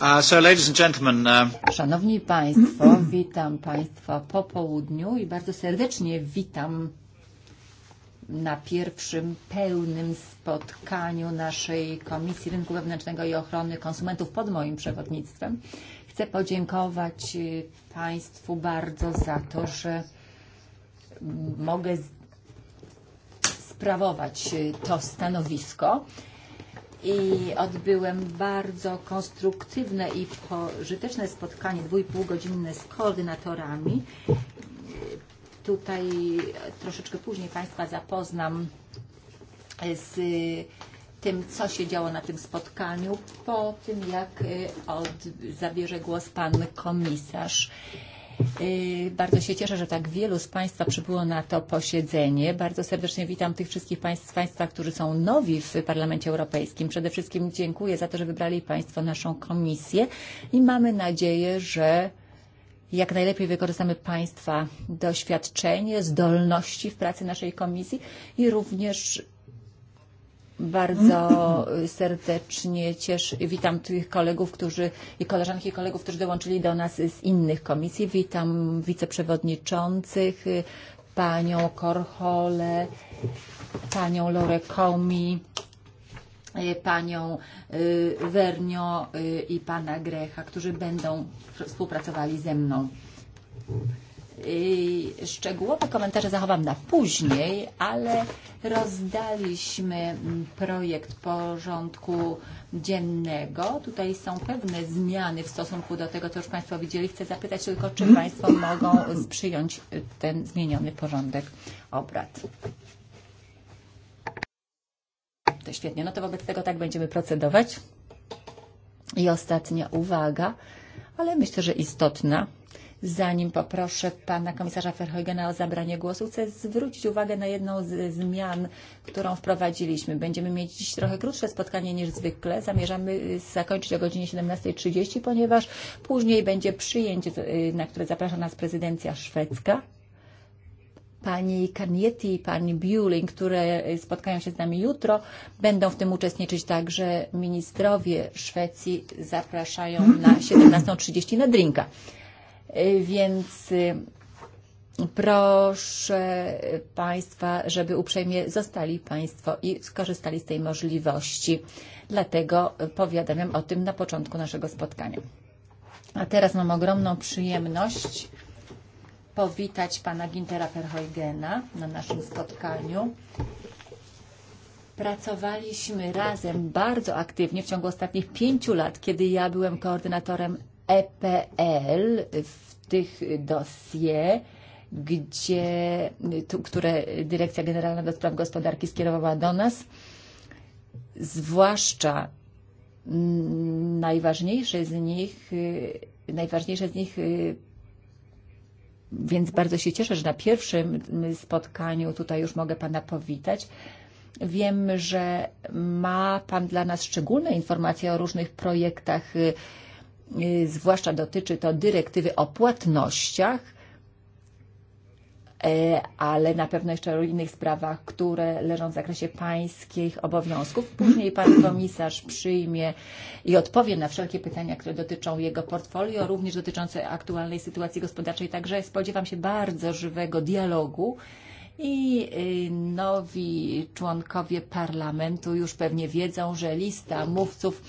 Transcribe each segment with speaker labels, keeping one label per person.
Speaker 1: Uh, uh,
Speaker 2: Szanowni Państwo, witam Państwa po południu i bardzo serdecznie witam na pierwszym pełnym spotkaniu naszej Komisji Rynku Wewnętrznego i Ochrony Konsumentów pod moim przewodnictwem. Chcę podziękować Państwu bardzo za to, że mogę sprawować to stanowisko i odbyłem bardzo konstruktywne i pożyteczne spotkanie, dwójpółgodzinne z koordynatorami. Tutaj troszeczkę później Państwa zapoznam z tym, co się działo na tym spotkaniu, po tym jak e, od, zabierze głos Pan Komisarz. Yy, Bardzo się cieszę, że tak wielu z Państwa przybyło na to posiedzenie. Bardzo serdecznie witam tych wszystkich państw, Państwa, którzy są nowi w Parlamencie Europejskim. Przede wszystkim dziękuję za to, że wybrali Państwo naszą komisję i mamy nadzieję, że jak najlepiej wykorzystamy Państwa doświadczenie, zdolności w pracy naszej komisji i również Bardzo serdecznie cieszę i witam tych kolegów, którzy i koleżanki i kolegów, którzy dołączyli do nas z innych komisji. Witam wiceprzewodniczących, panią Korchole, panią Lore Komi, panią Wernio i pana Grecha, którzy będą współpracowali ze mną. Szczegółowe komentarze zachowam na później, ale rozdaliśmy projekt porządku dziennego. Tutaj są pewne zmiany w stosunku do tego, co już Państwo widzieli. Chcę zapytać tylko, czy mhm. Państwo mogą przyjąć ten zmieniony porządek obrad. To świetnie. No to wobec tego tak będziemy procedować. I ostatnia uwaga, ale myślę, że istotna Zanim poproszę pana komisarza Verheugena o zabranie głosu, chcę zwrócić uwagę na jedną z zmian, którą wprowadziliśmy. Będziemy mieć dziś trochę krótsze spotkanie niż zwykle. Zamierzamy zakończyć o godzinie 17.30, ponieważ później będzie przyjęcie, na które zaprasza nas prezydencja szwedzka pani Kanieti i pani Buling, które spotkają się z nami jutro, będą w tym uczestniczyć także ministrowie Szwecji zapraszają na 17.30 na drinka. Więc proszę Państwa, żeby uprzejmie zostali Państwo i skorzystali z tej możliwości. Dlatego powiadamiam o tym na początku naszego spotkania. A teraz mam ogromną przyjemność powitać pana Gintera Verheugena na naszym spotkaniu. Pracowaliśmy razem bardzo aktywnie w ciągu ostatnich pięciu lat, kiedy ja byłem koordynatorem EPL w tych dosie, gdzie, tu, które Dyrekcja Generalna do Spraw Gospodarki skierowała do nas, zwłaszcza najważniejsze z nich, najważniejsze z nich więc bardzo się cieszę, że na pierwszym spotkaniu tutaj już mogę Pana powitać. Wiem, że ma Pan dla nas szczególne informacje o różnych projektach zwłaszcza dotyczy to dyrektywy o płatnościach, e, ale na pewno jeszcze o innych sprawach, które leżą w zakresie pańskich obowiązków. Później pan komisarz przyjmie i odpowie na wszelkie pytania, które dotyczą jego portfolio, również dotyczące aktualnej sytuacji gospodarczej. Także spodziewam się bardzo żywego dialogu i nowi członkowie parlamentu już pewnie wiedzą, że lista mówców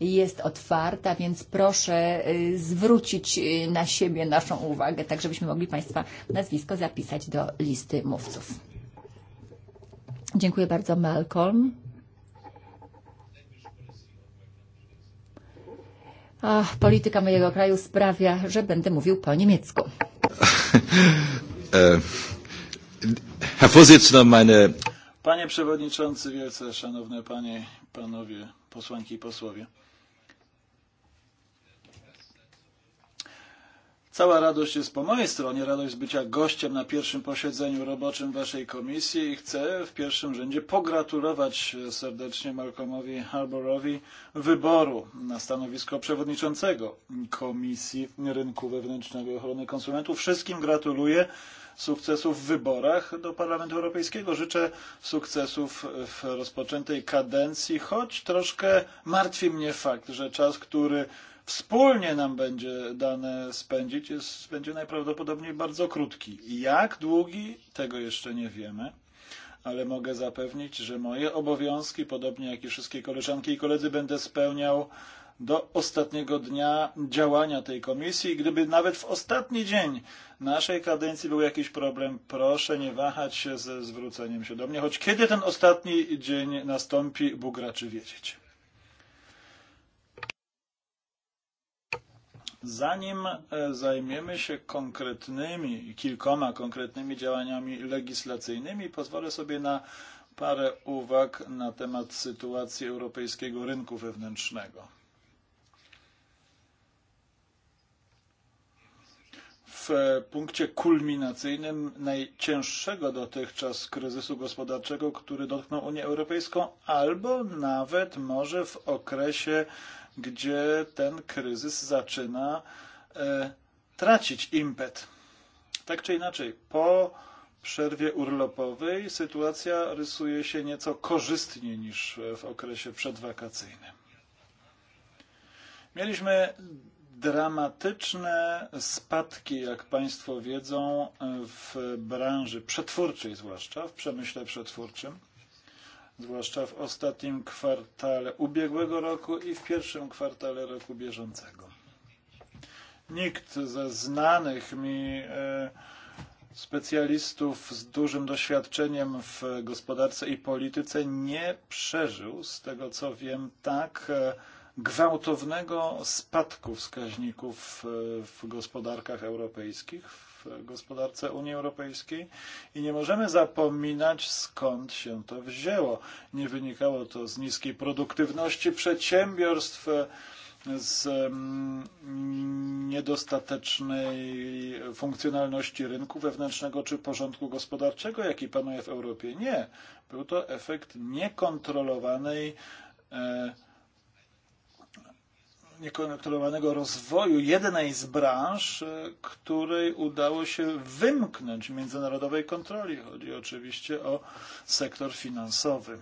Speaker 2: jest otwarta, więc proszę zwrócić na siebie naszą uwagę, tak żebyśmy mogli Państwa nazwisko zapisać do listy mówców. Dziękuję bardzo, Malcolm. Ach, polityka mojego kraju sprawia, że będę mówił po niemiecku.
Speaker 1: E, Herr Vorsitzender, meine...
Speaker 3: Panie Przewodniczący, wielce szanowne panie, panowie, posłanki i posłowie. Cała radość jest po mojej stronie, radość z bycia gościem na pierwszym posiedzeniu roboczym Waszej komisji i chcę w pierwszym rzędzie pogratulować serdecznie Malcolmowi Harborowi wyboru na stanowisko przewodniczącego Komisji Rynku Wewnętrznego i Ochrony Konsumentów. Wszystkim gratuluję sukcesów w wyborach do Parlamentu Europejskiego. Życzę sukcesów w rozpoczętej kadencji, choć troszkę martwi mnie fakt, że czas, który wspólnie nam będzie dane spędzić, jest, będzie najprawdopodobniej bardzo krótki. Jak długi, tego jeszcze nie wiemy, ale mogę zapewnić, że moje obowiązki, podobnie jak i wszystkie koleżanki i koledzy, będę spełniał do ostatniego dnia działania tej komisji. Gdyby nawet w ostatni dzień naszej kadencji był jakiś problem, proszę nie wahać się ze zwróceniem się do mnie, choć kiedy ten ostatni dzień nastąpi, Bóg raczy wiedzieć. zanim e, zajmiemy się konkretnymi, kilkoma konkretnymi działaniami legislacyjnymi, pozwolę sobie na parę uwag na temat sytuacji europejskiego rynku wewnętrznego. W e, punkcie kulminacyjnym najcięższego dotychczas kryzysu gospodarczego, który dotknął Unię Europejską, albo nawet może w okresie gdzie ten kryzys zaczyna e, eh, tracić impet. Tak czy inaczej, po przerwie urlopowej sytuacja rysuje się nieco korzystniej niż w okresie przedwakacyjnym. Mieliśmy dramatyczne spadki, jak Państwo wiedzą, w branży przetwórczej zwłaszcza, w przemyśle przetwórczym zwłaszcza w ostatnim kwartale ubiegłego roku i w pierwszym kwartale roku bieżącego. Nikt ze znanych mi e, specjalistów z dużym doświadczeniem w gospodarce i polityce nie przeżył, z tego co wiem, tak e, gwałtownego spadku wskaźników e, w gospodarkach europejskich gospodarce Unii Europejskiej i nie możemy zapominać skąd się to wzięło. Nie wynikało to z niskiej produktywności przedsiębiorstw, z mm, niedostatecznej funkcjonalności rynku wewnętrznego czy porządku gospodarczego, jaki panuje w Europie. Nie. Był to efekt niekontrolowanej e, niekontrolowanego rozwoju jednej z branż, e, której udało się wymknąć międzynarodowej kontroli. Chodzi oczywiście o sektor finansowy.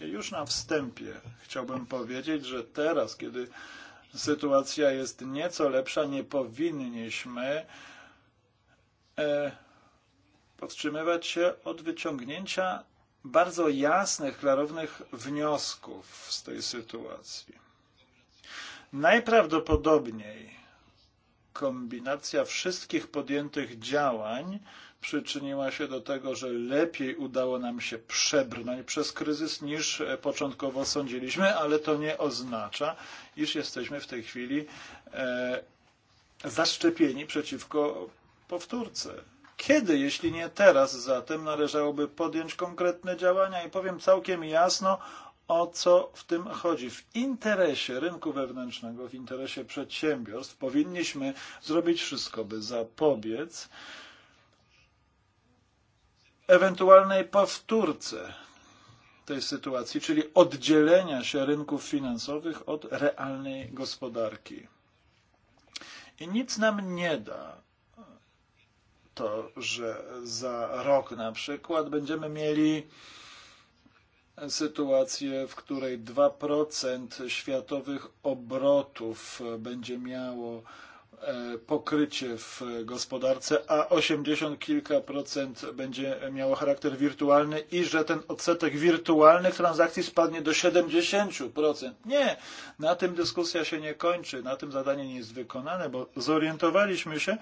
Speaker 3: Już na wstępie chciałbym powiedzieć, że teraz, kiedy sytuacja jest nieco lepsza, nie powinniśmy e, powstrzymywać się od wyciągnięcia bardzo jasnych, klarownych wniosków z tej sytuacji. Najprawdopodobniej kombinacja wszystkich podjętych działań przyczyniła się do tego, że lepiej udało nam się przebrnąć przez kryzys niż początkowo sądziliśmy, ale to nie oznacza, iż jesteśmy w tej chwili e, zaszczepieni przeciwko powtórce. Kiedy, jeśli nie teraz, zatem należałoby podjąć konkretne działania i powiem całkiem jasno, o co w tym chodzi. W interesie rynku wewnętrznego, w interesie przedsiębiorstw powinniśmy zrobić wszystko, by zapobiec ewentualnej powtórce tej sytuacji, czyli oddzielenia się rynków finansowych od realnej gospodarki. I nic nam nie da to, że za rok na przykład będziemy mieli sytuację, w której 2% światowych obrotów będzie miało Eh, pokrycie w gospodarce, a 80 kilka procent będzie miało charakter wirtualny i że ten odsetek wirtualnych transakcji spadnie do 70%. Nie, na tym dyskusja się nie kończy, na tym zadanie nie jest wykonane, bo zorientowaliśmy się,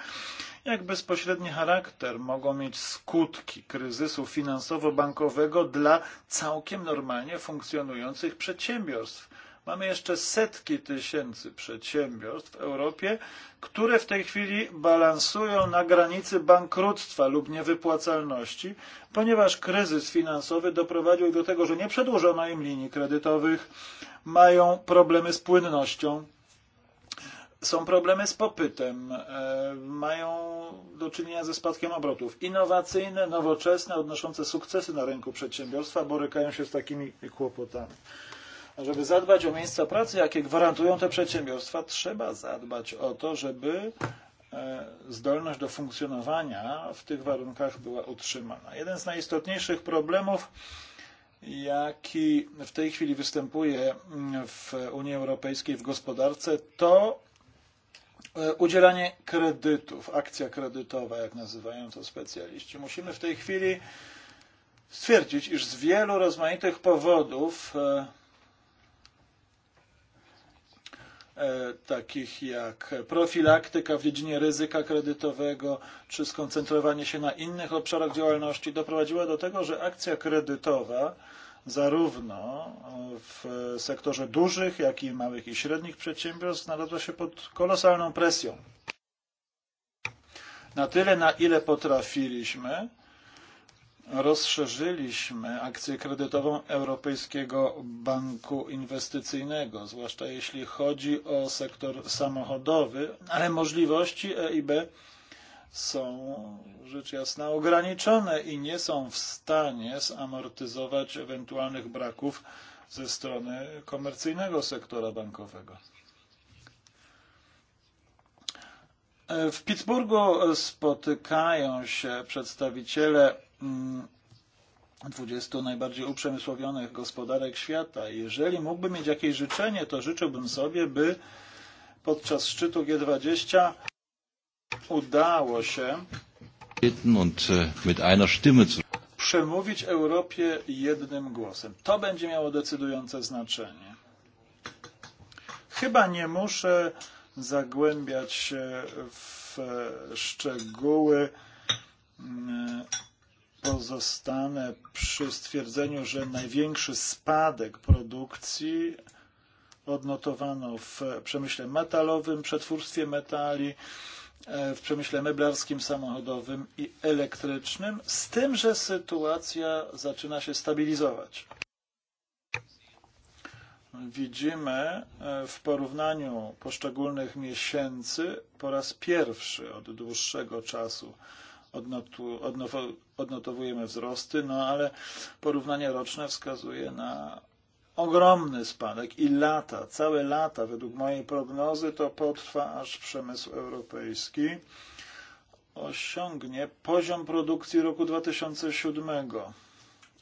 Speaker 3: jak bezpośredni charakter mogą mieć skutki kryzysu finansowo-bankowego dla całkiem normalnie funkcjonujących przedsiębiorstw. Mamy jeszcze setki tysięcy przedsiębiorstw w Europie, które w tej chwili balansują na granicy bankructwa lub niewypłacalności, ponieważ kryzys finansowy doprowadził do tego, że nie przedłużono im linii kredytowych, mają problemy z płynnością, są problemy z popytem, e, mają do czynienia ze spadkiem obrotów. Innowacyjne, nowoczesne, odnoszące sukcesy na rynku przedsiębiorstwa borykają się z takimi kłopotami. Żeby zadbać o miejsca pracy, jakie gwarantują te przedsiębiorstwa, trzeba zadbać o to, żeby e, zdolność do funkcjonowania w tych warunkach była utrzymana. Jeden z najistotniejszych problemów, jaki w tej chwili występuje mm, w Unii Europejskiej w gospodarce, to e, udzielanie kredytów, akcja kredytowa, jak nazywają to specjaliści. Musimy w tej chwili stwierdzić, iż z wielu rozmaitych powodów e, E, takich jak profilaktyka w dziedzinie ryzyka kredytowego czy skoncentrowanie się na innych obszarach działalności doprowadziła do tego, że akcja kredytowa zarówno w sektorze dużych, jak i małych i średnich przedsiębiorstw znalazła się pod kolosalną presją. Na tyle, na ile potrafiliśmy, rozszerzyliśmy akcję kredytową Europejskiego Banku Inwestycyjnego, zwłaszcza jeśli chodzi o sektor samochodowy, ale możliwości EIB są rzecz jasna ograniczone i nie są w stanie zamortyzować ewentualnych braków ze strony komercyjnego sektora bankowego. W Pittsburghu spotykają się przedstawiciele 20 mm, najbardziej uprzemysłowionych gospodarek świata. Jeżeli mógłbym mieć jakieś życzenie, to życzyłbym sobie, by podczas szczytu G20 udało się äh, przemówić Europie jednym głosem. To będzie miało decydujące znaczenie. Chyba nie muszę zagłębiać się w szczegóły mm, pozostane przy stwierdzeniu, że największy spadek produkcji odnotowano w przemyśle metalowym, przetwórstwie metali, e, w przemyśle meblarskim, samochodowym i elektrycznym, z tym, że sytuacja zaczyna się stabilizować. Widzimy e, w porównaniu poszczególnych miesięcy po raz pierwszy od dłuższego czasu odnotowujemy wzrosty, no ale porównanie roczne wskazuje na ogromny spadek i lata, całe lata, według mojej prognozy, to potrwa, aż przemysł europejski osiągnie poziom produkcji roku 2007.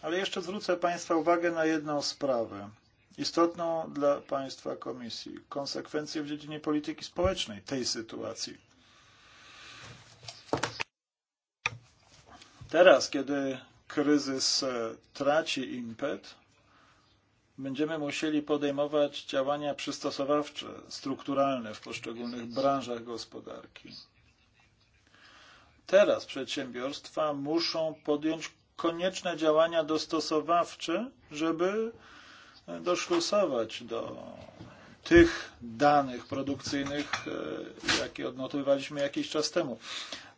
Speaker 3: Ale jeszcze zwrócę Państwa uwagę na jedną sprawę, istotną dla Państwa Komisji, konsekwencje w dziedzinie polityki społecznej tej sytuacji. Teraz, kiedy kryzys e, traci impet, będziemy musieli podejmować działania przystosowawcze, strukturalne w poszczególnych branżach gospodarki. Teraz przedsiębiorstwa muszą podjąć konieczne działania dostosowawcze, żeby e, doszlusować do tych danych produkcyjnych, e, jakie odnotowywaliśmy jakiś czas temu.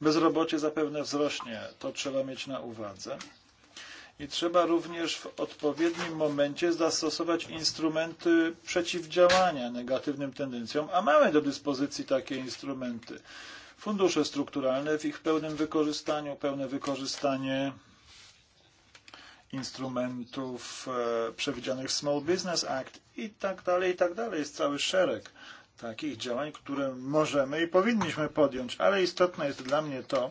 Speaker 3: Bezrobocie zapewne wzrośnie, to trzeba mieć na uwadze. I trzeba również w odpowiednim momencie zastosować instrumenty przeciwdziałania negatywnym tendencjom, a mamy do dyspozycji takie instrumenty. Fundusze strukturalne w ich pełnym wykorzystaniu, pełne wykorzystanie instrumentów eh, przewidzianych w Small Business Act i tak dalej, i tak dalej. Jest cały szereg takich działań, które możemy i powinniśmy podjąć, ale istotne jest dla mnie to,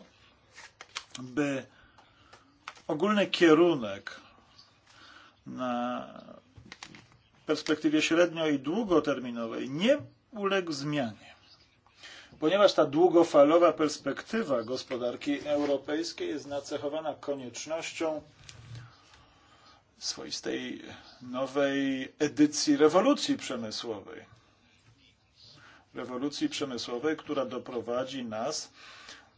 Speaker 3: by ogólny kierunek na perspektywie średnio i długoterminowej nie uległ zmianie. Ponieważ ta długofalowa perspektywa gospodarki europejskiej jest nacechowana koniecznością swoistej nowej edycji rewolucji przemysłowej. Rewolucji przemysłowej, która doprowadzi nas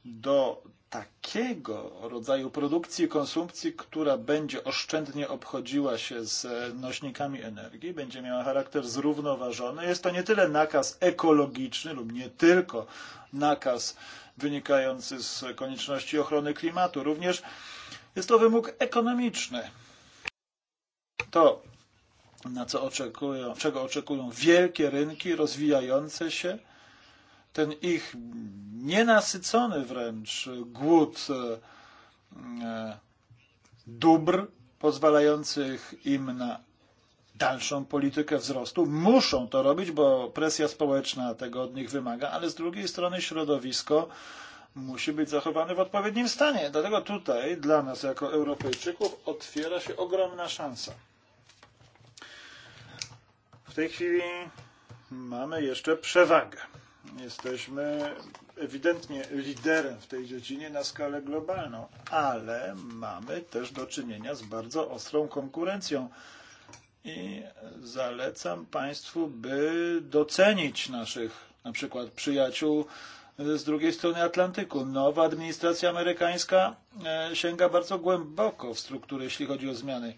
Speaker 3: do takiego rodzaju produkcji i konsumpcji, która będzie oszczędnie obchodziła się z nośnikami energii, będzie miała charakter zrównoważony. Jest to nie tyle nakaz ekologiczny lub nie tylko nakaz wynikający z konieczności ochrony klimatu, również jest to wymóg ekonomiczny to, na co oczekują, czego oczekują wielkie rynki rozwijające się, ten ich nienasycony wręcz głód eh, dóbr pozwalających im na dalszą politykę wzrostu. Muszą to robić, bo presja społeczna tego od nich wymaga, ale z drugiej strony środowisko musi być zachowane w odpowiednim stanie. Dlatego tutaj dla nas jako Europejczyków otwiera się ogromna szansa tej chwili mamy jeszcze przewagę. Jesteśmy ewidentnie liderem w tej dziedzinie na skalę globalną, ale mamy też do czynienia z bardzo ostrą konkurencją. I zalecam Państwu, by docenić naszych na przykład przyjaciół z drugiej strony Atlantyku. Nowa administracja amerykańska e, sięga bardzo głęboko w struktury, jeśli chodzi o zmiany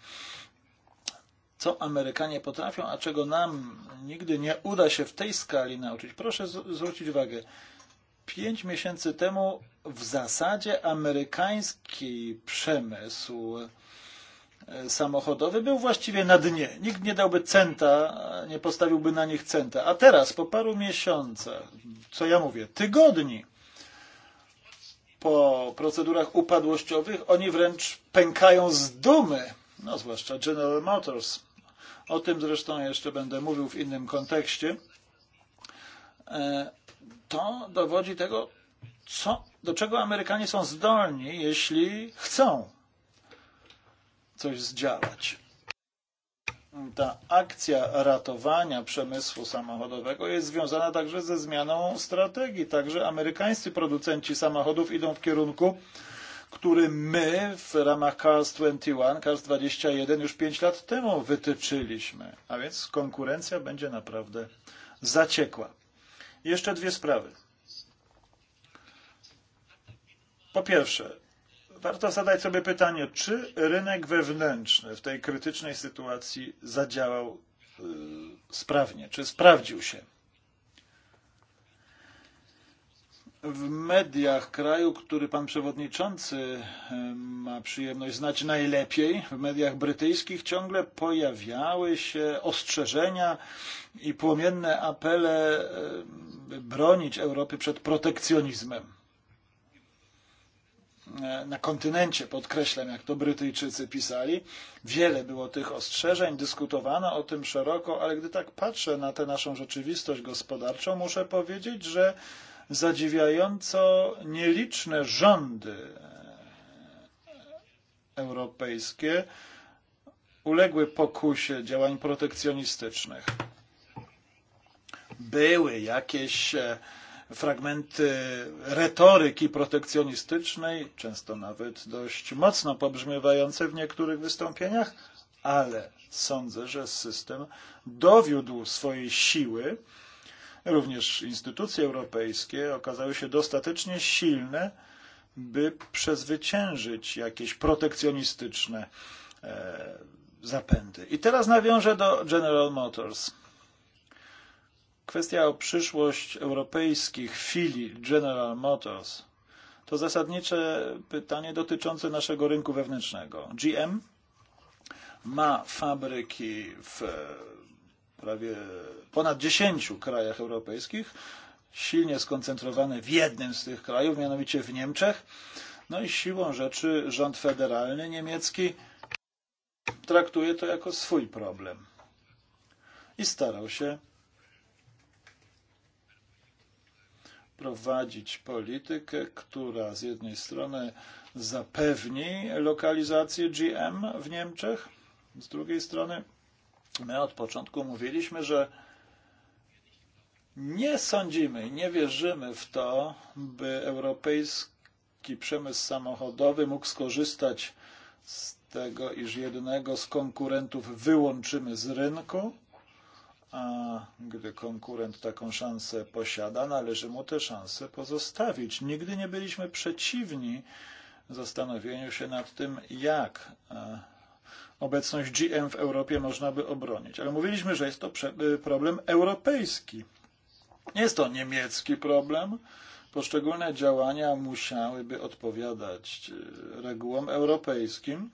Speaker 3: co Amerykanie potrafią, a czego nam nigdy nie uda się w tej skali nauczyć. Proszę zwrócić uwagę, pięć miesięcy temu w zasadzie amerykański przemysł e, samochodowy był właściwie na dnie. Nikt nie dałby centa, nie postawiłby na nich centa. A teraz, po paru miesiącach, co ja mówię, tygodni, po procedurach upadłościowych, oni wręcz pękają z dumy, no zwłaszcza General Motors. O tym zresztą jeszcze będę mówił w innym kontekście. E, to dowodzi tego, co, do czego Amerykanie są zdolni, jeśli chcą coś zdziałać. Ta akcja ratowania przemysłu samochodowego jest związana także ze zmianą strategii. Także amerykańscy producenci samochodów idą w kierunku który my w ramach CARS 21, CARS 21 już 5 lat temu wytyczyliśmy. A więc konkurencja będzie naprawdę zaciekła. Jeszcze dwie sprawy. Po pierwsze, warto zadać sobie pytanie, czy rynek wewnętrzny w tej krytycznej sytuacji zadziałał sprawnie, czy sprawdził się. w mediach kraju, który pan przewodniczący ma przyjemność znać najlepiej, w mediach brytyjskich ciągle pojawiały się ostrzeżenia i płomienne apele, by bronić Europy przed protekcjonizmem. Na kontynencie, podkreślam, jak to Brytyjczycy pisali, wiele było tych ostrzeżeń, dyskutowano o tym szeroko, ale gdy tak patrzę na tę naszą rzeczywistość gospodarczą, muszę powiedzieć, że zadziwiająco nieliczne rządy europejskie uległy pokusie działań protekcjonistycznych. Były jakieś e, fragmenty retoryki protekcjonistycznej, często nawet dość mocno pobrzmiewające w niektórych wystąpieniach, ale sądzę, że system dowiódł swojej siły Również instytucje europejskie okazały się dostatecznie silne, by przezwyciężyć jakieś protekcjonistyczne e, zapędy. I teraz nawiążę do General Motors. Kwestia o przyszłość europejskich filii General Motors to zasadnicze pytanie dotyczące naszego rynku wewnętrznego. GM ma fabryki w prawie ponad 10 krajach europejskich, silnie skoncentrowane w jednym z tych krajów, mianowicie w Niemczech. No i siłą rzeczy rząd federalny niemiecki traktuje to jako swój problem. I starał się prowadzić politykę, która z jednej strony zapewni lokalizację GM w Niemczech, z drugiej strony my od początku mówiliśmy, że nie sądzimy, nie wierzymy w to, by europejski przemysł samochodowy mógł skorzystać z tego, iż jednego z konkurentów wyłączymy z rynku, a gdy konkurent taką szansę posiada, należy mu tę szansę pozostawić. Nigdy nie byliśmy przeciwni zastanowieniu się nad tym, jak e, obecność GM w Europie można by obronić. Ale mówiliśmy, że jest to eh, problem europejski. Nie jest to niemiecki problem. Poszczególne działania musiałyby odpowiadać eh, regułom europejskim.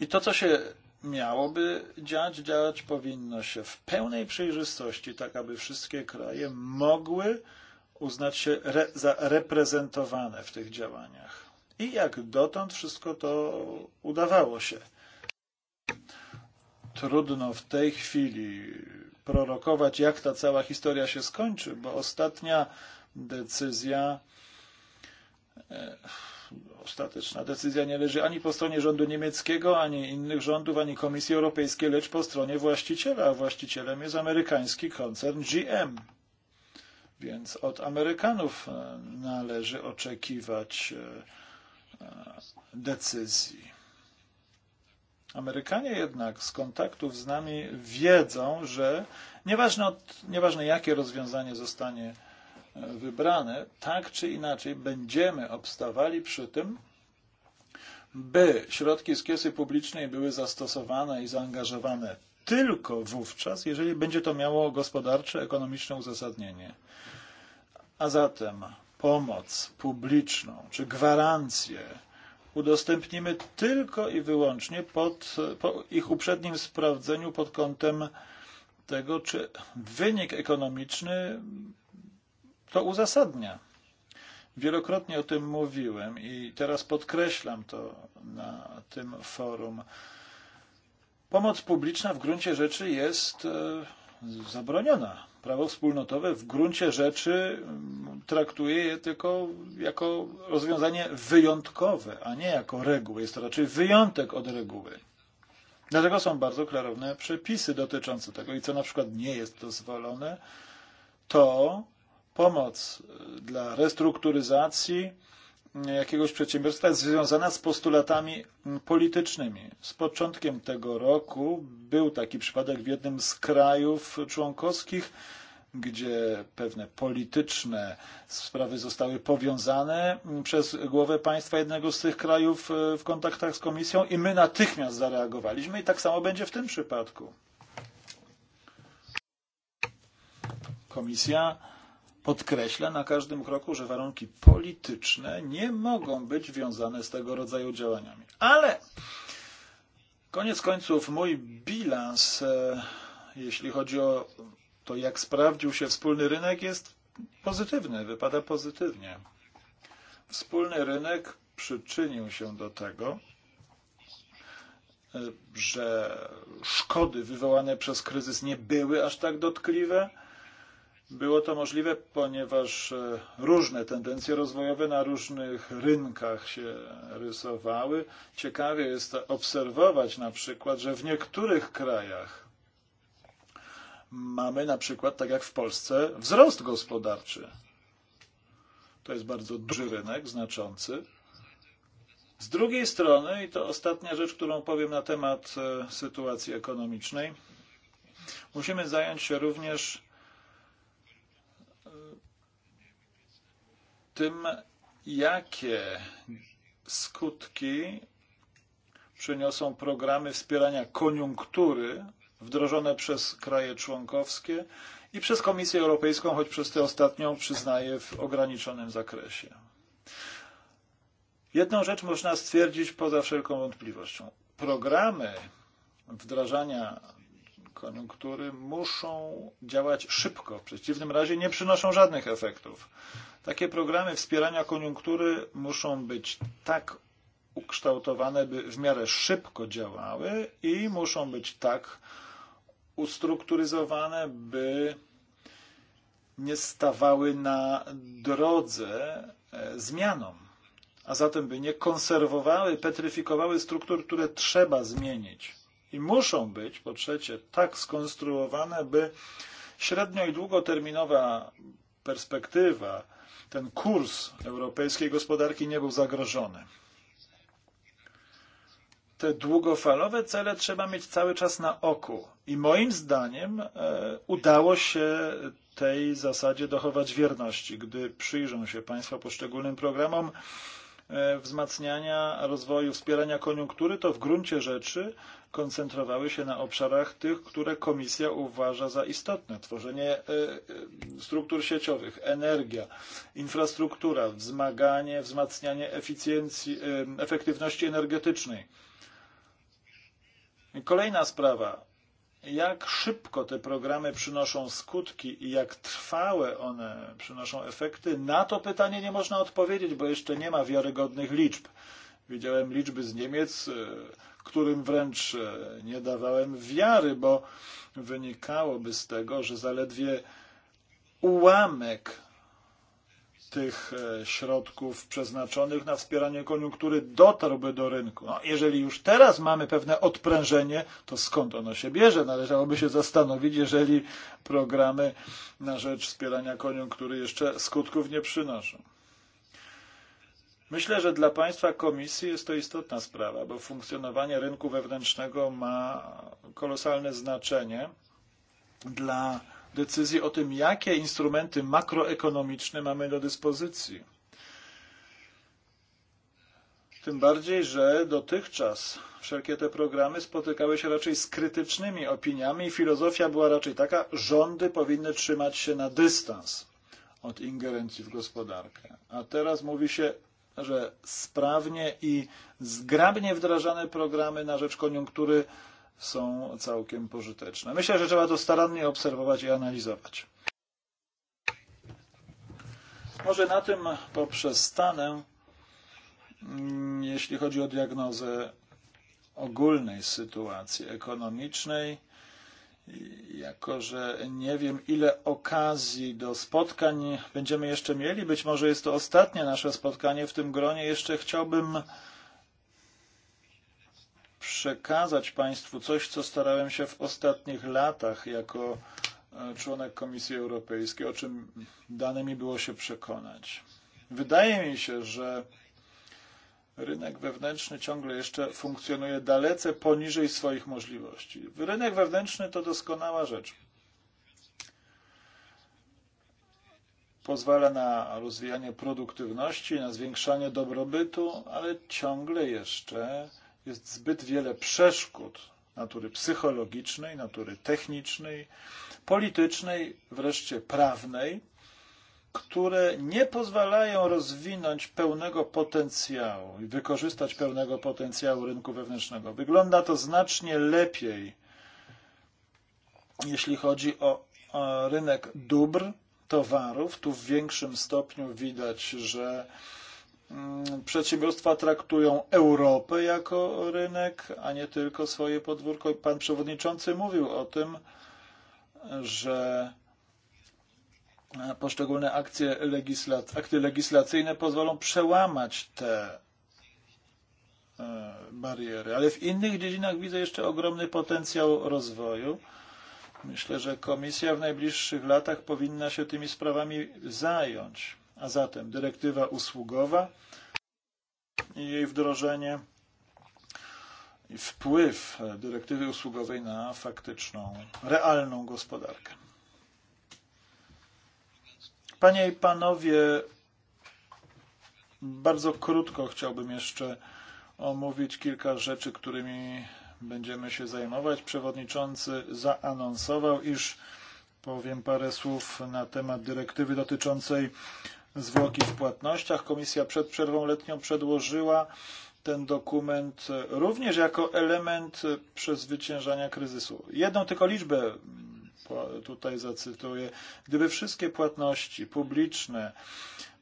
Speaker 3: I to, co się miałoby dziać, dziać powinno się w pełnej przejrzystości, tak aby wszystkie kraje mogły uznać się re, za reprezentowane w tych działaniach. I jak dotąd wszystko to udawało się. Trudno w tej chwili prorokować, jak ta cała historia się skończy, bo ostatnia decyzja, e, ostateczna decyzja nie leży ani po stronie rządu niemieckiego, ani innych rządów, ani Komisji Europejskiej, lecz po stronie właściciela, a właścicielem jest amerykański koncern GM. Więc od Amerykanów e, należy oczekiwać e, Eh, decyzji. Amerykanie jednak z kontaktów z nami wiedzą, że nieważne, od, nieważne jakie rozwiązanie zostanie e, wybrane, tak czy inaczej będziemy obstawali przy tym, by środki z kiesy publicznej były zastosowane i zaangażowane tylko wówczas, jeżeli będzie to miało gospodarcze, ekonomiczne uzasadnienie. A zatem pomoc publiczną czy gwarancje udostępnimy tylko i wyłącznie pod, po ich uprzednim sprawdzeniu pod kątem tego, czy wynik ekonomiczny to uzasadnia. Wielokrotnie o tym mówiłem i teraz podkreślam to na tym forum. Pomoc publiczna w gruncie rzeczy jest e, zabroniona prawo wspólnotowe w gruncie rzeczy mm, traktuje je tylko jako, jako rozwiązanie wyjątkowe, a nie jako regułę. Jest to raczej wyjątek od reguły. Dlatego są bardzo klarowne przepisy dotyczące tego i co na przykład nie jest dozwolone, to pomoc e, dla restrukturyzacji jakiegoś przedsiębiorstwa jest związana z postulatami politycznymi. Z początkiem tego roku był taki przypadek w jednym z krajów członkowskich, gdzie pewne polityczne sprawy zostały powiązane przez głowę państwa jednego z tych krajów e, w kontaktach z komisją i my natychmiast zareagowaliśmy i tak samo będzie w tym przypadku. Komisja podkreśla na każdym kroku, że warunki polityczne nie mogą być wiązane z tego rodzaju działaniami. Ale koniec końców mój bilans, e, jeśli chodzi o to, jak sprawdził się wspólny rynek, jest pozytywny, wypada pozytywnie. Wspólny rynek przyczynił się do tego, e, że szkody wywołane przez kryzys nie były aż tak dotkliwe, Było to możliwe, ponieważ e, różne tendencje rozwojowe na różnych rynkach się rysowały. Ciekawie jest obserwować na przykład, że w niektórych krajach mamy na przykład, tak jak w Polsce, wzrost gospodarczy. To jest bardzo duży rynek, znaczący. Z drugiej strony, i to ostatnia rzecz, którą powiem na temat e, sytuacji ekonomicznej, musimy zająć się również tym, jakie skutki przyniosą programy wspierania koniunktury wdrożone przez kraje członkowskie i przez Komisję Europejską, choć przez tę ostatnią przyznaję w ograniczonym zakresie. Jedną rzecz można stwierdzić poza wszelką wątpliwością. Programy wdrażania koniunktury muszą działać szybko, w przeciwnym razie nie przynoszą żadnych efektów. Takie programy wspierania koniunktury muszą być tak ukształtowane, by w miarę szybko działały i muszą być tak ustrukturyzowane, by nie stawały na drodze e, zmianom, a zatem by nie konserwowały, petryfikowały struktur, które trzeba zmienić. I muszą być, po trzecie, tak skonstruowane, by średnio i długoterminowa perspektywa ten kurs europejskiej gospodarki nie był zagrożony. Te długofalowe cele trzeba mieć cały czas na oku i moim zdaniem e, udało się tej zasadzie dochować wierności. Gdy przyjrzą się Państwo poszczególnym programom e, wzmacniania rozwoju, wspierania koniunktury, to w gruncie rzeczy koncentrowały się na obszarach tych, które Komisja uważa za istotne. Tworzenie e, e, struktur sieciowych, energia, infrastruktura, wzmaganie, wzmacnianie eficjencji, e, efektywności energetycznej. Kolejna sprawa. Jak szybko te programy przynoszą skutki i jak trwałe one przynoszą efekty, na to pytanie nie można odpowiedzieć, bo jeszcze nie ma wiarygodnych liczb. Widziałem liczby z Niemiec, którym wręcz e, nie dawałem wiary, bo wynikałoby z tego, że zaledwie ułamek tych e, środków przeznaczonych na wspieranie koniunktury dotarłby do rynku. No, jeżeli już teraz mamy pewne odprężenie, to skąd ono się bierze? Należałoby się zastanowić, jeżeli programy na rzecz wspierania koniunktury jeszcze skutków nie przynoszą. Myślę, że dla Państwa Komisji jest to istotna sprawa, bo funkcjonowanie rynku wewnętrznego ma kolosalne znaczenie dla decyzji o tym, jakie instrumenty makroekonomiczne mamy do dyspozycji. Tym bardziej, że dotychczas wszelkie te programy spotykały się raczej z krytycznymi opiniami i filozofia była raczej taka, rządy powinny trzymać się na dystans od ingerencji w gospodarkę. A teraz mówi się, że sprawnie i zgrabnie wdrażane programy na rzecz koniunktury są całkiem pożyteczne. Myślę, że trzeba to starannie obserwować i analizować. Może na tym poprzestanę, mm, jeśli chodzi o diagnozę ogólnej sytuacji ekonomicznej jako że nie wiem, ile okazji do spotkań będziemy jeszcze mieli. Być może jest to ostatnie nasze spotkanie w tym gronie. Jeszcze chciałbym przekazać Państwu coś, co starałem się w ostatnich latach jako e, członek Komisji Europejskiej, o czym dane mi było się przekonać. Wydaje mi się, że rynek wewnętrzny ciągle jeszcze funkcjonuje dalece poniżej swoich możliwości. Rynek wewnętrzny to doskonała rzecz. Pozwala na rozwijanie produktywności, na zwiększanie dobrobytu, ale ciągle jeszcze jest zbyt wiele przeszkód natury psychologicznej, natury technicznej, politycznej, wreszcie prawnej, które nie pozwalają rozwinąć pełnego potencjału i wykorzystać pełnego potencjału rynku wewnętrznego. Wygląda to znacznie lepiej, jeśli chodzi o, o rynek dóbr, towarów. Tu w większym stopniu widać, że mm, przedsiębiorstwa traktują Europę jako rynek, a nie tylko swoje podwórko. Pan przewodniczący mówił o tym, że poszczególne akcje, legislac akty legislacyjne pozwolą przełamać te e, bariery. Ale w innych dziedzinach widzę jeszcze ogromny potencjał rozwoju. Myślę, że komisja w najbliższych latach powinna się tymi sprawami zająć. A zatem dyrektywa usługowa i jej wdrożenie i wpływ dyrektywy usługowej na faktyczną, realną gospodarkę. Panie i panowie, bardzo krótko chciałbym jeszcze omówić kilka rzeczy, którymi będziemy się zajmować. Przewodniczący zaanonsował, iż powiem parę słów na temat dyrektywy dotyczącej zwłoki w płatnościach. Komisja przed przerwą letnią przedłożyła ten dokument również jako element przezwyciężania kryzysu. Jedną tylko liczbę tutaj zacytuję, gdyby wszystkie płatności publiczne,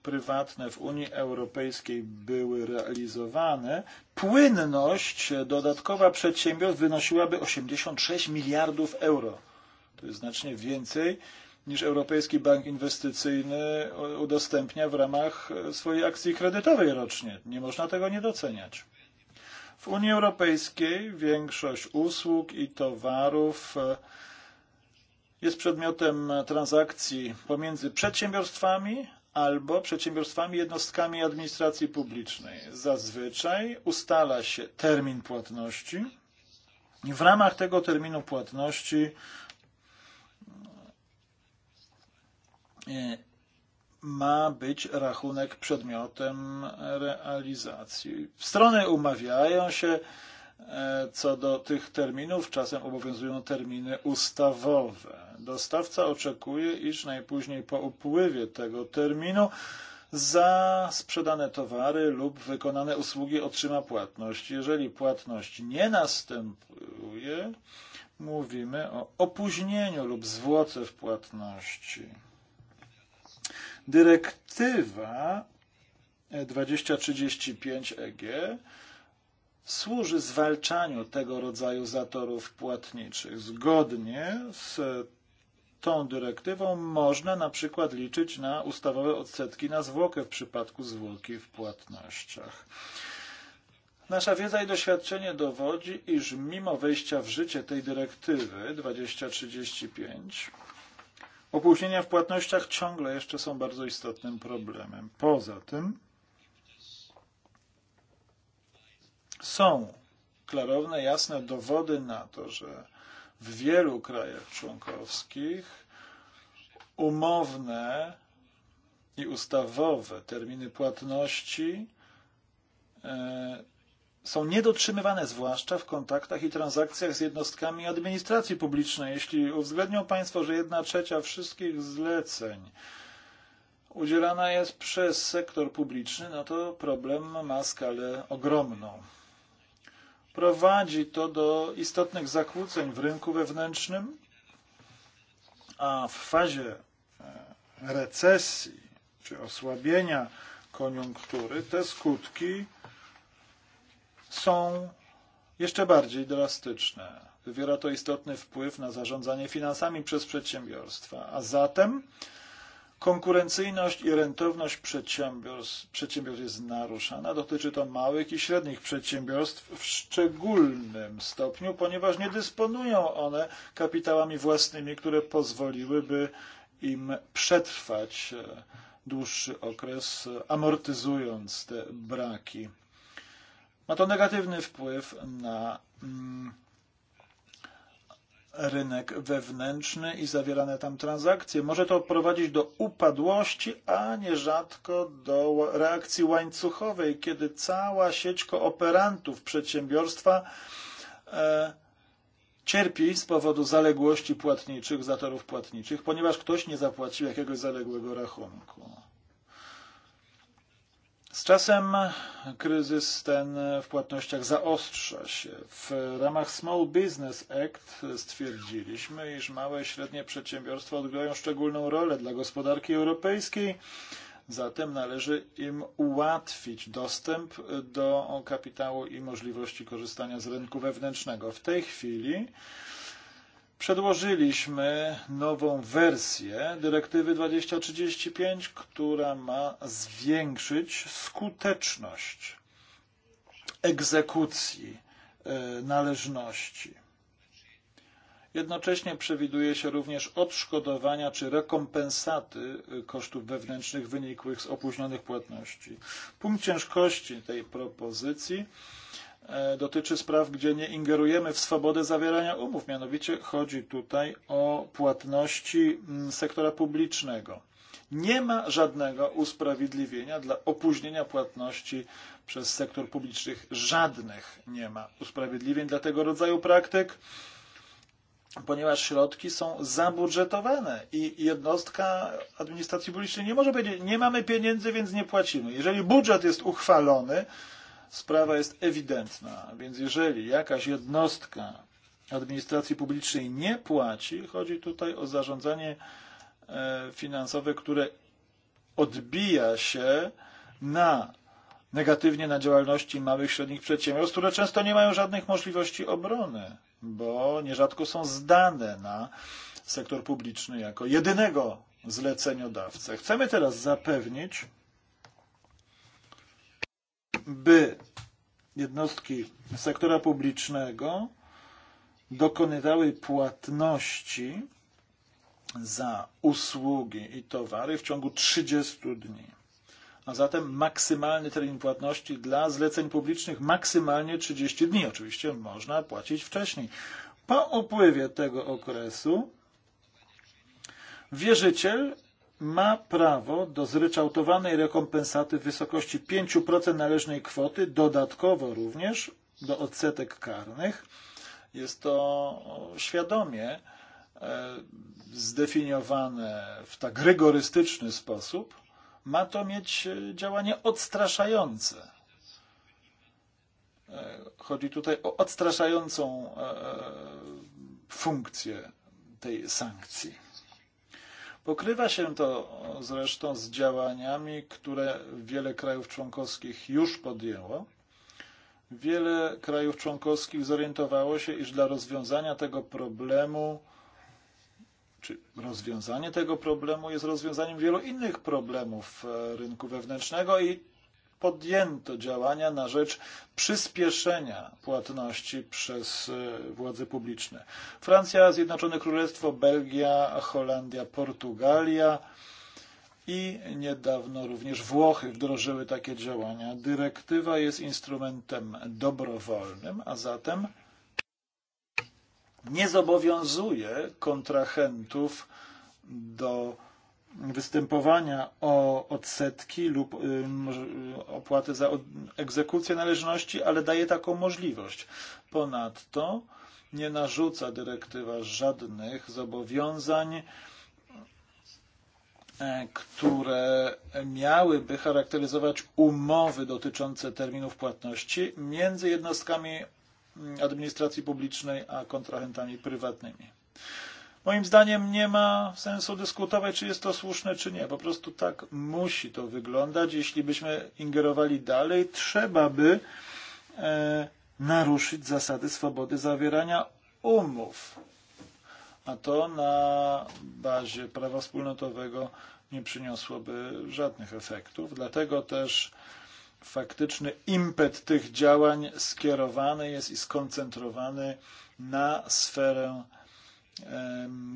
Speaker 3: prywatne w Unii Europejskiej były realizowane, płynność dodatkowa przedsiębiorstw wynosiłaby 86 miliardów euro. To jest znacznie więcej niż Europejski Bank Inwestycyjny udostępnia w ramach swojej akcji kredytowej rocznie. Nie można tego nie doceniać. W Unii Europejskiej większość usług i towarów jest przedmiotem transakcji pomiędzy przedsiębiorstwami albo przedsiębiorstwami jednostkami administracji publicznej. Zazwyczaj ustala się termin płatności i w ramach tego terminu płatności e, ma być rachunek przedmiotem realizacji. Strony umawiają się, Eh, co do tych terminów, czasem obowiązują terminy ustawowe. Dostawca oczekuje, iż najpóźniej po upływie tego terminu za sprzedane towary lub wykonane usługi otrzyma płatność. Jeżeli płatność nie następuje, mówimy o opóźnieniu lub zwłoce w płatności. Dyrektywa 2035 e EG służy zwalczaniu tego rodzaju zatorów płatniczych. Zgodnie z tą dyrektywą można na przykład liczyć na ustawowe odsetki na zwłokę w przypadku zwłoki w płatnościach. Nasza wiedza i doświadczenie dowodzi, iż mimo wejścia w życie tej dyrektywy 2035 opóźnienia w płatnościach ciągle jeszcze są bardzo istotnym problemem. Poza tym Są klarowne, jasne dowody na to, że w wielu krajach członkowskich umowne i ustawowe terminy płatności e, są niedotrzymywane, zwłaszcza w kontaktach i transakcjach z jednostkami administracji publicznej. Jeśli uwzględnią Państwo, że jedna trzecia wszystkich zleceń udzielana jest przez sektor publiczny, no to problem ma skalę ogromną prowadzi to do istotnych zakłóceń w rynku wewnętrznym, a w fazie e, recesji czy osłabienia koniunktury te skutki są jeszcze bardziej drastyczne. Wywiera to istotny wpływ na zarządzanie finansami przez przedsiębiorstwa, a zatem Konkurencyjność i rentowność przedsiębiorstw, przedsiębiorstw jest naruszana. Dotyczy to małych i średnich przedsiębiorstw w szczególnym stopniu, ponieważ nie dysponują one kapitałami własnymi, które pozwoliłyby im przetrwać dłuższy okres, amortyzując te braki. Ma to negatywny wpływ na mm, rynek wewnętrzny i zawierane tam transakcje. Może to prowadzić do upadłości, a nierzadko do reakcji łańcuchowej, kiedy cała sieć kooperantów przedsiębiorstwa e, cierpi z powodu zaległości płatniczych, zatorów płatniczych, ponieważ ktoś nie zapłacił jakiegoś zaległego rachunku. Z czasem kryzys ten w płatnościach zaostrza się. W ramach Small Business Act stwierdziliśmy, iż małe i średnie przedsiębiorstwa odgrywają szczególną rolę dla gospodarki europejskiej, zatem należy im ułatwić dostęp do kapitału i możliwości korzystania z rynku wewnętrznego. W tej chwili Przedłożyliśmy nową wersję dyrektywy 2035, która ma zwiększyć skuteczność egzekucji e, należności. Jednocześnie przewiduje się również odszkodowania czy rekompensaty e, kosztów wewnętrznych wynikłych z opóźnionych płatności. Punkt ciężkości tej propozycji E, dotyczy spraw, gdzie nie ingerujemy w swobodę zawierania umów. Mianowicie chodzi tutaj o płatności mm, sektora publicznego. Nie ma żadnego usprawiedliwienia dla opóźnienia płatności przez sektor publiczny. Żadnych nie ma usprawiedliwień dla tego rodzaju praktyk, ponieważ środki są zabudżetowane i jednostka administracji publicznej nie może powiedzieć, nie mamy pieniędzy, więc nie płacimy. Jeżeli budżet jest uchwalony, sprawa jest ewidentna, więc jeżeli jakaś jednostka administracji publicznej nie płaci, chodzi tutaj o zarządzanie e, finansowe, które odbija się na negatywnie na działalności małych i średnich przedsiębiorstw, które często nie mają żadnych możliwości obrony, bo nierzadko są zdane na sektor publiczny jako jedynego zleceniodawcę. Chcemy teraz zapewnić by jednostki sektora publicznego dokonywały płatności za usługi i towary w ciągu 30 dni. A zatem maksymalny termin płatności dla zleceń publicznych maksymalnie 30 dni. Oczywiście można płacić wcześniej. Po upływie tego okresu wierzyciel ma prawo do zryczałtowanej rekompensaty w wysokości 5% należnej kwoty, dodatkowo również do odsetek karnych. Jest to świadomie e, zdefiniowane w tak rygorystyczny sposób. Ma to mieć e, działanie odstraszające. E, chodzi tutaj o odstraszającą funkcję tej sankcji. Pokrywa się to zresztą z działaniami, które wiele krajów członkowskich już podjęło. Wiele krajów członkowskich zorientowało się, iż dla rozwiązania tego problemu, czy rozwiązanie tego problemu jest rozwiązaniem wielu innych problemów e, rynku wewnętrznego i podjęto działania na rzecz przyspieszenia płatności przez e, władze publiczne. Francja, Zjednoczone Królestwo, Belgia, Holandia, Portugalia i niedawno również Włochy wdrożyły takie działania. Dyrektywa jest instrumentem dobrowolnym, a zatem nie zobowiązuje kontrahentów do występowania o odsetki lub opłaty za egzekucję należności, ale daje taką możliwość. Ponadto nie narzuca dyrektywa żadnych zobowiązań, które miałyby charakteryzować umowy dotyczące terminów płatności między jednostkami administracji publicznej a kontrahentami prywatnymi. Moim zdaniem nie ma sensu dyskutować, czy jest to słuszne, czy nie. Po prostu tak musi to wyglądać. Jeśli byśmy ingerowali dalej, trzeba by e, naruszyć zasady swobody zawierania umów. A to na bazie prawa wspólnotowego nie przyniosłoby żadnych efektów. Dlatego też faktyczny impet tych działań skierowany jest i skoncentrowany na sferę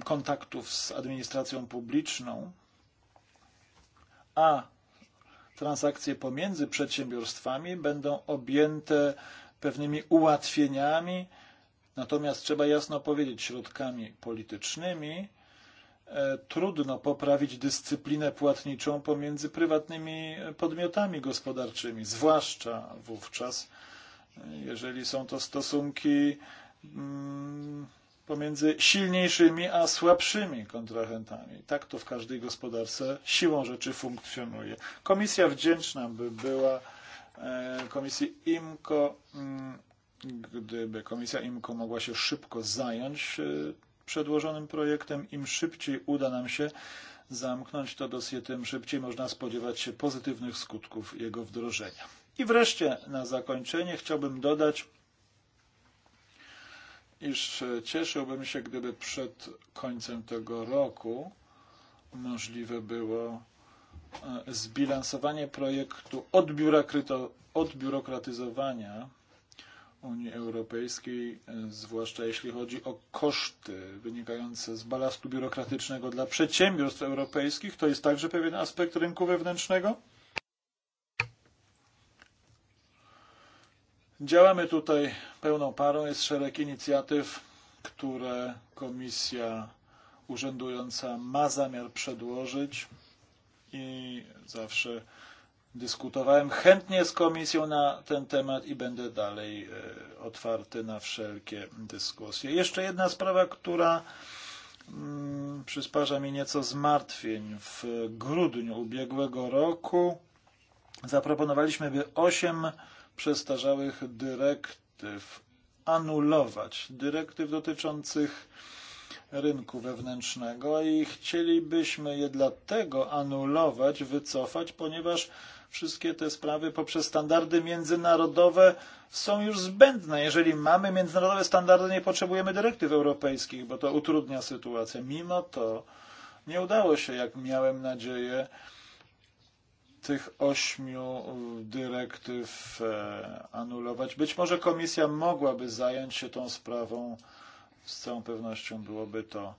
Speaker 3: kontaktów z administracją publiczną, a transakcje pomiędzy przedsiębiorstwami będą objęte pewnymi ułatwieniami, natomiast trzeba jasno powiedzieć, środkami politycznymi e, trudno poprawić dyscyplinę płatniczą pomiędzy prywatnymi podmiotami gospodarczymi, zwłaszcza wówczas, e, jeżeli są to stosunki mm, pomiędzy silniejszymi a słabszymi kontrahentami. Tak to w każdej gospodarce siłą rzeczy funkcjonuje. Komisja wdzięczna by była e, komisji IMCO, mm, gdyby komisja IMCO mogła się szybko zająć e, przedłożonym projektem. Im szybciej uda nam się zamknąć to dosyć, tym szybciej można spodziewać się pozytywnych skutków jego wdrożenia. I wreszcie na zakończenie chciałbym dodać, iż cieszyłbym się, gdyby przed końcem tego roku możliwe było e, zbilansowanie projektu odbiurokratyzowania Unii Europejskiej, e, zwłaszcza jeśli chodzi o koszty wynikające z balastu biurokratycznego dla przedsiębiorstw europejskich. To jest także pewien aspekt rynku wewnętrznego. Działamy tutaj pełną parą. Jest szereg inicjatyw, które komisja urzędująca ma zamiar przedłożyć i zawsze dyskutowałem chętnie z komisją na ten temat i będę dalej e, otwarty na wszelkie dyskusje. Jeszcze jedna sprawa, która mm, przysparza mi nieco zmartwień. W grudniu ubiegłego roku zaproponowaliśmy, by 8 przestarzałych dyrektyw, anulować dyrektyw dotyczących rynku wewnętrznego i chcielibyśmy je dlatego anulować, wycofać, ponieważ wszystkie te sprawy poprzez standardy międzynarodowe są już zbędne. Jeżeli mamy międzynarodowe standardy, nie potrzebujemy dyrektyw europejskich, bo to utrudnia sytuację. Mimo to nie udało się, jak miałem nadzieję, tych ośmiu e, dyrektyw e, anulować. Być może komisja mogłaby zająć się tą sprawą. Z całą pewnością byłoby to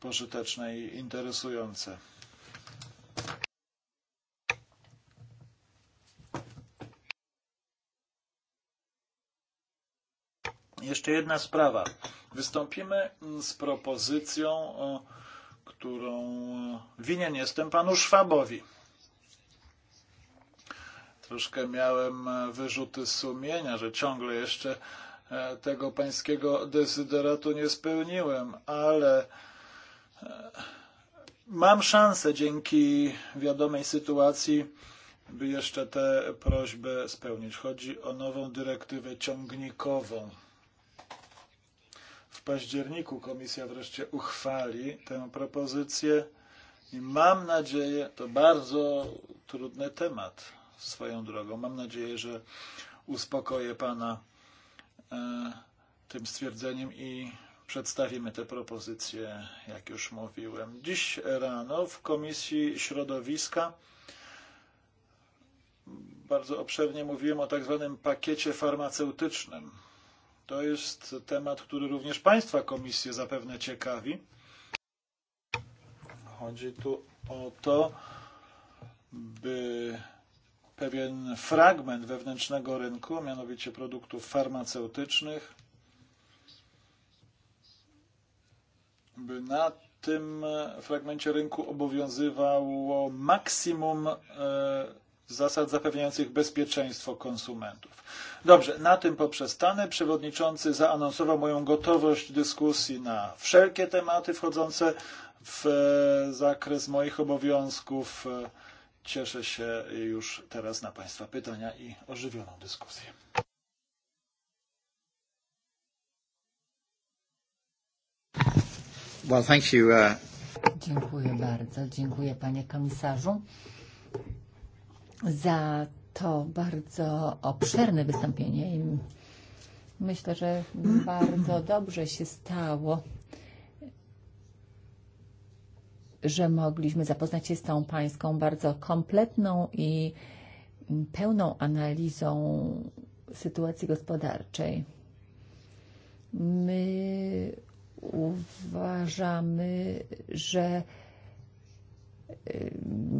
Speaker 3: pożyteczne i interesujące. Jeszcze jedna sprawa. Wystąpimy mm, z propozycją, którą e, winien jestem panu Szwabowi. Troszkę miałem e, wyrzuty sumienia, że ciągle jeszcze e, tego pańskiego dezyderatu nie spełniłem, ale e, mam szansę dzięki wiadomej sytuacji, by jeszcze tę prośbę spełnić. Chodzi o nową dyrektywę ciągnikową. W październiku komisja wreszcie uchwali tę propozycję i mam nadzieję, to bardzo trudny temat, swoją drogą. Mam nadzieję, że uspokoję Pana eh, tym stwierdzeniem i przedstawimy te propozycje, jak już mówiłem. Dziś rano w Komisji Środowiska bardzo obszernie mówiłem o tak zwanym pakiecie farmaceutycznym. To jest temat, który również Państwa Komisję zapewne ciekawi. Chodzi tu o to, by pewien fragment wewnętrznego rynku, mianowicie produktów farmaceutycznych, by na tym fragmencie rynku obowiązywało maksimum e, zasad zapewniających bezpieczeństwo konsumentów. Dobrze, na tym poprzestanę. Przewodniczący zaanonsował moją gotowość dyskusji na wszelkie tematy wchodzące w e, zakres moich obowiązków e, Cieszę się już teraz na Państwa pytania i ożywioną dyskusję.
Speaker 1: Well, thank you. Uh...
Speaker 2: Dziękuję bardzo. Dziękuję panie komisarzu za to bardzo obszerne wystąpienie. Myślę, że bardzo dobrze się stało, że mogliśmy zapoznać się z tą pańską bardzo kompletną i pełną analizą sytuacji gospodarczej. My uważamy, że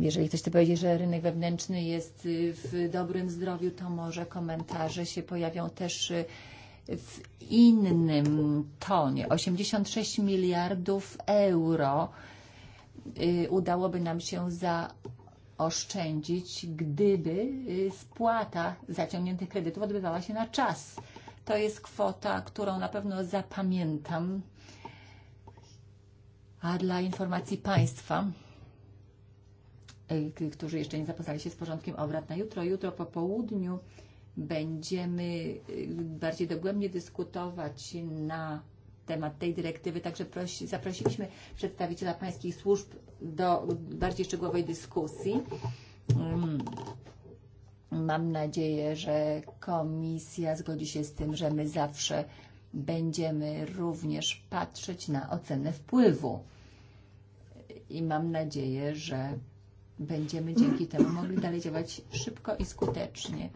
Speaker 2: jeżeli ktoś to powiedzie, że rynek wewnętrzny jest w dobrym zdrowiu, to może komentarze się pojawią też w innym tonie. 86 miliardów euro udałoby nam się zaoszczędzić, gdyby spłata zaciągniętych kredytów odbywała się na czas. To jest kwota, którą na pewno zapamiętam. A dla informacji Państwa, którzy jeszcze nie zapoznali się z porządkiem obrad na jutro, jutro po południu będziemy bardziej dogłębnie dyskutować na temat tej dyrektywy, także prosi, zaprosiliśmy przedstawiciela pańskich służb do bardziej szczegółowej dyskusji. Mm. Mam nadzieję, że komisja zgodzi się z tym, że my zawsze będziemy również patrzeć na ocenę wpływu. I mam nadzieję, że będziemy dzięki temu mogli dalej działać szybko i skutecznie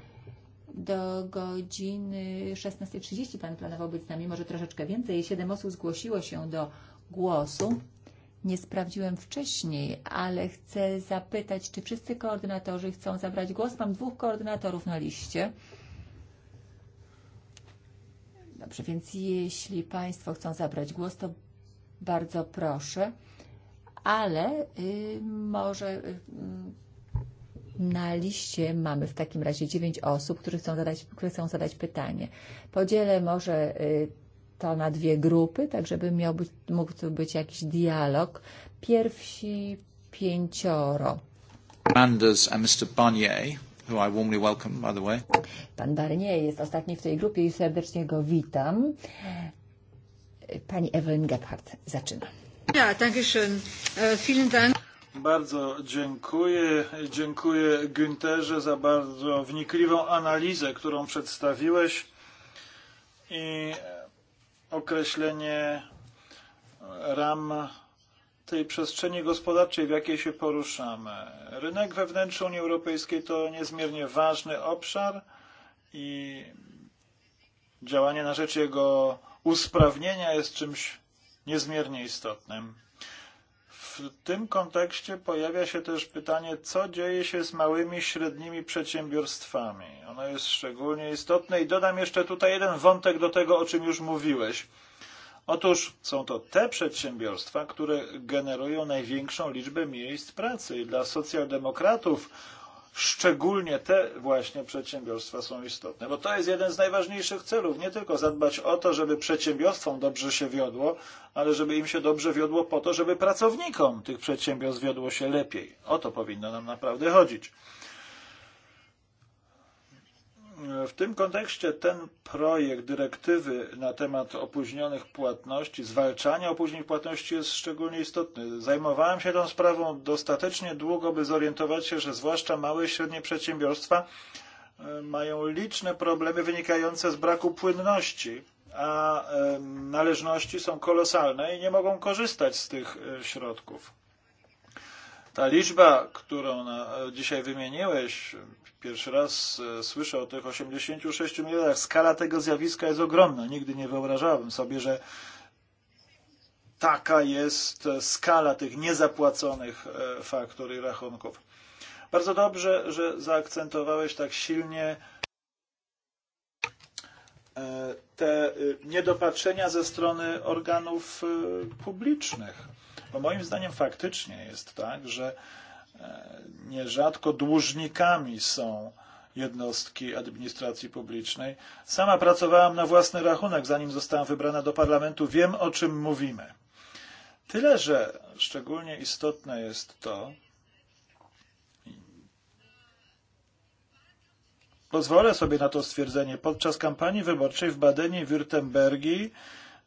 Speaker 2: do godziny 16.30 Pan planował być z nami, może troszeczkę więcej. Siedem osób zgłosiło się do głosu. Nie sprawdziłem wcześniej, ale chcę zapytać, czy wszyscy koordynatorzy chcą zabrać głos? Mam dwóch koordynatorów na liście. Dobrze, więc jeśli Państwo chcą zabrać głos, to bardzo proszę, ale y, może y, na liście mamy w takim razie dziewięć osób, które chcą zadać, które chcą zadać pytanie. Podzielę może to na dwie grupy, tak żeby miał być, mógł tu być jakiś dialog. Pierwsi pięcioro.
Speaker 1: Manders and Mr. Barnier, who I warmly welcome, by the way.
Speaker 2: Pan Barnier jest ostatni w tej grupie i serdecznie go witam. Pani Evelyn Gebhardt zaczyna. Ja, danke schön.
Speaker 3: Uh, vielen Dank. Bardzo dziękuję. Dziękuję Günterze za bardzo wnikliwą analizę, którą przedstawiłeś i określenie ram tej przestrzeni gospodarczej, w jakiej się poruszamy. Rynek wewnętrzny Unii Europejskiej to niezmiernie ważny obszar i działanie na rzecz jego usprawnienia jest czymś niezmiernie istotnym tym kontekście pojawia się też pytanie, co dzieje się z małymi i średnimi przedsiębiorstwami. Ono jest szczególnie istotne i dodam jeszcze tutaj jeden wątek do tego, o czym już mówiłeś. Otóż są to te przedsiębiorstwa, które generują największą liczbę miejsc pracy. I Dla socjaldemokratów szczególnie te właśnie przedsiębiorstwa są istotne, bo to jest jeden z najważniejszych celów. Nie tylko zadbać o to, żeby przedsiębiorstwom dobrze się wiodło, ale żeby im się dobrze wiodło po to, żeby pracownikom tych przedsiębiorstw wiodło się lepiej. O to powinno nam naprawdę chodzić. W tym kontekście ten projekt dyrektywy na temat opóźnionych płatności, zwalczania opóźnień płatności jest szczególnie istotny. Zajmowałem się tą sprawą dostatecznie długo, by zorientować się, że zwłaszcza małe i średnie przedsiębiorstwa e, mają liczne problemy wynikające z braku płynności, a e, należności są kolosalne i nie mogą korzystać z tych e, środków. Ta liczba, którą e, dzisiaj wymieniłeś, pierwszy raz e, słyszę o tych 86 milionach. Skala tego zjawiska jest ogromna. Nigdy nie wyobrażałem sobie, że taka jest e, skala tych niezapłaconych faktur i rachunków. Bardzo dobrze, że zaakcentowałeś tak silnie te niedopatrzenia ze strony organów publicznych Bo no moim zdaniem faktycznie jest tak, że e, nierzadko dłużnikami są jednostki administracji publicznej. Sama pracowałam na własny rachunek, zanim zostałam wybrana do parlamentu. Wiem, o czym mówimy. Tyle, że szczególnie istotne jest to, pozwolę sobie na to stwierdzenie, podczas kampanii wyborczej w Badenie-Württembergii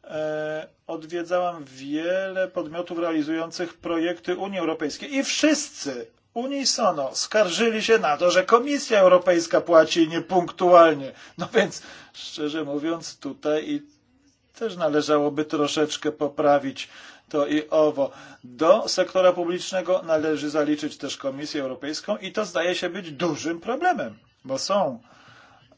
Speaker 3: Eh, odwiedzałam wiele podmiotów realizujących projekty Unii Europejskiej i wszyscy unisono skarżyli się na to, że Komisja Europejska płaci niepunktualnie. No więc, szczerze mówiąc, tutaj i też należałoby troszeczkę poprawić to i owo. Do sektora publicznego należy zaliczyć też Komisję Europejską i to zdaje się być dużym problemem, bo są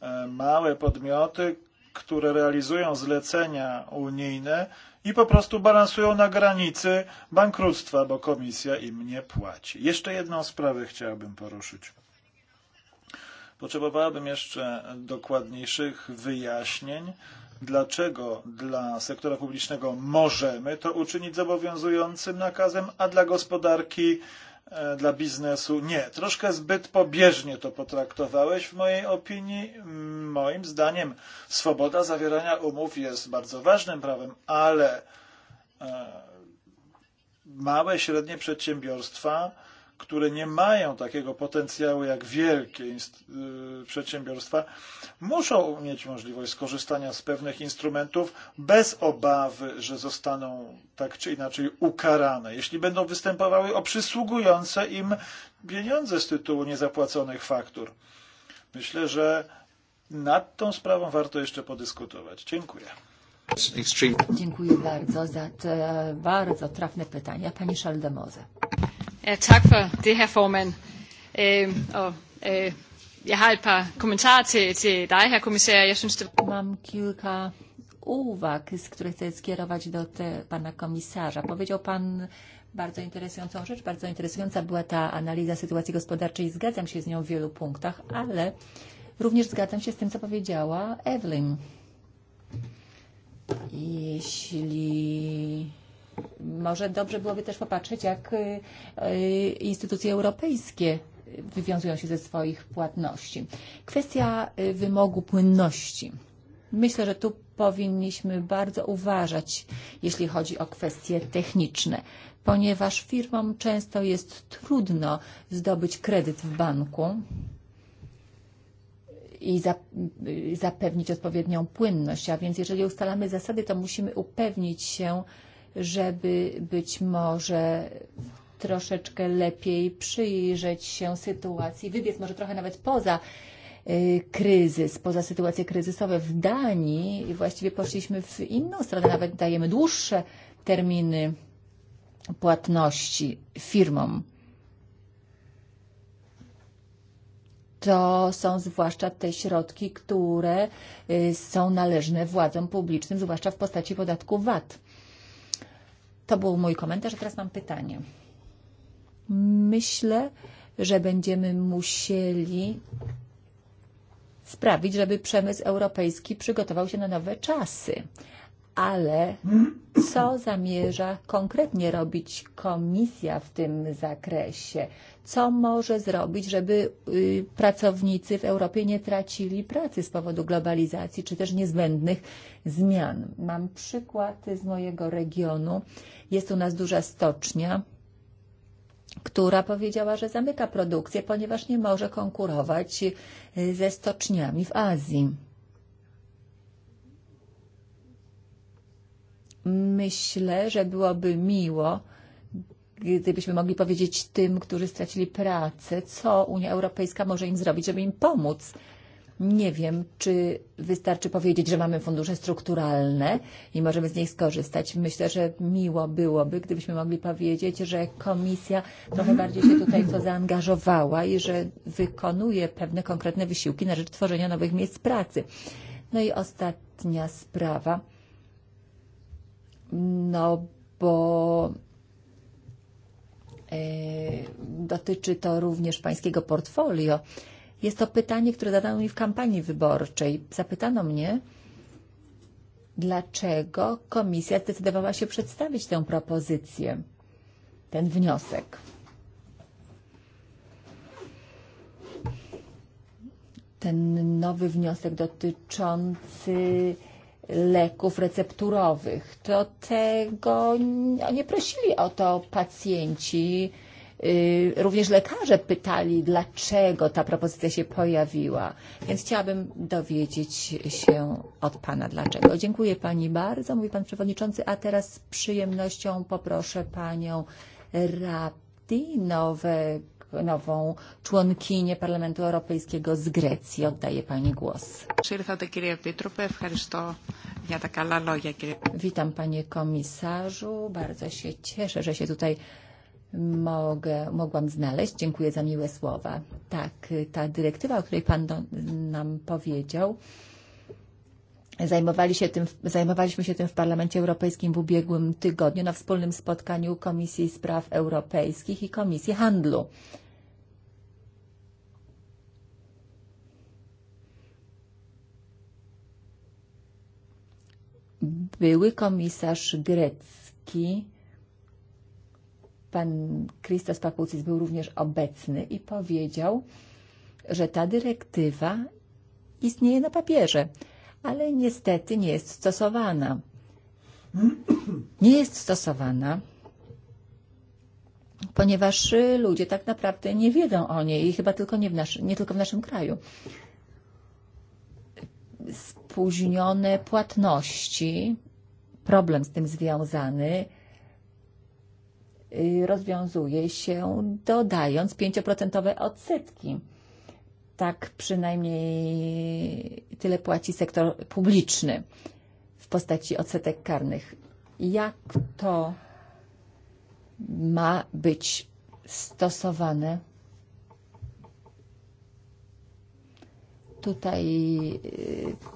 Speaker 3: e, małe podmioty, które realizują zlecenia unijne i po prostu balansują na granicy bankructwa, bo komisja im nie płaci. Jeszcze jedną sprawę chciałbym poruszyć. Potrzebowałabym jeszcze dokładniejszych wyjaśnień, dlaczego dla sektora publicznego możemy to uczynić zobowiązującym nakazem, a dla gospodarki E, dla biznesu. Nie, troszkę zbyt pobieżnie to potraktowałeś w mojej opinii. Moim zdaniem swoboda zawierania umów jest bardzo ważnym prawem, ale e, małe, średnie przedsiębiorstwa które nie mają takiego potencjału jak wielkie przedsiębiorstwa, muszą mieć możliwość skorzystania z pewnych instrumentów bez obawy, że zostaną tak czy inaczej ukarane, jeśli będą występowały o przysługujące im pieniądze z tytułu niezapłaconych faktur. Myślę, że nad tą sprawą warto jeszcze podyskutować. Dziękuję.
Speaker 2: Dziękuję bardzo za te bardzo trafne pytania. Pani Szaldemoze. Ja, tak for det her, formand. Øh, og, øh, jeg har et par kommentarer til, til dig, her kommissær. Jeg synes, det... Mam kilka uwag, z których chcę skierować do te, pana komisarza. Powiedział pan bardzo interesującą rzecz. Bardzo interesująca była ta analiza sytuacji gospodarczej. Zgadzam się z nią w wielu punktach, ale również zgadzam się z tym, co powiedziała Evelyn. Jeśli może dobrze byłoby też popatrzeć, jak e, instytucje europejskie wywiązują się ze swoich płatności. Kwestia e, wymogu płynności. Myślę, że tu powinniśmy bardzo uważać, jeśli chodzi o kwestie techniczne, ponieważ firmom często jest trudno zdobyć kredyt w banku i zapewnić odpowiednią płynność. A więc jeżeli ustalamy zasady, to musimy upewnić się, żeby być może troszeczkę lepiej przyjrzeć się sytuacji, wybiec może trochę nawet poza kryzys, poza sytuacje kryzysowe w Danii i właściwie poszliśmy w inną stronę, nawet dajemy dłuższe terminy płatności firmom. To są zwłaszcza te środki, które są należne władzom publicznym, zwłaszcza w postaci podatku VAT. To był mój komentarz. Teraz mam pytanie. Myślę, że będziemy musieli sprawić, żeby przemysł europejski przygotował się na nowe czasy ale hmm? co zamierza konkretnie robić komisja w tym zakresie? Co może zrobić, żeby pracownicy w Europie nie tracili pracy z powodu globalizacji czy też niezbędnych zmian? Mam przykład z mojego regionu. Jest u nas duża stocznia, która powiedziała, że zamyka produkcję, ponieważ nie może konkurować ze stoczniami w Azji myślę, że byłoby miło, gdybyśmy mogli powiedzieć tym, którzy stracili pracę, co Unia Europejska może im zrobić, żeby im pomóc. Nie wiem, czy wystarczy powiedzieć, że mamy fundusze strukturalne i możemy z nich skorzystać. Myślę, że miło byłoby, gdybyśmy mogli powiedzieć, że komisja trochę bardziej się tutaj w to zaangażowała i że wykonuje pewne konkretne wysiłki na rzecz tworzenia nowych miejsc pracy. No i ostatnia sprawa no bo e, dotyczy to również pańskiego portfolio. Jest to pytanie, które zadano mi w kampanii wyborczej. Zapytano mnie, dlaczego komisja zdecydowała się przedstawić tę propozycję, ten wniosek. Ten nowy wniosek dotyczący leków recepturowych. To tego nie prosili o to pacjenci. Również lekarze pytali, dlaczego ta propozycja się pojawiła. Więc chciałabym dowiedzieć się od Pana dlaczego. Dziękuję Pani bardzo, mówi Pan Przewodniczący. A teraz z przyjemnością poproszę Panią Rapti, nową członkinię Parlamentu Europejskiego z Grecji. Oddaję Pani głos. Witam Panie Komisarzu. Bardzo się cieszę, że się tutaj mogę, mogłam znaleźć. Dziękuję za miłe słowa. Tak, ta dyrektywa, o której Pan do, nam powiedział, Zajmowali się tym, zajmowaliśmy się tym w Parlamencie Europejskim w ubiegłym tygodniu na wspólnym spotkaniu Komisji Spraw Europejskich i Komisji Handlu. były komisarz grecki, pan Christos Papucis był również obecny i powiedział, że ta dyrektywa istnieje na papierze, ale niestety nie jest stosowana. Nie jest stosowana, ponieważ ludzie tak naprawdę nie wiedzą o niej i chyba tylko nie, w naszy, nie tylko w naszym kraju. Z opóźnione płatności, problem z tym związany, rozwiązuje się dodając 5% odsetki. Tak przynajmniej tyle płaci sektor publiczny w postaci odsetek karnych. Jak to ma być stosowane? Tutaj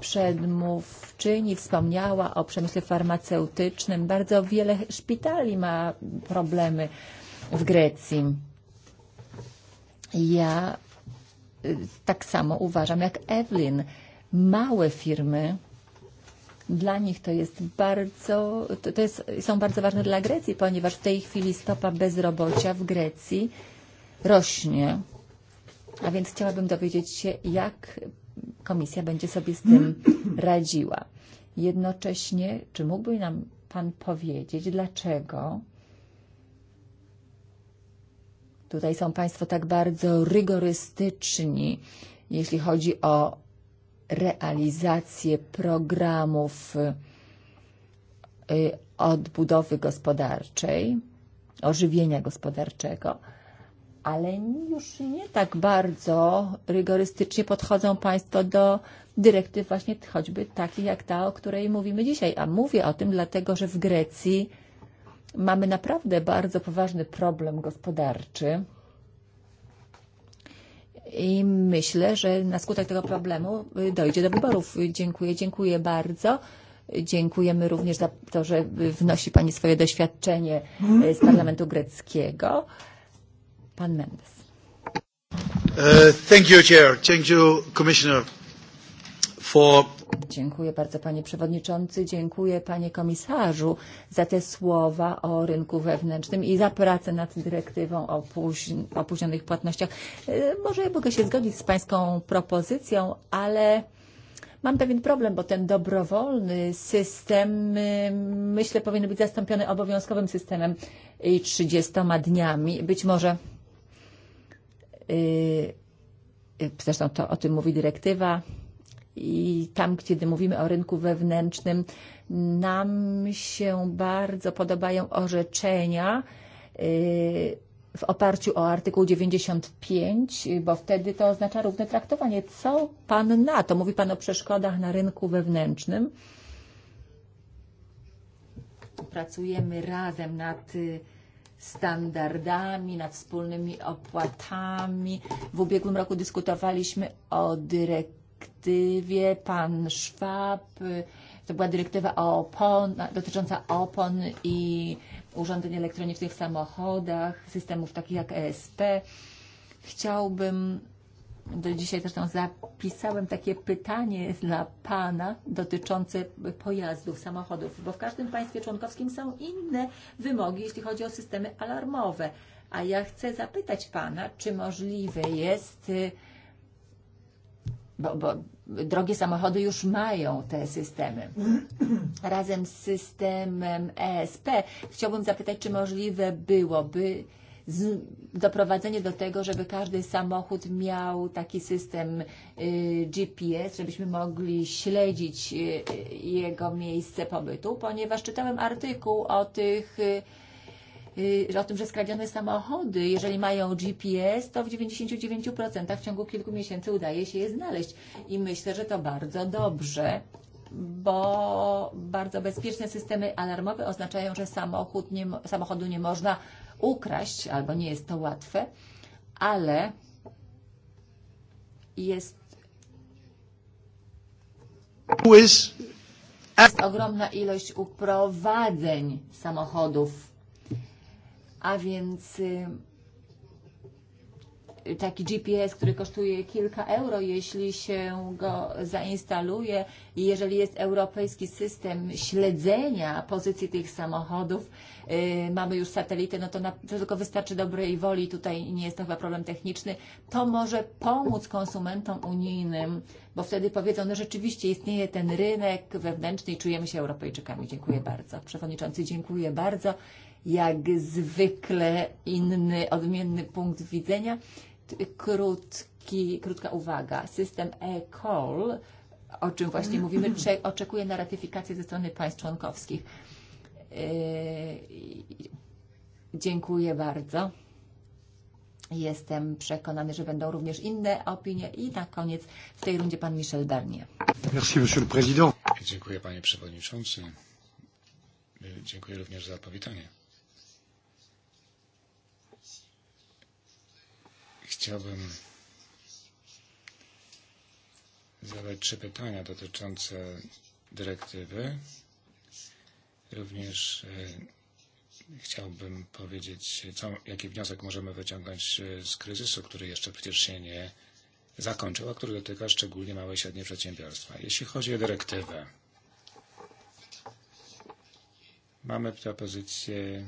Speaker 2: przedmówczyni wspomniała o przemyśle farmaceutycznym. Bardzo wiele szpitali ma problemy w Grecji. Ja tak samo uważam jak Evelyn. Małe firmy, dla nich to jest bardzo, to, to jest, są bardzo ważne dla Grecji, ponieważ w tej chwili stopa bezrobocia w Grecji rośnie a więc chciałabym dowiedzieć się, jak komisja będzie sobie z tym radziła. Jednocześnie, czy mógłby nam Pan powiedzieć, dlaczego tutaj są Państwo tak bardzo rygorystyczni, jeśli chodzi o realizację programów odbudowy gospodarczej, ożywienia gospodarczego? ale już nie tak bardzo rygorystycznie podchodzą Państwo do dyrektyw właśnie choćby takich jak ta, o której mówimy dzisiaj. A mówię o tym dlatego, że w Grecji mamy naprawdę bardzo poważny problem gospodarczy. I myślę, że na skutek tego problemu dojdzie do wyborów. Dziękuję, dziękuję bardzo. Dziękujemy również za to, że wnosi Pani swoje doświadczenie z parlamentu greckiego. Pan Mendes. Uh, dziękuję bardzo Panie Przewodniczący, dziękuję Panie Komisarzu za te słowa o rynku wewnętrznym i za pracę nad dyrektywą o opóźnionych płatnościach. E, może ja mogę się zgodzić z Pańską propozycją, ale mam pewien problem, bo ten dobrowolny system, myślę, powinien być zastąpiony obowiązkowym systemem i 30 dniami. Być może zresztą to o tym mówi dyrektywa, i tam, kiedy mówimy o rynku wewnętrznym, nam się bardzo podobają orzeczenia w oparciu o artykuł 95, bo wtedy to oznacza równe traktowanie. Co pan na to? Mówi pan o przeszkodach na rynku wewnętrznym. Pracujemy razem nad y, standardami, nad wspólnymi opłatami. W ubiegłym roku dyskutowaliśmy o dyrektywie pan Szwab. To była dyrektywa o opon, dotycząca opon i urządzeń elektronicznych w samochodach, systemów takich jak ESP. Chciałbym do dzisiaj zresztą zapisałem takie pytanie dla Pana dotyczące pojazdów, samochodów, bo w każdym państwie członkowskim są inne wymogi, jeśli chodzi o systemy alarmowe. A ja chcę zapytać Pana, czy możliwe jest, bo, bo drogie samochody już mają te systemy. Razem z systemem ESP chciałbym zapytać, czy możliwe byłoby z, doprowadzenie do tego, żeby każdy samochód miał taki system y, GPS, żebyśmy mogli śledzić y, jego miejsce pobytu, ponieważ czytałem artykuł o tych y, o tym, że skradzione samochody, jeżeli mają GPS, to w 99% w ciągu kilku miesięcy udaje się je znaleźć. I myślę, że to bardzo dobrze bo bardzo bezpieczne systemy alarmowe oznaczają, że samochód nie, samochodu nie można ukraść albo nie jest to łatwe, ale jest, jest ogromna ilość uprowadzeń samochodów, a więc taki GPS, który kosztuje kilka euro, jeśli się go zainstaluje i jeżeli jest europejski system śledzenia pozycji tych samochodów, yy, mamy już satelity, no to, na, to tylko wystarczy dobrej woli, tutaj nie jest to chyba problem techniczny, to może pomóc konsumentom unijnym, bo wtedy powiedzą, że no rzeczywiście istnieje ten rynek wewnętrzny i czujemy się Europejczykami. Dziękuję bardzo. Przewodniczący, dziękuję bardzo. Jak zwykle inny, odmienny punkt widzenia krótki, krótka uwaga. System e-call, o czym właśnie mówimy, oczekuje na ratyfikację ze strony państw członkowskich. E, dziękuję bardzo. Jestem przekonany, że będą również inne opinie i na koniec w tej rundzie pan Michel Bernie.
Speaker 4: Merci, monsieur le président. Dziękuję panie przewodniczący. E, dziękuję również za powitanie. Chciałbym zadać trzy pytania dotyczące dyrektywy. Również e, chciałbym powiedzieć, co, jaki wniosek możemy wyciągnąć e, z kryzysu, który jeszcze przecież się nie zakończył, a który dotyka szczególnie małe i średnie przedsiębiorstwa. Jeśli chodzi o dyrektywę, mamy propozycję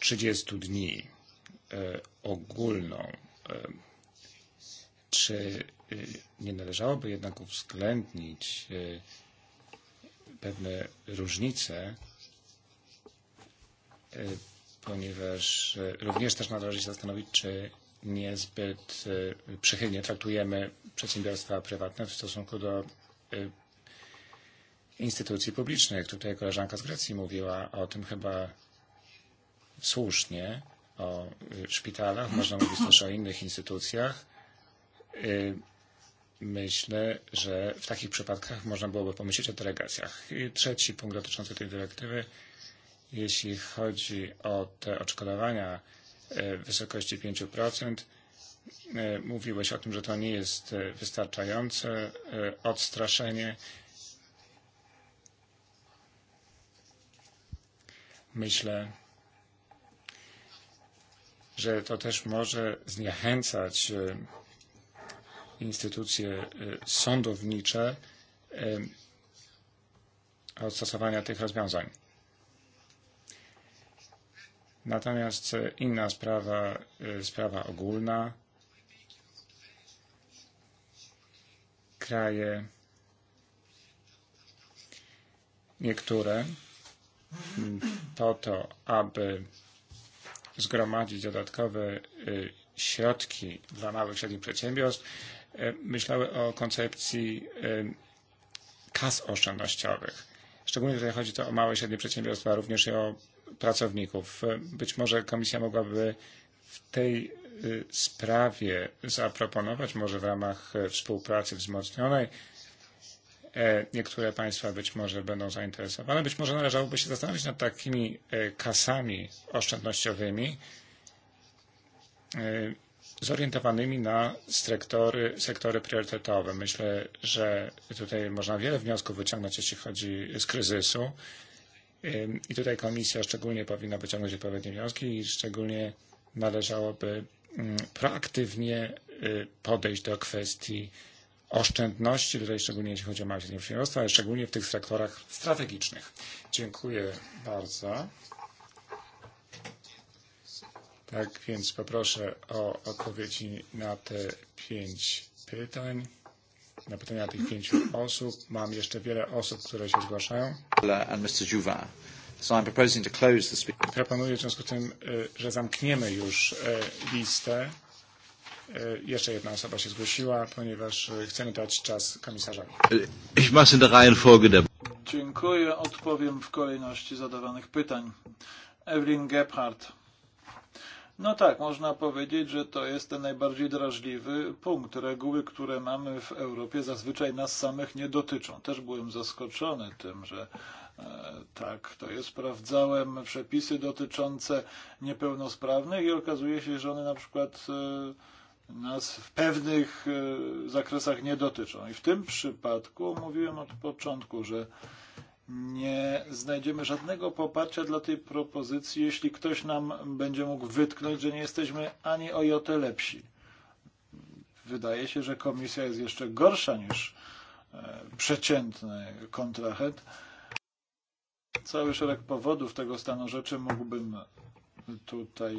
Speaker 4: 30 dni e, ogólną. E, czy e, nie należałoby jednak uwzględnić pewne różnice, ponieważ również też należy się zastanowić, czy niezbyt przychylnie traktujemy przedsiębiorstwa prywatne w stosunku do instytucji publicznych. Tutaj koleżanka z Grecji mówiła o tym chyba słusznie o szpitalach, można mówić też o innych instytucjach. Myślę, że w takich przypadkach można byłoby pomyśleć o delegacjach. I trzeci punkt dotyczący tej dyrektywy, jeśli chodzi o te odszkodowania w wysokości 5%, mówiłeś o tym, że to nie jest wystarczające odstraszenie. Myślę, że to też może zniechęcać e, instytucje e, sądownicze e, od stosowania tych rozwiązań. Natomiast inna sprawa, sprawa ogólna. Kraje niektóre mm, po to, aby zgromadzić dodatkowe środki dla małych i średnich przedsiębiorstw, e, myślały o koncepcji e, kas oszczędnościowych. Szczególnie tutaj chodzi to o małe i średnie przedsiębiorstwa, również i o pracowników. E, być może komisja mogłaby w tej sprawie zaproponować, może w ramach współpracy wzmocnionej, E, niektóre państwa być może będą zainteresowane. Być może należałoby się zastanowić nad takimi e, kasami oszczędnościowymi e, zorientowanymi na sektory, sektory priorytetowe. Myślę, że tutaj można wiele wniosków wyciągnąć, jeśli chodzi z kryzysu. I tutaj komisja szczególnie powinna wyciągnąć odpowiednie wnioski i szczególnie należałoby mm, proaktywnie podejść do kwestii oszczędności, tutaj szczególnie jeśli chodzi o małe i średnie przedsiębiorstwa, ale szczególnie w tych sektorach strategicznych. Dziękuję bardzo. Tak więc poproszę o odpowiedzi na te pięć pytań, na pytania tych pięciu osób. Mam jeszcze wiele osób, które się zgłaszają. Proponuję w związku z tym, że zamkniemy już listę. Eh, Jeszcze jedna osoba się zgłosiła, ponieważ eh, chcemy dać czas komisarzowi.
Speaker 1: Eh, ich mache in der Reihenfolge der...
Speaker 4: Dziękuję.
Speaker 3: Odpowiem w
Speaker 4: kolejności zadawanych pytań.
Speaker 3: Evelyn Gebhardt. No tak, można powiedzieć, że to jest ten najbardziej drażliwy punkt. Reguły, które mamy w Europie, zazwyczaj nas samych nie dotyczą. Też byłem zaskoczony tym, że e, tak, to jest. Sprawdzałem przepisy dotyczące niepełnosprawnych i okazuje się, że one na przykład e, nas w pewnych e, zakresach nie dotyczą. I w tym przypadku mówiłem od początku, że nie znajdziemy żadnego poparcia dla tej propozycji, jeśli ktoś nam będzie mógł wytknąć, że nie jesteśmy ani o jotę lepsi. Wydaje się, że komisja jest jeszcze gorsza niż e, przeciętny kontrahent. Cały szereg powodów tego stanu rzeczy mógłbym tutaj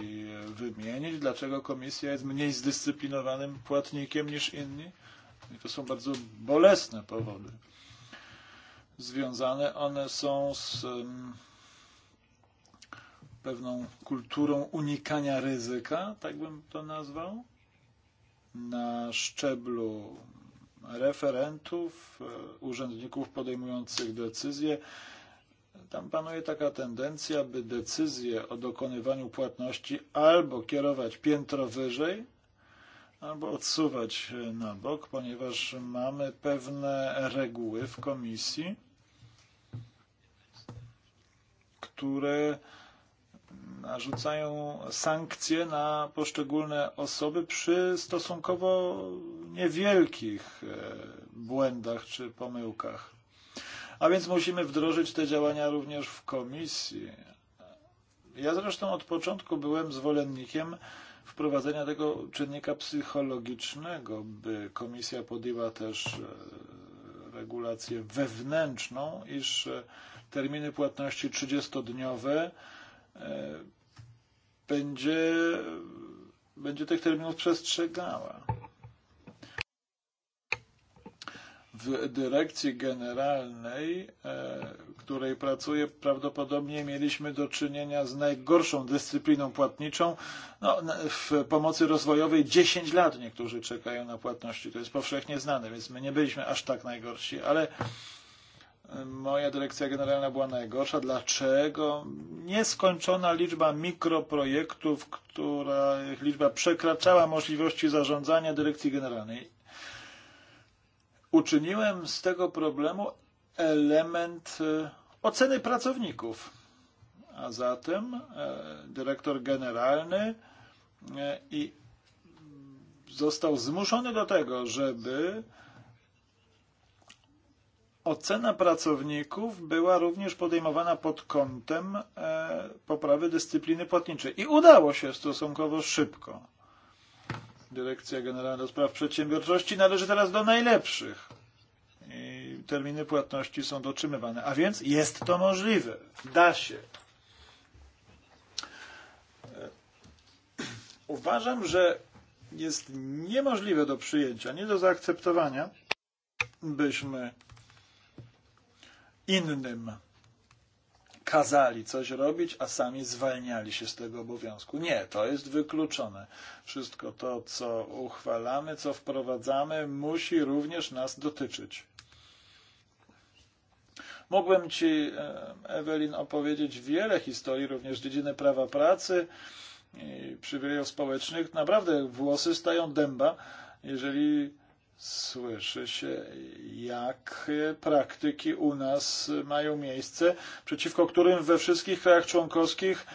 Speaker 3: wymienić, dlaczego komisja jest mniej zdyscyplinowanym płatnikiem niż inni. I to są bardzo bolesne powody. Związane one są z pewną kulturą unikania ryzyka, tak bym to nazwał, na szczeblu referentów, e, urzędników podejmujących decyzje tam panuje taka tendencja, by decyzję o dokonywaniu płatności albo kierować piętro wyżej, albo odsuwać na bok, ponieważ mamy pewne reguły w komisji, które narzucają sankcje na poszczególne osoby przy stosunkowo niewielkich e, błędach czy pomyłkach. A więc musimy wdrożyć te działania również w komisji. Ja zresztą od początku byłem zwolennikiem wprowadzenia tego czynnika psychologicznego, by komisja podjęła też e, regulację wewnętrzną, iż e, terminy płatności 30-dniowe e, będzie, będzie tych terminów przestrzegała. w dyrekcji generalnej, eh, której pracuję, prawdopodobnie mieliśmy do czynienia z najgorszą dyscypliną płatniczą. No, w pomocy rozwojowej 10 lat niektórzy czekają na płatności. To jest powszechnie znane, więc my nie byliśmy aż tak najgorsi, ale e, moja dyrekcja generalna była najgorsza. Dlaczego? Nieskończona liczba mikroprojektów, których liczba przekraczała możliwości zarządzania dyrekcji generalnej uczyniłem z tego problemu element eh, oceny pracowników. A zatem eh, dyrektor generalny eh, i został zmuszony do tego, żeby ocena pracowników była również podejmowana pod kątem poprawy dyscypliny płatniczej. I udało się stosunkowo szybko. Dyrekcja Generalna do Spraw Przedsiębiorczości należy teraz do najlepszych. I terminy płatności są dotrzymywane. A więc jest to możliwe. Da się. E, uważam, że jest niemożliwe do przyjęcia, nie do zaakceptowania, byśmy innym kazali coś robić, a sami zwalniali się z tego obowiązku. Nie, to jest wykluczone. Wszystko to, co uchwalamy, co wprowadzamy, musi również nas dotyczyć. Mogłem Ci, Ewelin, opowiedzieć wiele historii, również dziedziny prawa pracy i przywilejów społecznych. Naprawdę włosy stają dęba, jeżeli słyszy się, jakie praktyki u nas mają miejsce, przeciwko którym we wszystkich krajach członkowskich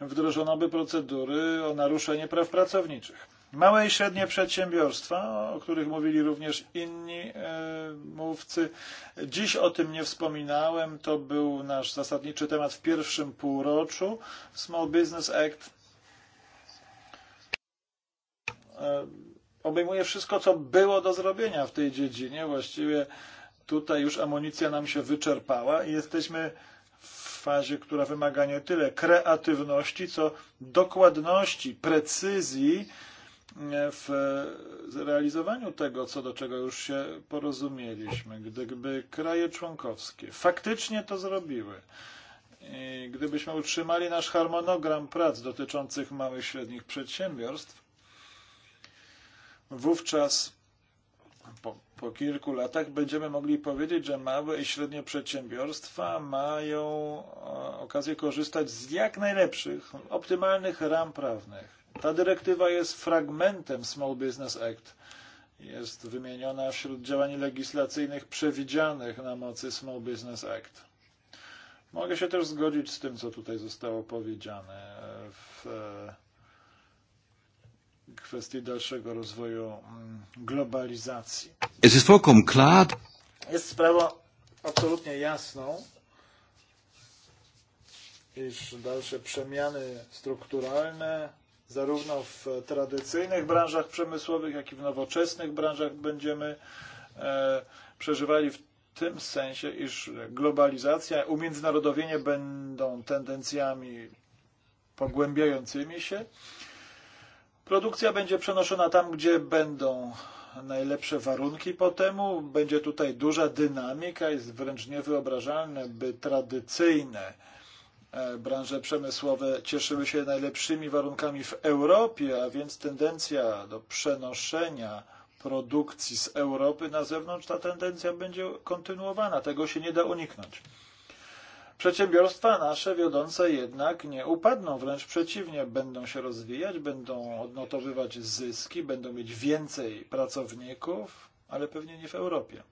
Speaker 3: wdrożono by procedury o naruszenie praw pracowniczych. Małe i średnie przedsiębiorstwa, o których mówili również inni mówcy, dziś o tym nie wspominałem, to był nasz zasadniczy temat w pierwszym półroczu Small Business Act eh, obejmuje wszystko, co było do zrobienia w tej dziedzinie. Właściwie tutaj już amunicja nam się wyczerpała i jesteśmy w fazie, która wymaga nie tyle kreatywności, co dokładności, precyzji e, w zrealizowaniu tego, co do czego już się porozumieliśmy. Gdyby kraje członkowskie faktycznie to zrobiły, i gdybyśmy utrzymali nasz harmonogram prac dotyczących małych i średnich przedsiębiorstw, wówczas po, po kilku latach będziemy mogli powiedzieć, że małe i średnie przedsiębiorstwa mają e, okazję korzystać z jak najlepszych, optymalnych ram prawnych. Ta dyrektywa jest fragmentem Small Business Act. Jest wymieniona wśród działań legislacyjnych przewidzianych na mocy Small Business Act. Mogę się też zgodzić z tym, co tutaj zostało powiedziane w, kwestii dalszego rozwoju mm, globalizacji.
Speaker 1: Jest vollkommen klar.
Speaker 3: Jest sprawą absolutnie jasną, iż dalsze przemiany strukturalne zarówno w tradycyjnych branżach przemysłowych, jak i w nowoczesnych branżach będziemy e, przeżywali w tym sensie, iż globalizacja, umiędzynarodowienie będą tendencjami pogłębiającymi się. E, Produkcja będzie przenoszona tam, gdzie będą najlepsze warunki po temu. Będzie tutaj duża dynamika. Jest wręcz niewyobrażalne, by tradycyjne e, branże przemysłowe cieszyły się najlepszymi warunkami w Europie, a więc tendencja do przenoszenia produkcji z Europy na zewnątrz, ta tendencja będzie kontynuowana. Tego się nie da uniknąć. Przedsiębiorstwa nasze wiodące jednak nie upadną, wręcz przeciwnie, będą się rozwijać, będą odnotowywać zyski, będą mieć więcej pracowników, ale pewnie nie w Europie.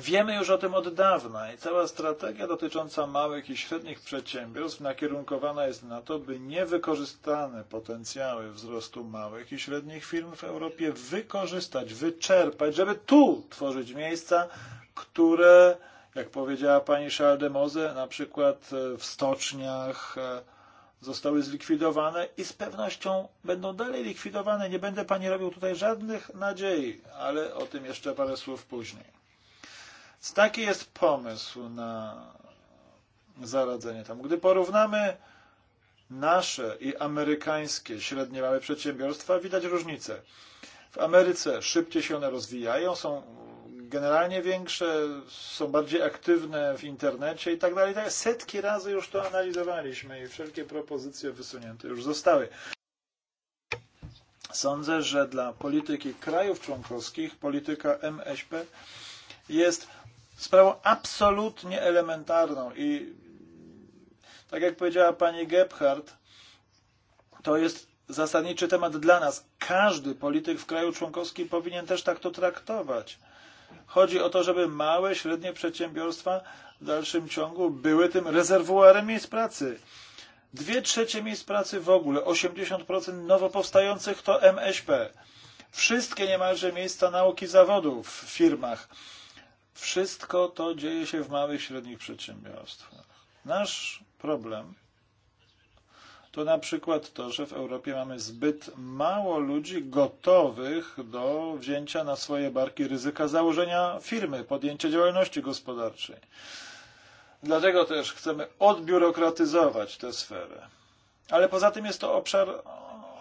Speaker 3: Wiemy już o tym od dawna i cała strategia dotycząca małych i średnich przedsiębiorstw nakierunkowana jest na to, by niewykorzystane potencjały wzrostu małych i średnich firm w Europie wykorzystać, wyczerpać, żeby tu tworzyć miejsca które, jak powiedziała pani Schaldemose, na przykład w eh, stoczniach eh, zostały zlikwidowane i z pewnością będą dalej likwidowane. Nie będę pani robił tutaj żadnych nadziei, ale o tym jeszcze parę słów później. Taki jest pomysł na zaradzenie tam. Gdy porównamy nasze i amerykańskie średnie małe przedsiębiorstwa, widać różnice. W Ameryce szybciej się one rozwijają, są generalnie większe, są bardziej aktywne w internecie i tak dalej. Setki razy już to analizowaliśmy i wszelkie propozycje wysunięte już zostały. Sądzę, że dla polityki krajów członkowskich polityka MŚP jest sprawą absolutnie elementarną i tak jak powiedziała pani Gebhardt, to jest zasadniczy temat dla nas. Każdy polityk w kraju członkowskim powinien też tak to traktować. Chodzi o to, żeby małe, średnie przedsiębiorstwa w dalszym ciągu były tym rezerwuarem miejsc pracy. Dwie trzecie miejsc pracy w ogóle, 80% nowo powstających to MŚP. Wszystkie niemalże miejsca nauki zawodów w firmach. Wszystko to dzieje się w małych, średnich przedsiębiorstwach. Nasz problem to na przykład to, że w Europie mamy zbyt mało ludzi gotowych do wzięcia na swoje barki ryzyka założenia firmy, podjęcia działalności gospodarczej. Dlatego też chcemy odbiurokratyzować tę sferę. Ale poza tym jest to obszar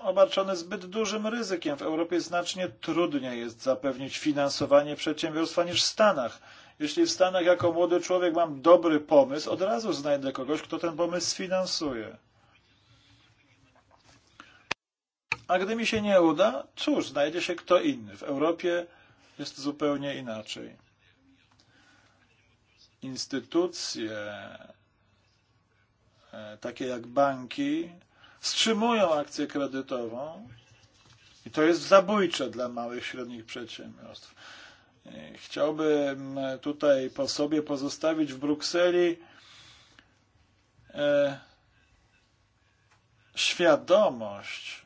Speaker 3: obarczony zbyt dużym ryzykiem. W Europie znacznie trudniej jest zapewnić finansowanie przedsiębiorstwa niż w Stanach. Jeśli w Stanach jako młody człowiek mam dobry pomysł, od razu znajdę kogoś, kto ten pomysł sfinansuje. A gdy mi się nie uda, cóż, znajdzie się kto inny. W Europie jest zupełnie inaczej. Instytucje e, takie jak banki wstrzymują akcję kredytową i to jest zabójcze dla małych i średnich przedsiębiorstw. E, chciałbym tutaj po sobie pozostawić w Brukseli e, świadomość,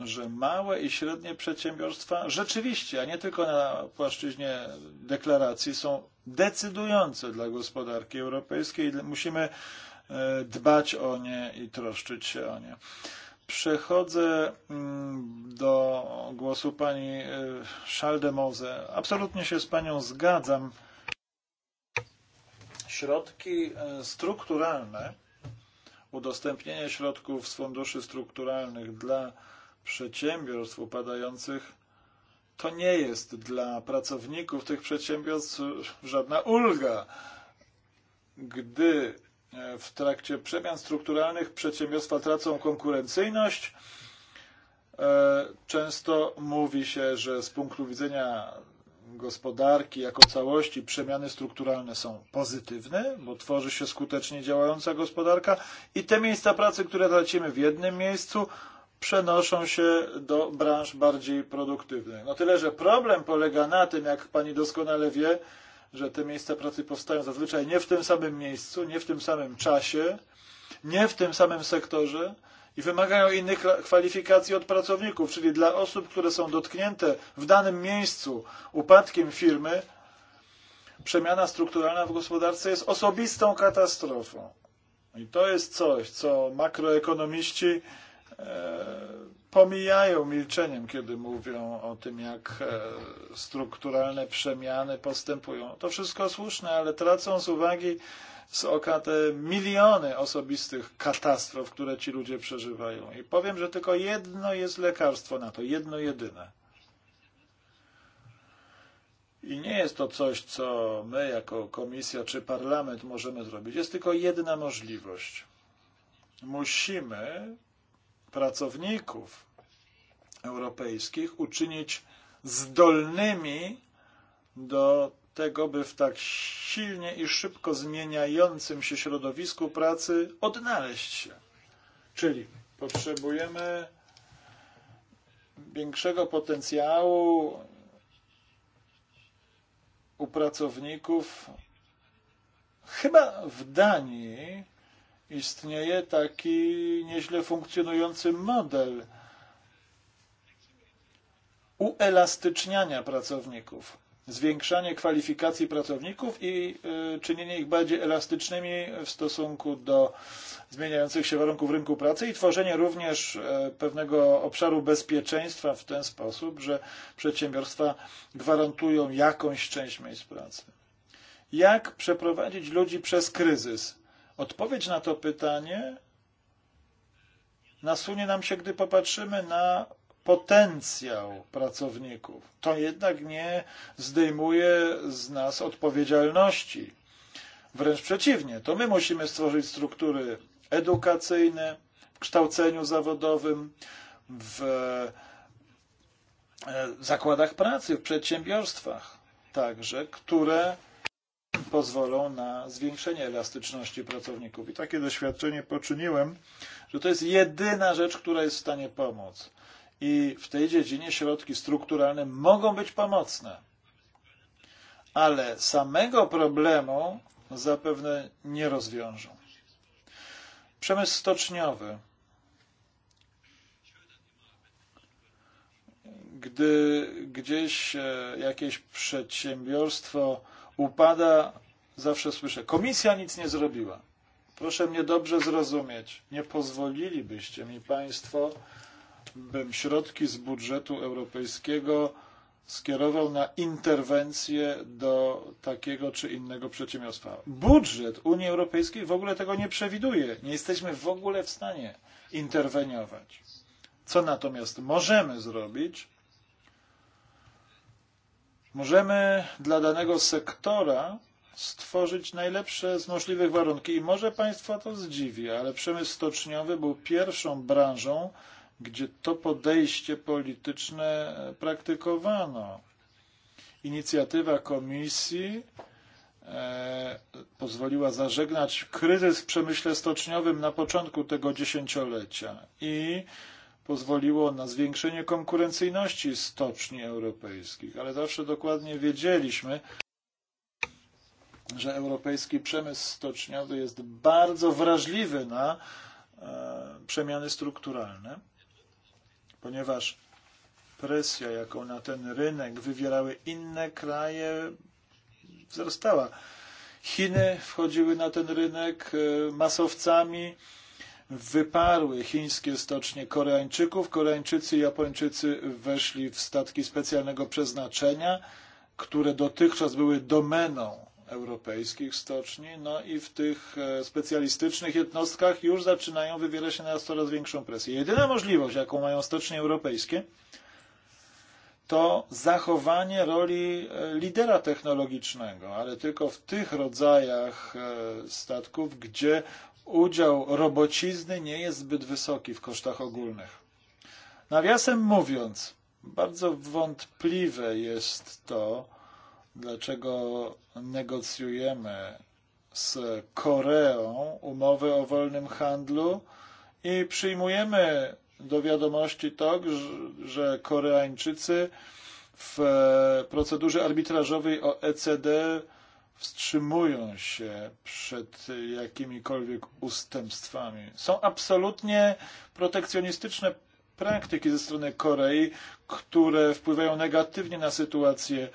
Speaker 3: że małe i średnie przedsiębiorstwa rzeczywiście, a nie tylko na płaszczyźnie deklaracji, są decydujące dla gospodarki europejskiej. Musimy e, dbać o nie i troszczyć się o nie. Przechodzę mm, do głosu pani e, Schaldemose. Absolutnie się z panią zgadzam. Środki e, strukturalne, udostępnienie środków z funduszy strukturalnych dla przedsiębiorstw upadających, to nie jest dla pracowników tych przedsiębiorstw żadna ulga. Gdy e, w trakcie przemian strukturalnych przedsiębiorstwa tracą konkurencyjność, e, często mówi się, że z punktu widzenia gospodarki jako całości przemiany strukturalne są pozytywne, bo tworzy się skutecznie działająca gospodarka i te miejsca pracy, które tracimy w jednym miejscu, przenoszą się do branż bardziej produktywnych. No tyle, że problem polega na tym, jak pani doskonale wie, że te miejsca pracy powstają zazwyczaj nie w tym samym miejscu, nie w tym samym czasie, nie w tym samym sektorze i wymagają innych kwalifikacji od pracowników, czyli dla osób, które są dotknięte w danym miejscu upadkiem firmy, przemiana strukturalna w gospodarce jest osobistą katastrofą. I to jest coś, co makroekonomiści Eh, pomijają milczeniem, kiedy mówią o tym, jak eh, strukturalne przemiany postępują. To wszystko słuszne, ale tracą z uwagi z oka te miliony osobistych katastrof, które ci ludzie przeżywają. I powiem, że tylko jedno jest lekarstwo na to, jedno jedyne. I nie jest to coś, co my jako komisja czy parlament możemy zrobić. Jest tylko jedna możliwość. Musimy pracowników europejskich uczynić zdolnymi do tego, by w tak silnie i szybko zmieniającym się środowisku pracy odnaleźć się. Czyli potrzebujemy większego potencjału u pracowników. Chyba w Danii istnieje taki nieźle funkcjonujący model uelastyczniania pracowników, zwiększanie kwalifikacji pracowników i e, czynienie ich bardziej elastycznymi w stosunku do zmieniających się warunków rynku pracy i tworzenie również e, pewnego obszaru bezpieczeństwa w ten sposób, że przedsiębiorstwa gwarantują jakąś część miejsc pracy. Jak przeprowadzić ludzi przez kryzys? Odpowiedź na to pytanie nasunie nam się, gdy popatrzymy na potencjał pracowników. To jednak nie zdejmuje z nas odpowiedzialności. Wręcz przeciwnie, to my musimy stworzyć struktury edukacyjne, w kształceniu zawodowym, w e, zakładach pracy, w przedsiębiorstwach także, które pozwolą na zwiększenie elastyczności pracowników. I takie doświadczenie poczyniłem, że to jest jedyna rzecz, która jest w stanie pomóc. I w tej dziedzinie środki strukturalne mogą być pomocne. Ale samego problemu zapewne nie rozwiążą. Przemysł stoczniowy. Gdy gdzieś e, jakieś przedsiębiorstwo upada zawsze słyszę, komisja nic nie zrobiła. Proszę mnie dobrze zrozumieć, nie pozwolilibyście mi Państwo, bym środki z budżetu europejskiego skierował na interwencję do takiego czy innego przedsiębiorstwa. Budżet Unii Europejskiej w ogóle tego nie przewiduje. Nie jesteśmy w ogóle w stanie interweniować. Co natomiast możemy zrobić, Możemy dla danego sektora stworzyć najlepsze z możliwych warunki. I może Państwa to zdziwi, ale przemysł stoczniowy był pierwszą branżą, gdzie to podejście polityczne praktykowano. Inicjatywa komisji e, pozwoliła zażegnać kryzys w przemyśle stoczniowym na początku tego dziesięciolecia i pozwoliło na zwiększenie konkurencyjności stoczni europejskich, ale zawsze dokładnie wiedzieliśmy, że europejski przemysł stoczniowy jest bardzo wrażliwy na e, przemiany strukturalne, ponieważ presja, jaką na ten rynek wywierały inne kraje, wzrastała. Chiny wchodziły na ten rynek e, masowcami, wyparły chińskie stocznie Koreańczyków. Koreańczycy i Japończycy weszli w statki specjalnego przeznaczenia, które dotychczas były domeną europejskich stoczni, no i w tych e, specjalistycznych jednostkach już zaczynają wywierać na nas coraz większą presję. Jedyna możliwość, jaką mają stocznie europejskie, to zachowanie roli e, lidera technologicznego, ale tylko w tych rodzajach e, statków, gdzie udział robocizny nie jest zbyt wysoki w kosztach ogólnych. Nawiasem mówiąc, bardzo wątpliwe jest to, dlaczego negocjujemy z Koreą umowę o wolnym handlu i przyjmujemy do wiadomości to, że Koreańczycy w procedurze arbitrażowej o ECD wstrzymują się przed jakimikolwiek ustępstwami. Są absolutnie protekcjonistyczne praktyki ze strony Korei, które wpływają negatywnie na sytuację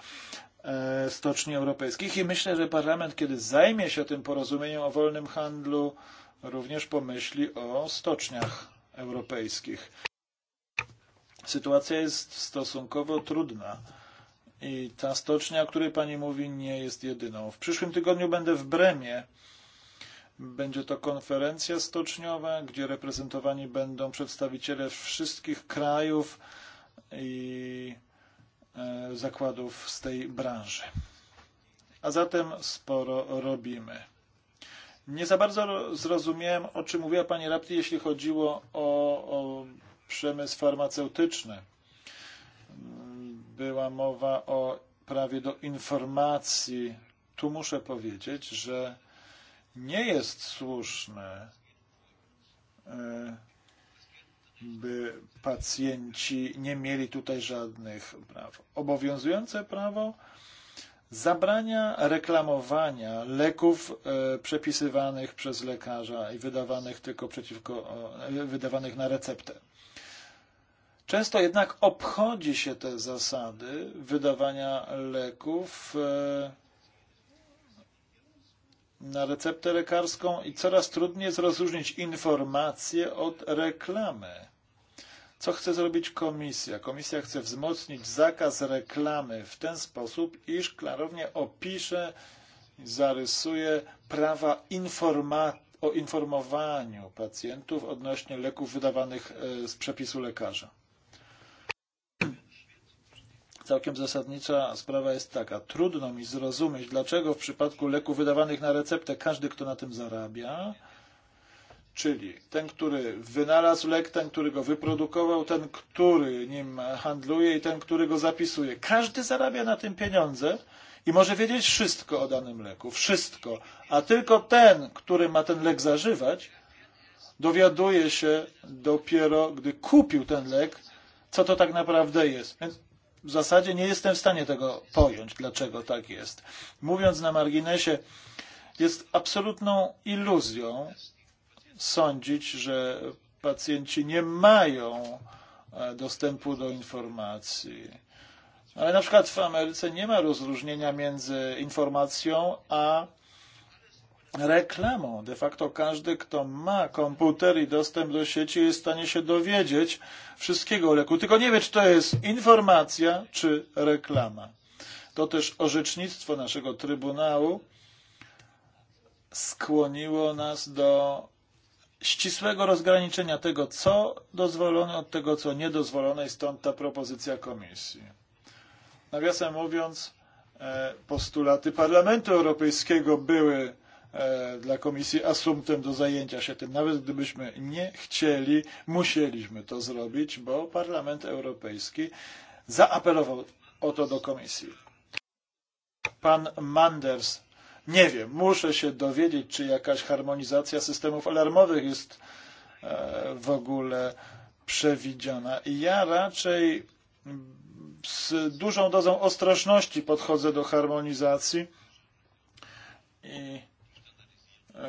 Speaker 3: e, stoczni europejskich i myślę, że parlament, kiedy zajmie się tym porozumieniem o wolnym handlu, również pomyśli o stoczniach europejskich. Sytuacja jest stosunkowo trudna i ta stocznia, o której Pani mówi, nie jest jedyną. W przyszłym tygodniu będę w Bremie. Będzie to konferencja stoczniowa, gdzie reprezentowani będą przedstawiciele wszystkich krajów i e, zakładów z tej branży. A zatem sporo robimy. Nie za bardzo zrozumiałem, o czym mówiła Pani Rapti, jeśli chodziło o, o przemysł farmaceutyczny była mowa o prawie do informacji, tu muszę powiedzieć, że nie jest słuszne, e, by pacjenci nie mieli tutaj żadnych praw. Obowiązujące prawo zabrania reklamowania leków e, przepisywanych przez lekarza i wydawanych tylko przeciwko, e, wydawanych na receptę. Często jednak obchodzi się te zasady wydawania leków e, na receptę lekarską i coraz trudniej jest rozróżnić informacje od reklamy. Co chce zrobić komisja? Komisja chce wzmocnić zakaz reklamy w ten sposób, iż klarownie opisze i zarysuje prawa informacji o informowaniu pacjentów odnośnie leków wydawanych e, z przepisu lekarza. Całkiem zasadnicza sprawa jest taka. Trudno mi zrozumieć, dlaczego w przypadku leków wydawanych na receptę każdy, kto na tym zarabia, czyli ten, który wynalazł lek, ten, który go wyprodukował, ten, który nim handluje i ten, który go zapisuje. Każdy zarabia na tym pieniądze i może wiedzieć wszystko o danym leku, wszystko, a tylko ten, który ma ten lek zażywać, dowiaduje się dopiero, gdy kupił ten lek, co to tak naprawdę jest. Więc w zasadzie nie jestem w stanie tego pojąć, dlaczego tak jest. Mówiąc na marginesie, jest absolutną iluzją sądzić, że pacjenci nie mają e, dostępu do informacji. Ale na przykład w Ameryce nie ma rozróżnienia między informacją a reklamą. De facto każdy, kto ma komputer i dostęp do sieci, jest w stanie się dowiedzieć wszystkiego o jako leku. Tylko nie wie, czy to jest informacja, czy reklama. To też orzecznictwo naszego Trybunału skłoniło nas do ścisłego rozgraniczenia tego, co dozwolone od tego, co niedozwolone i stąd ta propozycja komisji. Nawiasem mówiąc, e, postulaty Parlamentu Europejskiego były Eh, dla komisji asumptem do zajęcia się tym. Nawet gdybyśmy nie chcieli, musieliśmy to zrobić, bo Parlament Europejski zaapelował o to do komisji. Pan Manders, nie wiem, muszę się dowiedzieć, czy jakaś harmonizacja systemów alarmowych jest eh, w ogóle przewidziana. I ja raczej z dużą dozą ostrożności podchodzę do harmonizacji i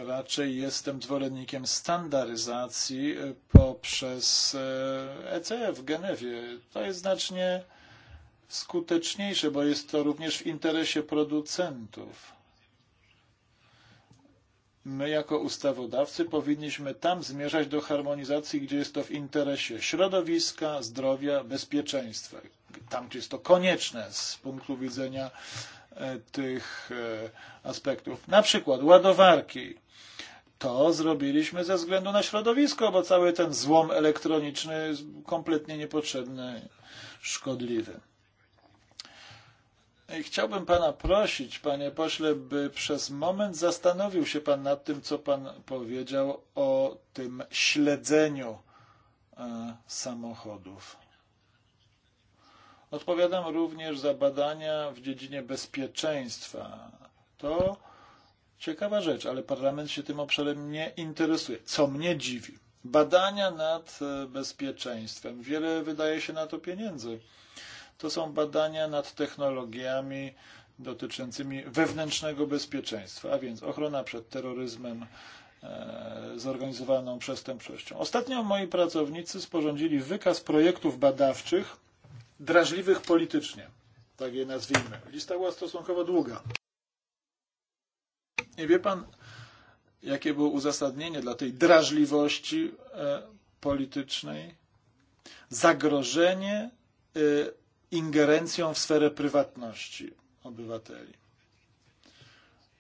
Speaker 3: Raczej jestem zwolennikiem standaryzacji e, poprzez ECF e w Genewie. To jest znacznie skuteczniejsze, bo jest to również w interesie producentów. My jako ustawodawcy powinniśmy tam zmierzać do harmonizacji, gdzie jest to w interesie środowiska, zdrowia, bezpieczeństwa. Tam, gdzie jest to konieczne z punktu widzenia tych eh, aspektów. Na przykład ładowarki. To zrobiliśmy ze względu na środowisko, bo cały ten złom elektroniczny jest kompletnie niepotrzebny, szkodliwy. I chciałbym Pana prosić, Panie pośle, by przez moment zastanowił się Pan nad tym, co Pan powiedział o tym śledzeniu e, samochodów. Odpowiadam również za badania w dziedzinie bezpieczeństwa. To ciekawa rzecz, ale parlament się tym obszarem nie interesuje, co mnie dziwi. Badania nad e, bezpieczeństwem. Wiele wydaje się na to pieniędzy. To są badania nad technologiami dotyczącymi wewnętrznego bezpieczeństwa, a więc ochrona przed terroryzmem, e, zorganizowaną przestępczością. Ostatnio moi pracownicy sporządzili wykaz projektów badawczych drażliwych politycznie. Tak je nazwijmy. Lista była stosunkowo długa. Nie wie pan, jakie było uzasadnienie dla tej drażliwości e, politycznej? Zagrożenie e, ingerencją w sferę prywatności obywateli.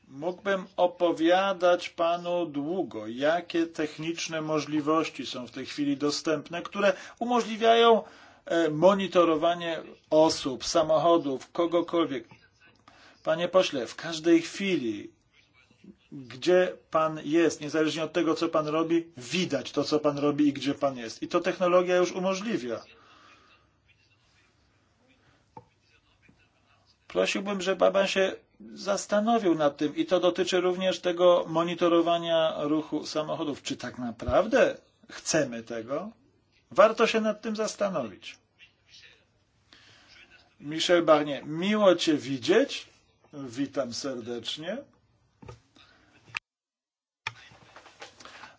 Speaker 3: Mógłbym opowiadać panu długo, jakie techniczne możliwości są w tej chwili dostępne, które umożliwiają E, monitorowanie osób, samochodów, kogokolwiek. Panie pośle, w każdej chwili, gdzie pan jest, niezależnie od tego, co pan robi, widać to, co pan robi i gdzie pan jest. I to technologia już umożliwia. Prosiłbym, żeby pan się zastanowił nad tym i to dotyczy również tego monitorowania ruchu samochodów. Czy tak naprawdę chcemy tego? Warto się nad tym zastanowić. Michel Barnier, miło Cię widzieć. Witam serdecznie.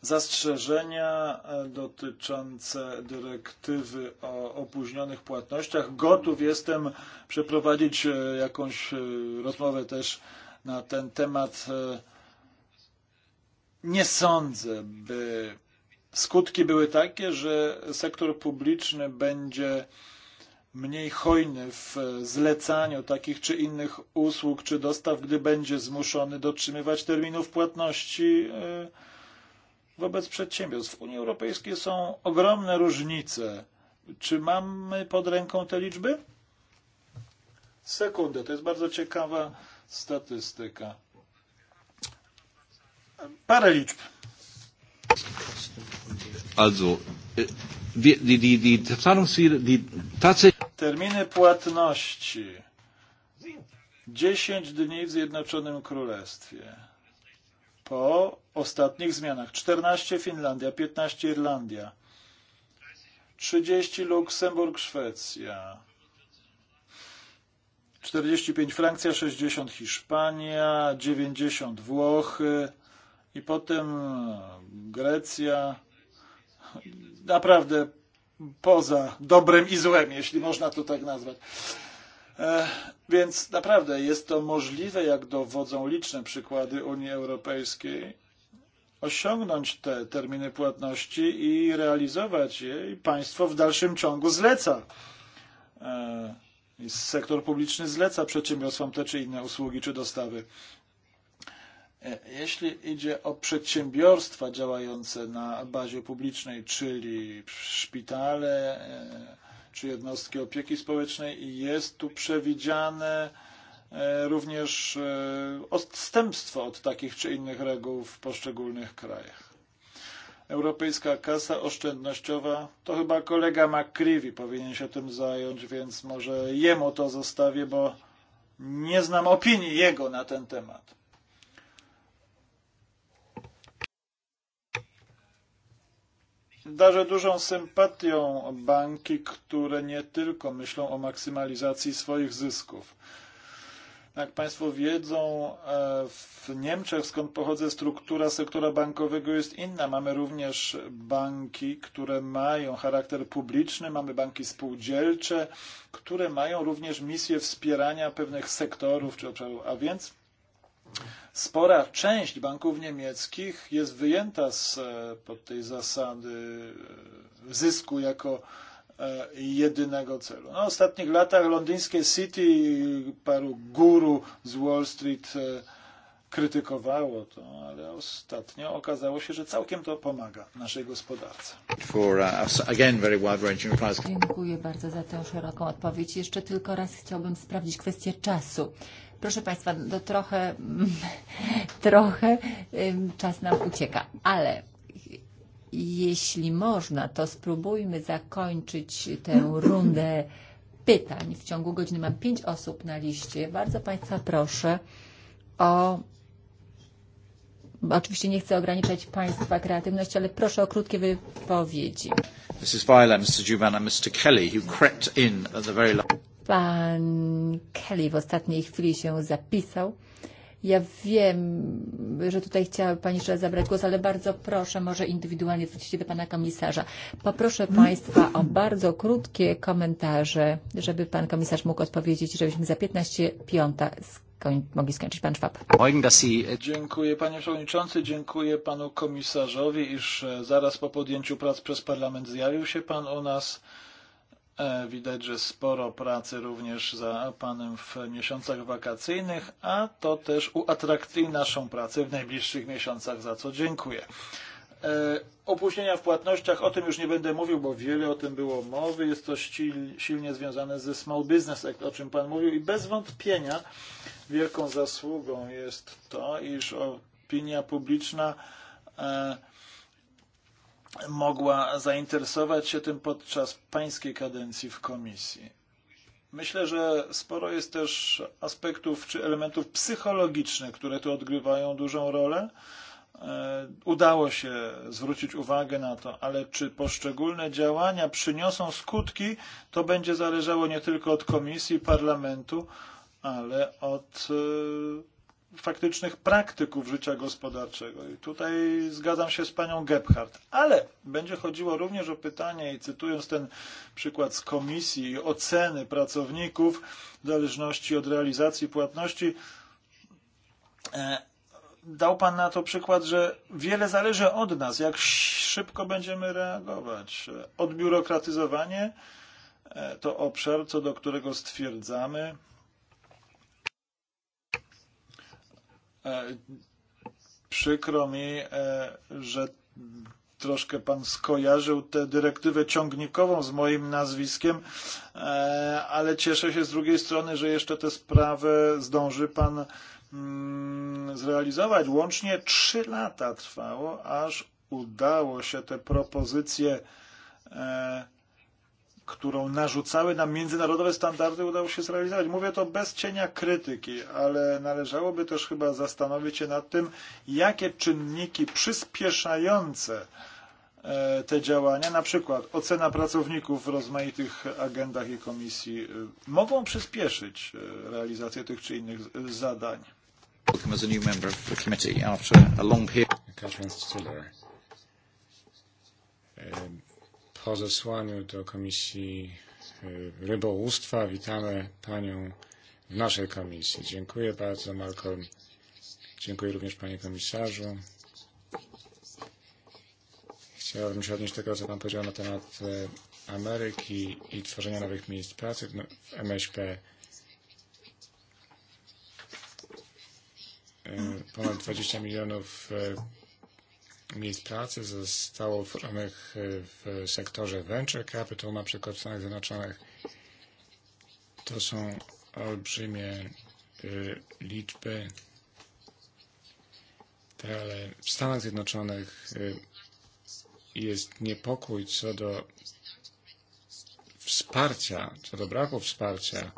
Speaker 3: Zastrzeżenia dotyczące dyrektywy o opóźnionych płatnościach. Gotów jestem przeprowadzić e, jakąś e, rozmowę też na ten temat. E, Nie sądzę, by skutki były takie, że sektor publiczny będzie mniej hojny w zlecaniu takich czy innych usług czy dostaw, gdy będzie zmuszony dotrzymywać terminów płatności e, wobec przedsiębiorstw. W Unii Europejskiej są ogromne różnice. Czy mamy pod ręką te liczby? Sekundę, to jest bardzo ciekawa statystyka. Parę liczb.
Speaker 1: Äh, die, die, die Zahlungsziele, die tatsächlich...
Speaker 3: Terminy płatności. 10 dni w Zjednoczonym Królestwie. Po ostatnich zmianach 14 Finlandia, 15 Irlandia, 30 Luksemburg, Szwecja, 45 Francja, 60 Hiszpania, 90 Włochy i potem Grecja, naprawdę poza dobrem i złem, jeśli można to tak nazwać. E, więc naprawdę jest to możliwe, jak dowodzą liczne przykłady Unii Europejskiej, osiągnąć te terminy płatności i realizować je i państwo w dalszym ciągu zleca. E, I sektor publiczny zleca przedsiębiorstwom te czy inne usługi czy dostawy. E, jeśli idzie o przedsiębiorstwa działające na bazie publicznej, czyli szpitale e, czy jednostki opieki społecznej, jest tu przewidziane e, również odstępstwo od takich czy innych reguł w poszczególnych krajach. Europejska Kasa Oszczędnościowa, to chyba kolega McCreevy powinien się tym zająć, więc może jemu to zostawię, bo nie znam opinii jego na ten temat. darzę dużą sympatią banki, które nie tylko myślą o maksymalizacji swoich zysków. Jak Państwo wiedzą, e, w Niemczech, skąd pochodzę, struktura sektora bankowego jest inna. Mamy również banki, które mają charakter publiczny, mamy banki spółdzielcze, które mają również misję wspierania pewnych sektorów czy obszarów. A więc Spora część banków niemieckich jest wyjęta z e, pod tej zasady e, zysku jako e, jedynego celu. Na ostatnich latach londyńskie City, paru guru z Wall Street krytykowało to, ale ostatnio okazało się, że całkiem to pomaga naszej gospodarce.
Speaker 1: For, uh, again, very wide
Speaker 2: Dziękuję bardzo za tę szeroką odpowiedź. Jeszcze tylko raz chciałbym sprawdzić kwestię czasu. Proszę Państwa, to no trochę, trochę czas nam ucieka, ale jeśli można, to spróbujmy zakończyć tę rundę pytań. W ciągu godziny mam pięć osób na liście. Bardzo Państwa proszę o. Bo Oczywiście nie chcę ograniczać Państwa kreatywności, ale proszę o krótkie wypowiedzi.
Speaker 1: Mrs. Violet, Mr. Giovanna, Mr. Kelly, who crept in at the very last.
Speaker 2: Pan Kelly w ostatniej chwili się zapisał. Ja wiem, że tutaj chciała Pani jeszcze zabrać głos, ale bardzo proszę, może indywidualnie zwrócić się do Pana Komisarza. Poproszę hmm? Państwa o bardzo krótkie komentarze, żeby Pan Komisarz mógł odpowiedzieć, żebyśmy za 15 piąta skoń mogli skończyć. Pan Szwab.
Speaker 3: Dziękuję Panie Przewodniczący, dziękuję Panu Komisarzowi, iż e, zaraz po podjęciu prac przez Parlament zjawił się Pan u nas E, Widać, że sporo pracy również za Panem w miesiącach wakacyjnych, a to też uatrakcyjni naszą pracę w najbliższych miesiącach, za co dziękuję. E, opóźnienia w płatnościach, o tym już nie będę mówił, bo wiele o tym było mowy. Jest to silnie związane ze Small Business Act, o czym Pan mówił i bez wątpienia wielką zasługą jest to, iż opinia publiczna e, mogła zainteresować się tym podczas pańskiej kadencji w komisji. Myślę, że sporo jest też aspektów czy elementów psychologicznych, które tu odgrywają dużą rolę. E, udało się zwrócić uwagę na to, ale czy poszczególne działania przyniosą skutki, to będzie zależało nie tylko od komisji, parlamentu, ale od e, faktycznych praktyków życia gospodarczego. I tutaj zgadzam się z panią Gebhardt. Ale będzie chodziło również o pytanie, i cytując ten przykład z komisji, oceny pracowników w zależności od realizacji płatności, e, dał pan na to przykład, że wiele zależy od nas, jak szybko będziemy reagować. Odbiurokratyzowanie e, to obszar, co do którego stwierdzamy, E, przykro mi, e, że troszkę pan skojarzył tę dyrektywę ciągnikową z moim nazwiskiem, e, ale cieszę się z drugiej strony, że jeszcze tę sprawę zdąży pan mm, zrealizować. Łącznie trzy lata trwało, aż udało się te propozycje którą narzucały nam międzynarodowe standardy, udało się zrealizować. Mówię to bez cienia krytyki, ale należałoby też chyba zastanowić się nad tym, jakie czynniki przyspieszające e, te działania, na przykład ocena pracowników w rozmaitych agendach i komisji, e, mogą przyspieszyć e, realizację tych czy
Speaker 4: innych zadań po zesłaniu do Komisji Rybołówstwa. Witamy Panią w naszej komisji. Dziękuję bardzo, Malcolm. Dziękuję również Panie Komisarzu. Chciałbym się odnieść do tego, co Pan powiedział na temat eh, Ameryki i tworzenia nowych miejsc pracy w MŚP. Eh, ponad 20 milionów eh, miejsc pracy zostało utworzonych w sektorze venture capital, na przykład w Stanach Zjednoczonych. To są olbrzymie liczby, ale w Stanach Zjednoczonych jest niepokój co do wsparcia, co do braku wsparcia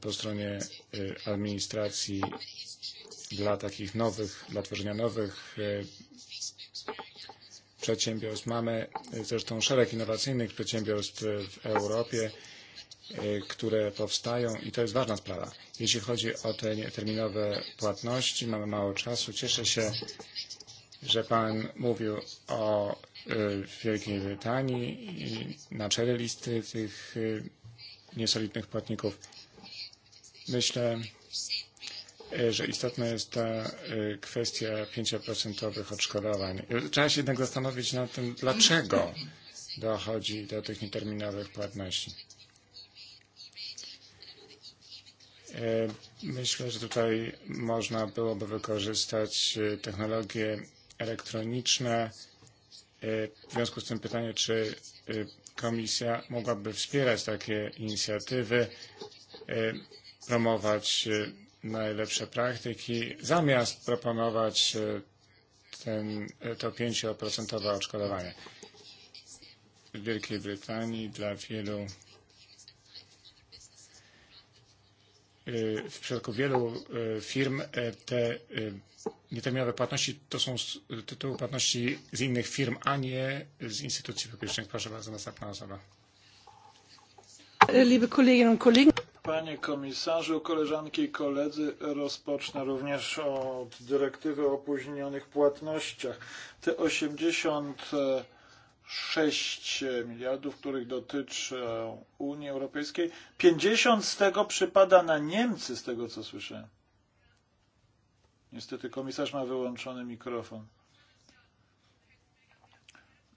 Speaker 4: po stronie administracji dla takich nowych, dla tworzenia nowych przedsiębiorstw. Mamy e, zresztą szereg innowacyjnych przedsiębiorstw w Europie, e, które powstają i to jest ważna sprawa. Jeśli chodzi o te terminowe płatności, mamy mało czasu. Cieszę się, że Pan mówił o e, Wielkiej Brytanii i na czele listy tych niesolidnych płatników. Myślę, E, że istotna jest ta e, kwestia 5% odszkodowań. Trzeba się jednak zastanowić nad tym, dlaczego dochodzi do tych nieterminowych płatności. E, myślę, że tutaj można byłoby wykorzystać technologie elektroniczne. W związku z tym pytanie, czy komisja mogłaby wspierać takie inicjatywy, promować najlepsze praktyki, zamiast proponować e, ten, e, to pięcioprocentowe odszkodowanie. W Wielkiej Brytanii dla wielu e, w przypadku wielu firm te nieterminowe płatności to są tytuły płatności z innych firm, a nie z instytucji publicznych. Proszę bardzo, następna osoba.
Speaker 5: Liebe Kolleginnen und Kollegen.
Speaker 4: Panie
Speaker 3: komisarzu, koleżanki i koledzy, rozpocznę również od dyrektywy o opóźnionych płatnościach. Te 86 miliardów, których dotyczy Unii Europejskiej, 50 z tego przypada na Niemcy, z tego co słyszę. Niestety komisarz ma wyłączony mikrofon.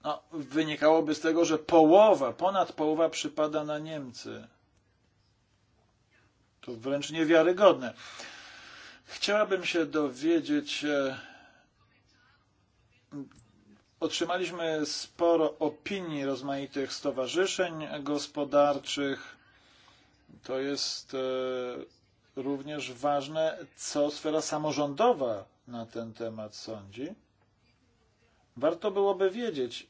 Speaker 3: No, wynikałoby z tego, że połowa, ponad połowa przypada na Niemcy. To wręcz niewiarygodne. Chciałabym się dowiedzieć, e, otrzymaliśmy sporo opinii rozmaitych stowarzyszeń gospodarczych. To jest e, również ważne, co sfera samorządowa na ten temat sądzi. Warto byłoby wiedzieć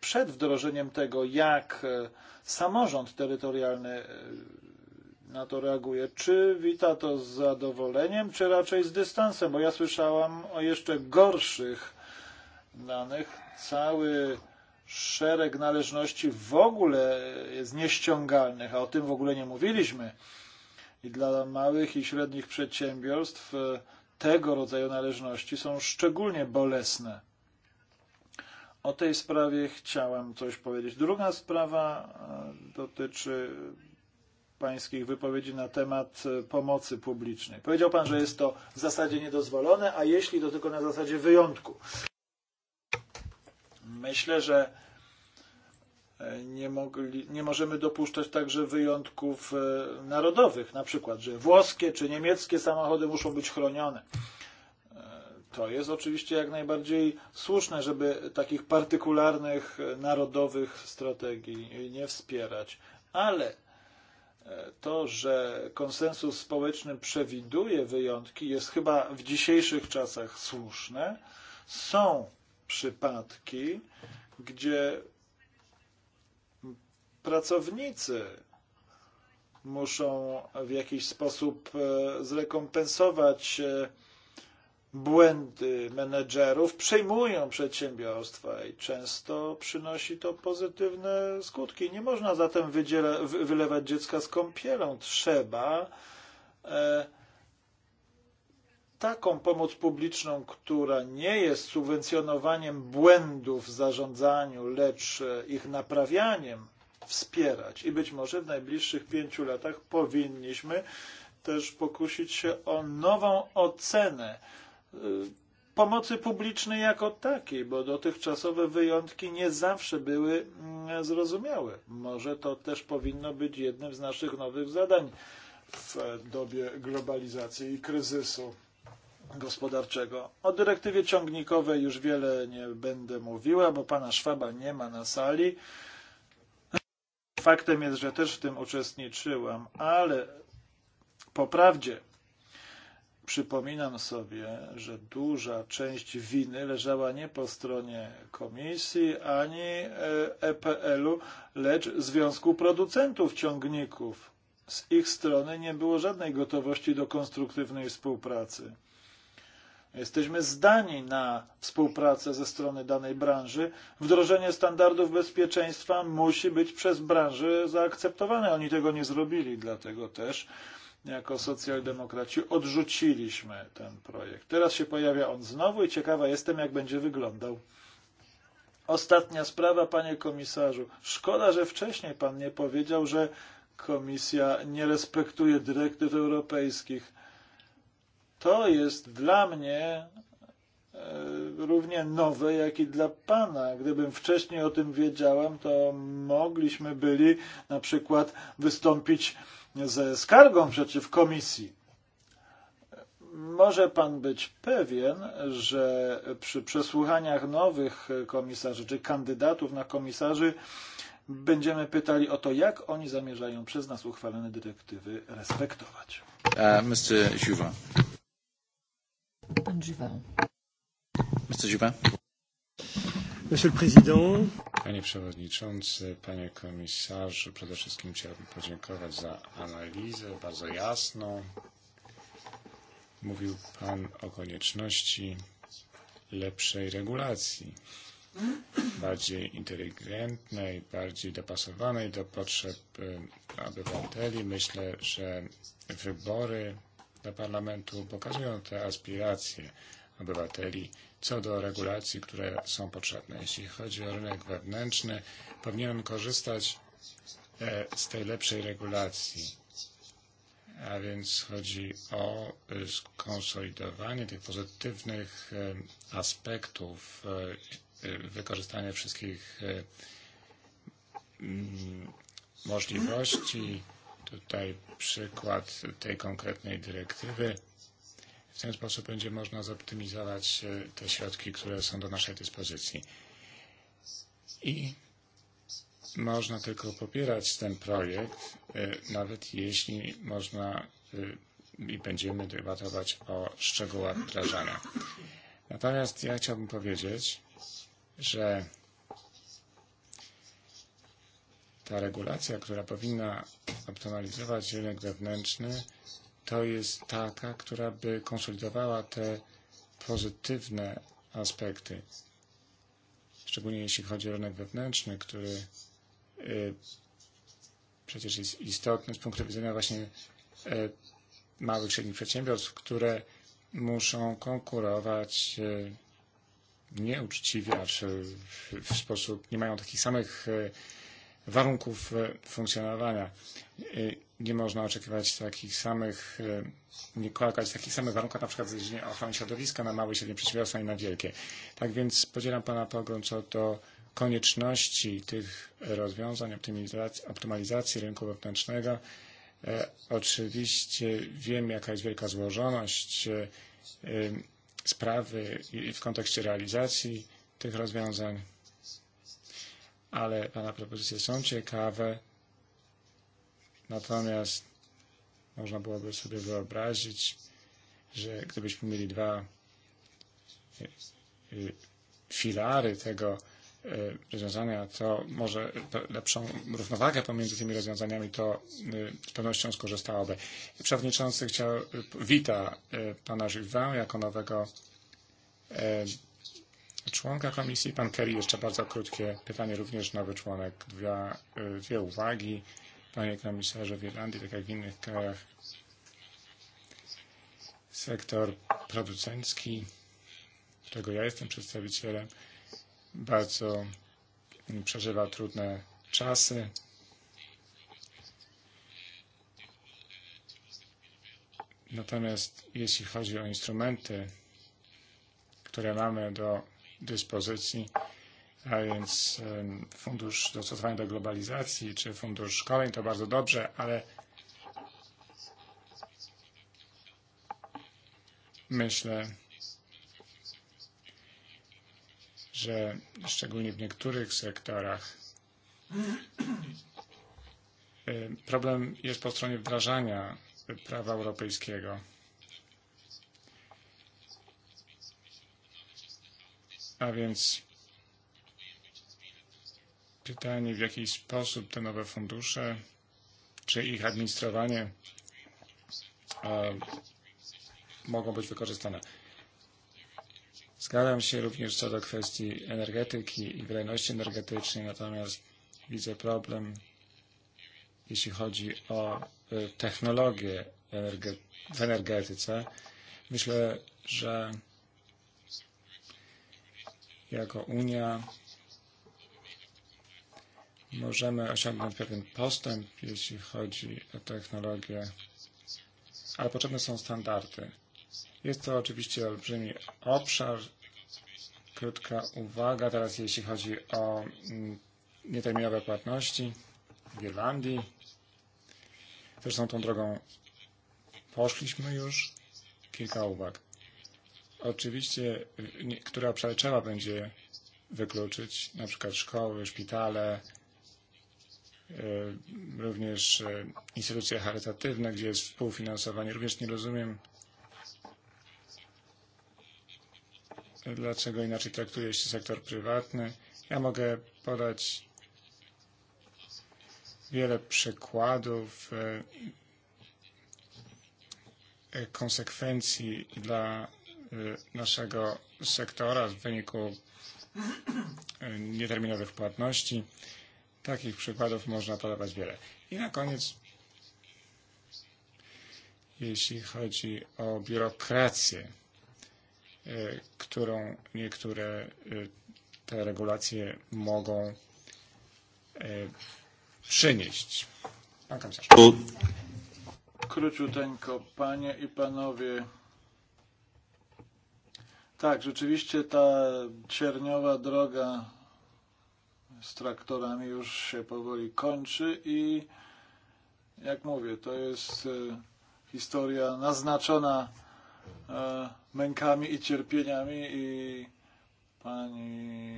Speaker 3: przed wdrożeniem tego, jak e, samorząd terytorialny na to reaguje. Czy wita to z zadowoleniem, czy raczej z dystansem? Bo ja słyszałam o jeszcze gorszych danych. Cały szereg należności w ogóle jest nieściągalnych, a o tym w ogóle nie mówiliśmy. I dla małych i średnich przedsiębiorstw e, tego rodzaju należności są szczególnie bolesne. O tej sprawie chciałem coś powiedzieć. Druga sprawa e, dotyczy pańskich wypowiedzi na temat e, pomocy publicznej. Powiedział pan, że jest to w zasadzie niedozwolone, a jeśli to tylko na zasadzie wyjątku. Myślę, że e, nie, mogli, nie możemy dopuszczać także wyjątków e, narodowych, na przykład, że włoskie czy niemieckie samochody muszą być chronione. To jest oczywiście jak najbardziej słuszne, żeby takich partykularnych, narodowych strategii nie wspierać, ale to, że konsensus społeczny przewiduje wyjątki, jest chyba w dzisiejszych czasach słuszne. Są przypadki, gdzie pracownicy muszą w jakiś sposób e, zrekompensować e, błędy menedżerów przejmują przedsiębiorstwa i często przynosi to pozytywne skutki. Nie można zatem wydziela, wylewać dziecka z kąpielą. Trzeba e, taką pomoc publiczną, która nie jest subwencjonowaniem błędów w zarządzaniu, lecz e, ich naprawianiem, wspierać. I być może w najbliższych pięciu latach powinniśmy też pokusić się o nową ocenę E, pomocy publicznej jako takiej, bo dotychczasowe wyjątki nie zawsze były mm, zrozumiałe. Może to też powinno być jednym z naszych nowych zadań w dobie globalizacji i kryzysu gospodarczego. O dyrektywie ciągnikowej już wiele nie będę mówiła, bo pana Szwaba nie ma na sali. Faktem jest, że też w tym uczestniczyłam, ale po prawdzie Przypominam sobie, że duża część winy leżała nie po stronie komisji ani EPL-u, e lecz Związku Producentów Ciągników. Z ich strony nie było żadnej gotowości do konstruktywnej współpracy. Jesteśmy zdani na współpracę ze strony danej branży. Wdrożenie standardów bezpieczeństwa musi być przez branżę zaakceptowane. Oni tego nie zrobili, dlatego też jako socjaldemokraci odrzuciliśmy ten projekt. Teraz się pojawia on znowu i ciekawa jestem, jak będzie wyglądał. Ostatnia sprawa, panie komisarzu. Szkoda, że wcześniej pan nie powiedział, że komisja nie respektuje dyrektyw europejskich. To jest dla mnie e, równie nowe, jak i dla Pana. Gdybym wcześniej o tym wiedziałem, to mogliśmy byli na przykład wystąpić ze skargą przeciw komisji. Może pan być pewien, że przy przesłuchaniach nowych komisarzy czy kandydatów na komisarzy będziemy pytali o to, jak oni zamierzają przez nas uchwalone dyrektywy respektować.
Speaker 1: Uh, Mr.
Speaker 4: Juvin. Pan Mr. Juvin. Monsieur le Président. Panie Przewodniczący, Panie Komisarzu, przede wszystkim chciałbym podziękować za analizę, bardzo jasną. Mówił Pan o konieczności lepszej regulacji, bardziej inteligentnej, bardziej dopasowanej do potrzeb e, obywateli. Myślę, że wybory do Parlamentu pokazują te aspiracje obywateli co do regulacji, które są potrzebne. Jeśli chodzi o rynek wewnętrzny, powinien korzystać e, z tej lepszej regulacji. A więc chodzi o e, skonsolidowanie tych pozytywnych e, aspektów, wykorzystanie wszystkich mm, możliwości. Tutaj przykład tej konkretnej dyrektywy ten sposób będzie można zoptymizować eh, te środki, które są do naszej dyspozycji. I można tylko popierać ten projekt, eh, nawet jeśli można eh, i będziemy debatować o szczegółach wdrażania. Natomiast ja chciałbym powiedzieć, że ta regulacja, która powinna optymalizować rynek wewnętrzny, to jest taka, która by konsolidowała te pozytywne aspekty, szczególnie jeśli chodzi o rynek wewnętrzny, który przecież jest istotny z punktu widzenia właśnie małych i średnich przedsiębiorstw, które muszą konkurować y, nieuczciwie, czy w sposób, nie mają takich samych warunków funkcjonowania. E, nie można oczekiwać takich samych, nie kolokać takich samych warunków, na przykład w dziedzinie ochrony środowiska na małe i średnie przedsiębiorstwa i na wielkie. Tak więc podzielam Pana pogląd co do konieczności tych rozwiązań, optymalizacji, optymalizacji rynku wewnętrznego. E, oczywiście wiem, jaka jest wielka złożoność e, e sprawy i w kontekście realizacji tych rozwiązań, ale Pana propozycje są ciekawe Natomiast można byłoby sobie wyobrazić, że gdybyśmy mieli dwa filary tego e, rozwiązania, to może lepszą równowagę pomiędzy tymi rozwiązaniami to e, z pewnością skorzystałoby. Przewodniczący chciał, e, wita pana Żywę jako nowego członka komisji. Pan Kerry jeszcze bardzo krótkie pytanie, również nowy członek. Dwie, dwie uwagi panie komisarzu w Irlandii, tak jak w innych krajach, sektor producencki, którego ja jestem przedstawicielem, bardzo przeżywa trudne czasy. Natomiast jeśli chodzi o instrumenty, które mamy do dyspozycji, a więc Fundusz Dostosowania do Globalizacji czy Fundusz Szkoleń to bardzo dobrze, ale myślę, że szczególnie w niektórych sektorach problem jest po stronie wdrażania prawa europejskiego. A więc pytanie, w jaki sposób te nowe fundusze czy ich administrowanie e, mogą być wykorzystane. Zgadzam się również co do kwestii energetyki i wydajności energetycznej, natomiast widzę problem, jeśli chodzi o technologię energe w energetyce. Myślę, że jako Unia możemy osiągnąć pewien postęp, jeśli chodzi o technologię, ale potrzebne są standardy. Jest to oczywiście olbrzymi obszar. Krótka uwaga teraz, jeśli chodzi o mm, nieterminowe płatności w Irlandii. Zresztą tą drogą poszliśmy już. Kilka uwag. Oczywiście, które obszary trzeba będzie wykluczyć, na przykład szkoły, szpitale, Eh, również eh, instytucje charytatywne, gdzie jest współfinansowanie. Również nie rozumiem, dlaczego inaczej traktuje się sektor prywatny. Ja mogę podać wiele przykładów eh, konsekwencji dla naszego sektora w wyniku nieterminowych płatności. Takich przykładów można podawać wiele. I na koniec, jeśli chodzi o biurokrację, eh, którą niektóre eh, te regulacje mogą eh, przynieść. Pan komisarz.
Speaker 3: Króciuteńko, panie i panowie. Tak, rzeczywiście ta cierniowa droga z traktorami już się powoli kończy i jak mówię, to jest eh, historia naznaczona eh, mękami i cierpieniami i pani,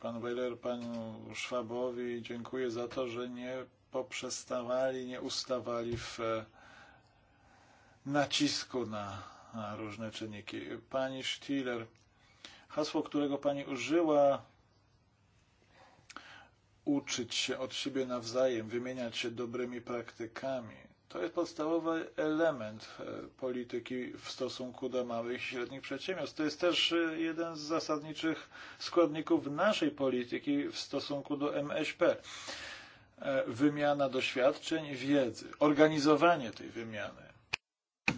Speaker 3: pan Weiler, panu Szwabowi dziękuję za to, że nie poprzestawali, nie ustawali w eh, nacisku na, na różne czynniki. Pani Stiller, hasło, którego pani użyła, uczyć się od siebie nawzajem, wymieniać się dobrymi praktykami. To jest podstawowy element eh, polityki w stosunku do małych i średnich przedsiębiorstw. To jest też eh, jeden z zasadniczych składników naszej polityki w stosunku do MŚP. Eh, wymiana doświadczeń i wiedzy, organizowanie tej wymiany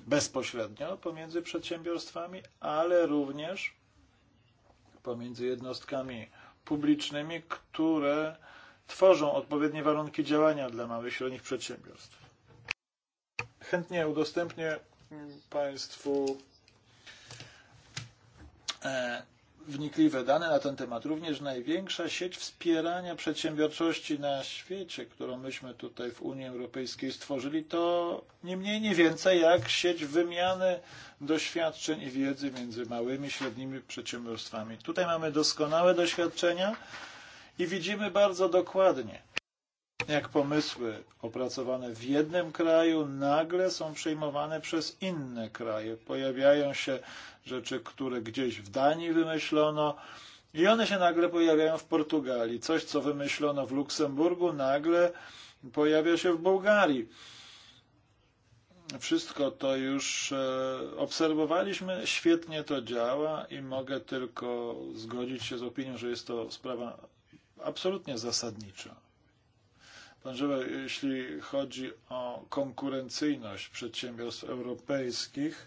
Speaker 3: bezpośrednio pomiędzy przedsiębiorstwami, ale również pomiędzy jednostkami publicznymi, które tworzą odpowiednie warunki działania dla małych i średnich przedsiębiorstw. Chętnie udostępnię Państwu e, wnikliwe dane na ten temat. Również największa sieć wspierania przedsiębiorczości na świecie, którą myśmy tutaj w Unii Europejskiej stworzyli, to nie mniej, nie więcej jak sieć wymiany doświadczeń i wiedzy między małymi i średnimi przedsiębiorstwami. Tutaj mamy doskonałe doświadczenia i widzimy bardzo dokładnie, jak pomysły opracowane w jednym kraju nagle są przejmowane przez inne kraje. Pojawiają się rzeczy, które gdzieś w Danii wymyślono i one się nagle pojawiają w Portugalii. Coś, co wymyślono w Luksemburgu, nagle pojawia się w Bułgarii. Wszystko to już e, obserwowaliśmy, świetnie to działa i mogę tylko zgodzić się z opinią, że jest to sprawa absolutnie zasadnicza że jeśli chodzi o konkurencyjność przedsiębiorstw europejskich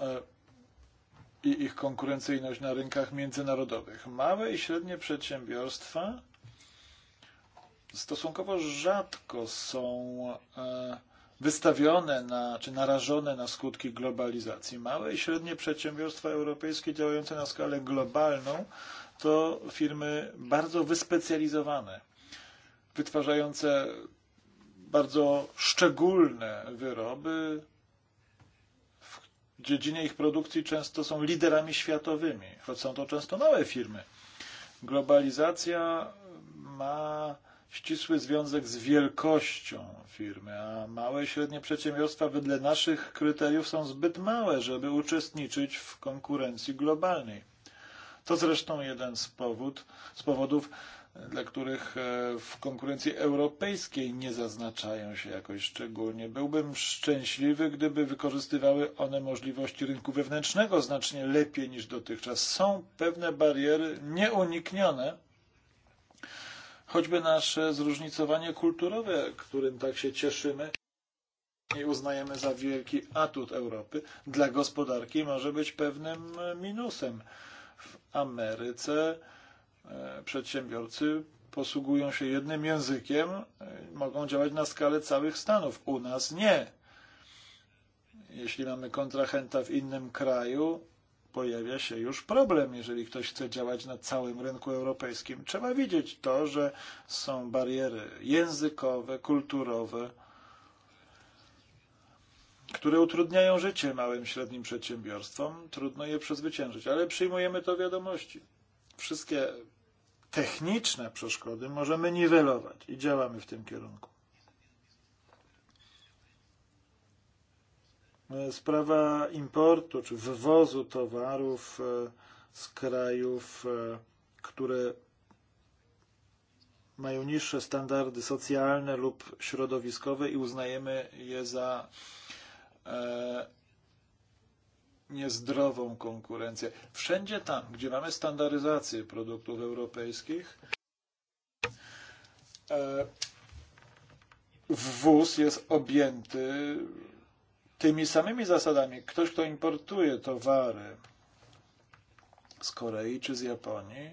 Speaker 3: e, i ich konkurencyjność na rynkach międzynarodowych, małe i średnie przedsiębiorstwa stosunkowo rzadko są e, wystawione na, czy narażone na skutki globalizacji. Małe i średnie przedsiębiorstwa europejskie działające na skalę globalną to firmy bardzo wyspecjalizowane, wytwarzające bardzo szczególne wyroby. W dziedzinie ich produkcji często są liderami światowymi, choć są to często małe firmy. Globalizacja ma ścisły związek z wielkością firmy, a małe i średnie przedsiębiorstwa wedle naszych kryteriów są zbyt małe, żeby uczestniczyć w konkurencji globalnej to zresztą jeden z, powód, z powodów, dla których e, w konkurencji europejskiej nie zaznaczają się jakoś szczególnie. Byłbym szczęśliwy, gdyby wykorzystywały one możliwości rynku wewnętrznego znacznie lepiej niż dotychczas. Są pewne bariery nieuniknione, choćby nasze zróżnicowanie kulturowe, którym tak się cieszymy i uznajemy za wielki atut Europy, dla gospodarki może być pewnym minusem. Ameryce eh, przedsiębiorcy posługują się jednym językiem, eh, mogą działać na skalę całych Stanów. U nas nie. Jeśli mamy kontrahenta w innym kraju, pojawia się już problem, jeżeli ktoś chce działać na całym rynku europejskim. Trzeba widzieć to, że są bariery językowe, kulturowe, które utrudniają życie małym i średnim przedsiębiorstwom. Trudno je przezwyciężyć, ale przyjmujemy to wiadomości. Wszystkie techniczne przeszkody możemy niwelować i działamy w tym kierunku. E, sprawa importu czy wywozu towarów e, z krajów, e, które mają niższe standardy socjalne lub środowiskowe i uznajemy je za Eh, niezdrową konkurencję. Wszędzie tam, gdzie mamy standaryzację produktów europejskich, wwóz eh, jest objęty tymi samymi zasadami. Ktoś, kto importuje towary z Korei czy z Japonii,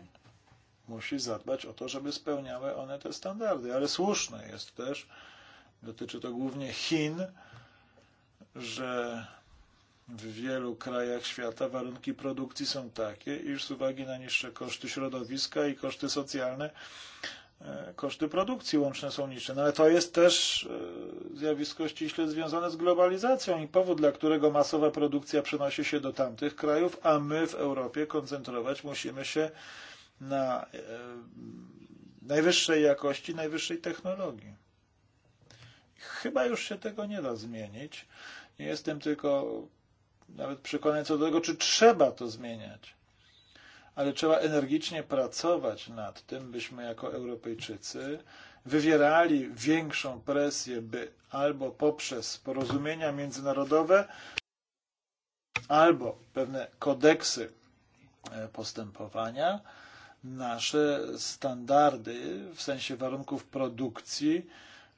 Speaker 3: musi zadbać o to, żeby spełniały one te standardy. Ale słuszne jest też, dotyczy to głównie Chin, że w wielu krajach świata warunki produkcji są takie, iż z uwagi na niższe koszty środowiska i koszty socjalne, e, koszty produkcji łączne są niższe. No ale to jest też e, zjawisko ściśle związane z globalizacją i powód, dla którego masowa produkcja przenosi się do tamtych krajów, a my w Europie koncentrować musimy się na e, najwyższej jakości, najwyższej technologii. Chyba już się tego nie da zmienić. Nie Jestem tylko nawet przekonany co do tego, czy trzeba to zmieniać. Ale trzeba energicznie pracować nad tym, byśmy jako Europejczycy wywierali większą presję, by albo poprzez porozumienia międzynarodowe, albo pewne kodeksy e, postępowania, nasze standardy w sensie warunków produkcji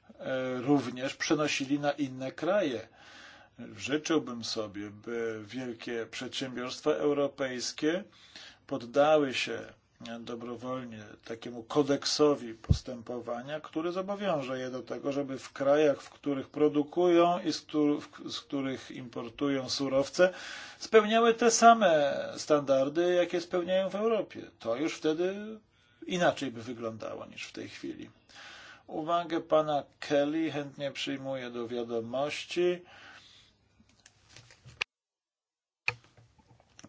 Speaker 3: e, również przenosili na inne kraje. Życzyłbym sobie, by wielkie przedsiębiorstwa europejskie poddały się dobrowolnie takiemu kodeksowi postępowania, który zobowiąże je do tego, żeby w krajach, w których produkują i z, których importują surowce, spełniały te same standardy, jakie spełniają w Europie. To już wtedy inaczej by wyglądało niż w tej chwili. Uwagę pana Kelly chętnie przyjmuję do wiadomości.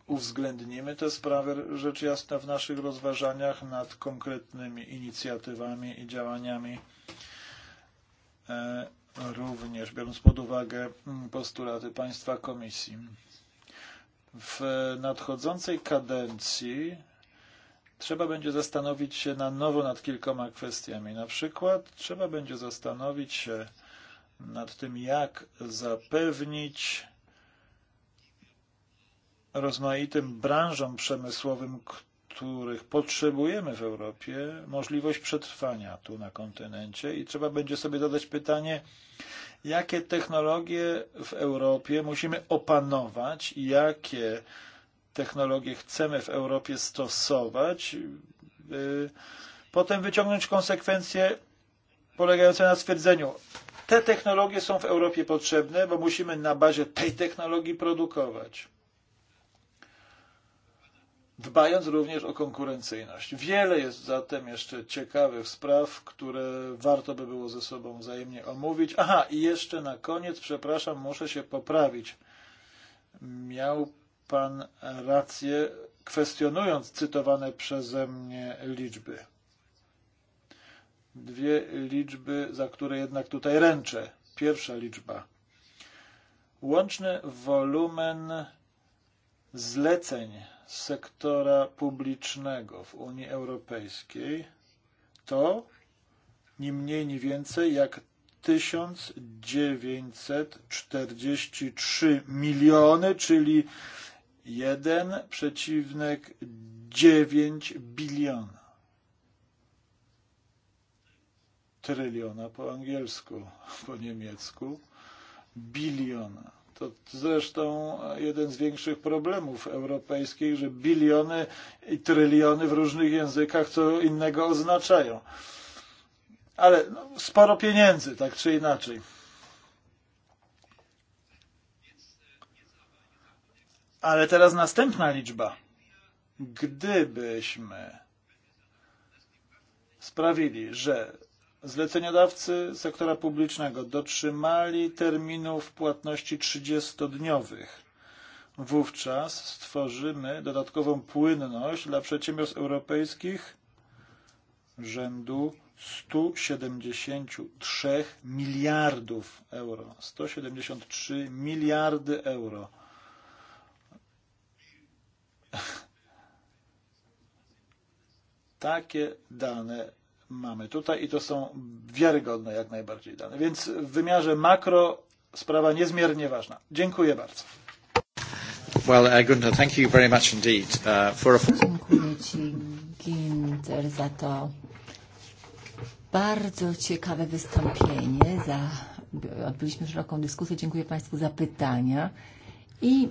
Speaker 3: uwzględnimy te sprawy rzecz jasna w naszych rozważaniach nad konkretnymi inicjatywami i działaniami, e, również biorąc pod uwagę postulaty Państwa Komisji. W nadchodzącej kadencji trzeba będzie zastanowić się na nowo nad kilkoma kwestiami. Na przykład trzeba będzie zastanowić się nad tym, jak zapewnić rozmaitym branżom przemysłowym, których potrzebujemy w Europie, możliwość przetrwania tu na kontynencie i trzeba będzie sobie zadać pytanie, jakie technologie w Europie musimy opanować, jakie technologie chcemy w Europie stosować, by potem wyciągnąć konsekwencje polegające na stwierdzeniu, te technologie są w Europie potrzebne, bo musimy na bazie tej technologii produkować dbając również o konkurencyjność. Wiele jest zatem jeszcze ciekawych spraw, które warto by było ze sobą wzajemnie omówić. Aha, i jeszcze na koniec, przepraszam, muszę się poprawić. Miał Pan rację, kwestionując cytowane przeze mnie liczby. Dwie liczby, za które jednak tutaj ręczę. Pierwsza liczba. Łączny wolumen zleceń sektora publicznego w Unii Europejskiej to ni mniej, ni więcej jak 1943 miliony, czyli 1,9 biliona. Tryliona po angielsku, po niemiecku, biliona. To zresztą jeden z większych problemów europejskich, że biliony i tryliony w różnych językach co innego oznaczają. Ale no, sporo pieniędzy, tak czy inaczej. Ale teraz następna liczba. Gdybyśmy sprawili, że Zleceniodawcy sektora publicznego dotrzymali terminów płatności 30-dniowych. Wówczas stworzymy dodatkową płynność dla przedsiębiorstw europejskich rzędu 173 miliardów euro. 173 miliardy euro. Takie dane mamy tutaj i to są wiarygodne jak najbardziej dane. Więc w wymiarze makro sprawa niezmiernie ważna. Dziękuję bardzo.
Speaker 1: Well, uh, Gunther, thank you very much indeed uh, for a...
Speaker 2: Dziękuję Ci, Ginter, za to bardzo ciekawe wystąpienie. Za... Odbyliśmy szeroką dyskusję. Dziękuję Państwu za pytania. I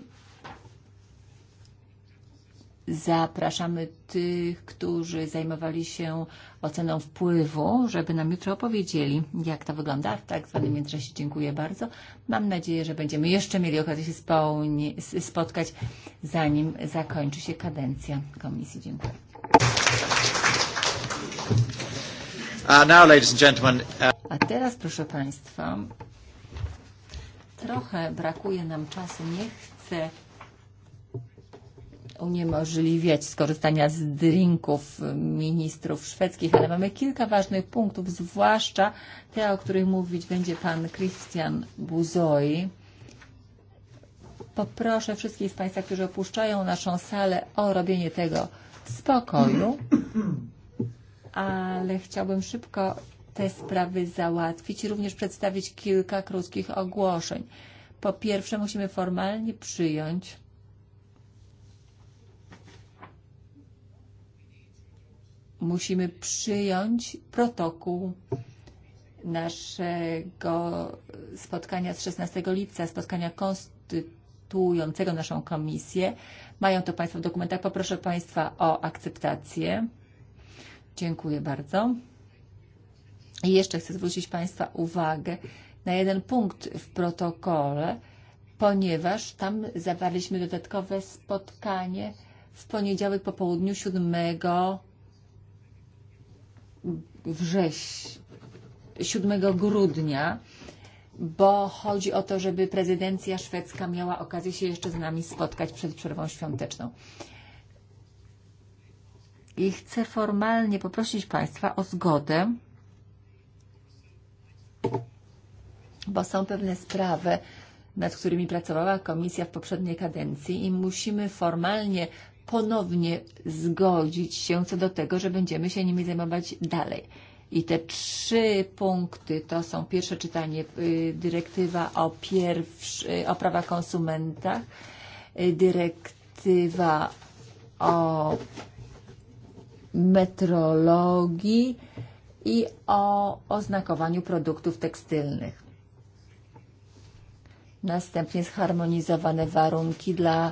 Speaker 2: Zapraszamy tych, którzy zajmowali się oceną wpływu, żeby nam jutro opowiedzieli, jak to wygląda. W tak zwanym międzyczasie dziękuję bardzo. Mam nadzieję, że będziemy jeszcze mieli okazję się spotkać, zanim zakończy się kadencja komisji. Dziękuję.
Speaker 1: Uh, uh,
Speaker 2: A teraz, proszę Państwa, trochę brakuje nam czasu. Nie chcę uniemożliwiać skorzystania z drinków ministrów szwedzkich, ale mamy kilka ważnych punktów, zwłaszcza te, o których mówić będzie pan Christian Buzoi. Poproszę wszystkich z Państwa, którzy opuszczają naszą salę, o robienie tego w spokoju, ale chciałbym szybko te sprawy załatwić i również przedstawić kilka krótkich ogłoszeń. Po pierwsze, musimy formalnie przyjąć musimy przyjąć protokół naszego spotkania z 16 lipca, spotkania konstytuującego naszą komisję. Mają to Państwo w dokumentach. Poproszę Państwa o akceptację. Dziękuję bardzo. I jeszcze chcę zwrócić Państwa uwagę na jeden punkt w protokole, ponieważ tam zawarliśmy dodatkowe spotkanie w poniedziałek po południu 7 września, 7 grudnia, bo chodzi o to, żeby prezydencja szwedzka miała okazję się jeszcze z nami spotkać przed przerwą świąteczną. I chcę formalnie poprosić Państwa o zgodę, bo są pewne sprawy, nad którymi pracowała komisja w poprzedniej kadencji i musimy formalnie ponownie zgodzić się co do tego, że będziemy się nimi zajmować dalej. I te trzy punkty to są pierwsze czytanie, dyrektywa o, pierwszy, o prawach konsumentach, dyrektywa o metrologii i o oznakowaniu produktów tekstylnych. Następnie zharmonizowane warunki dla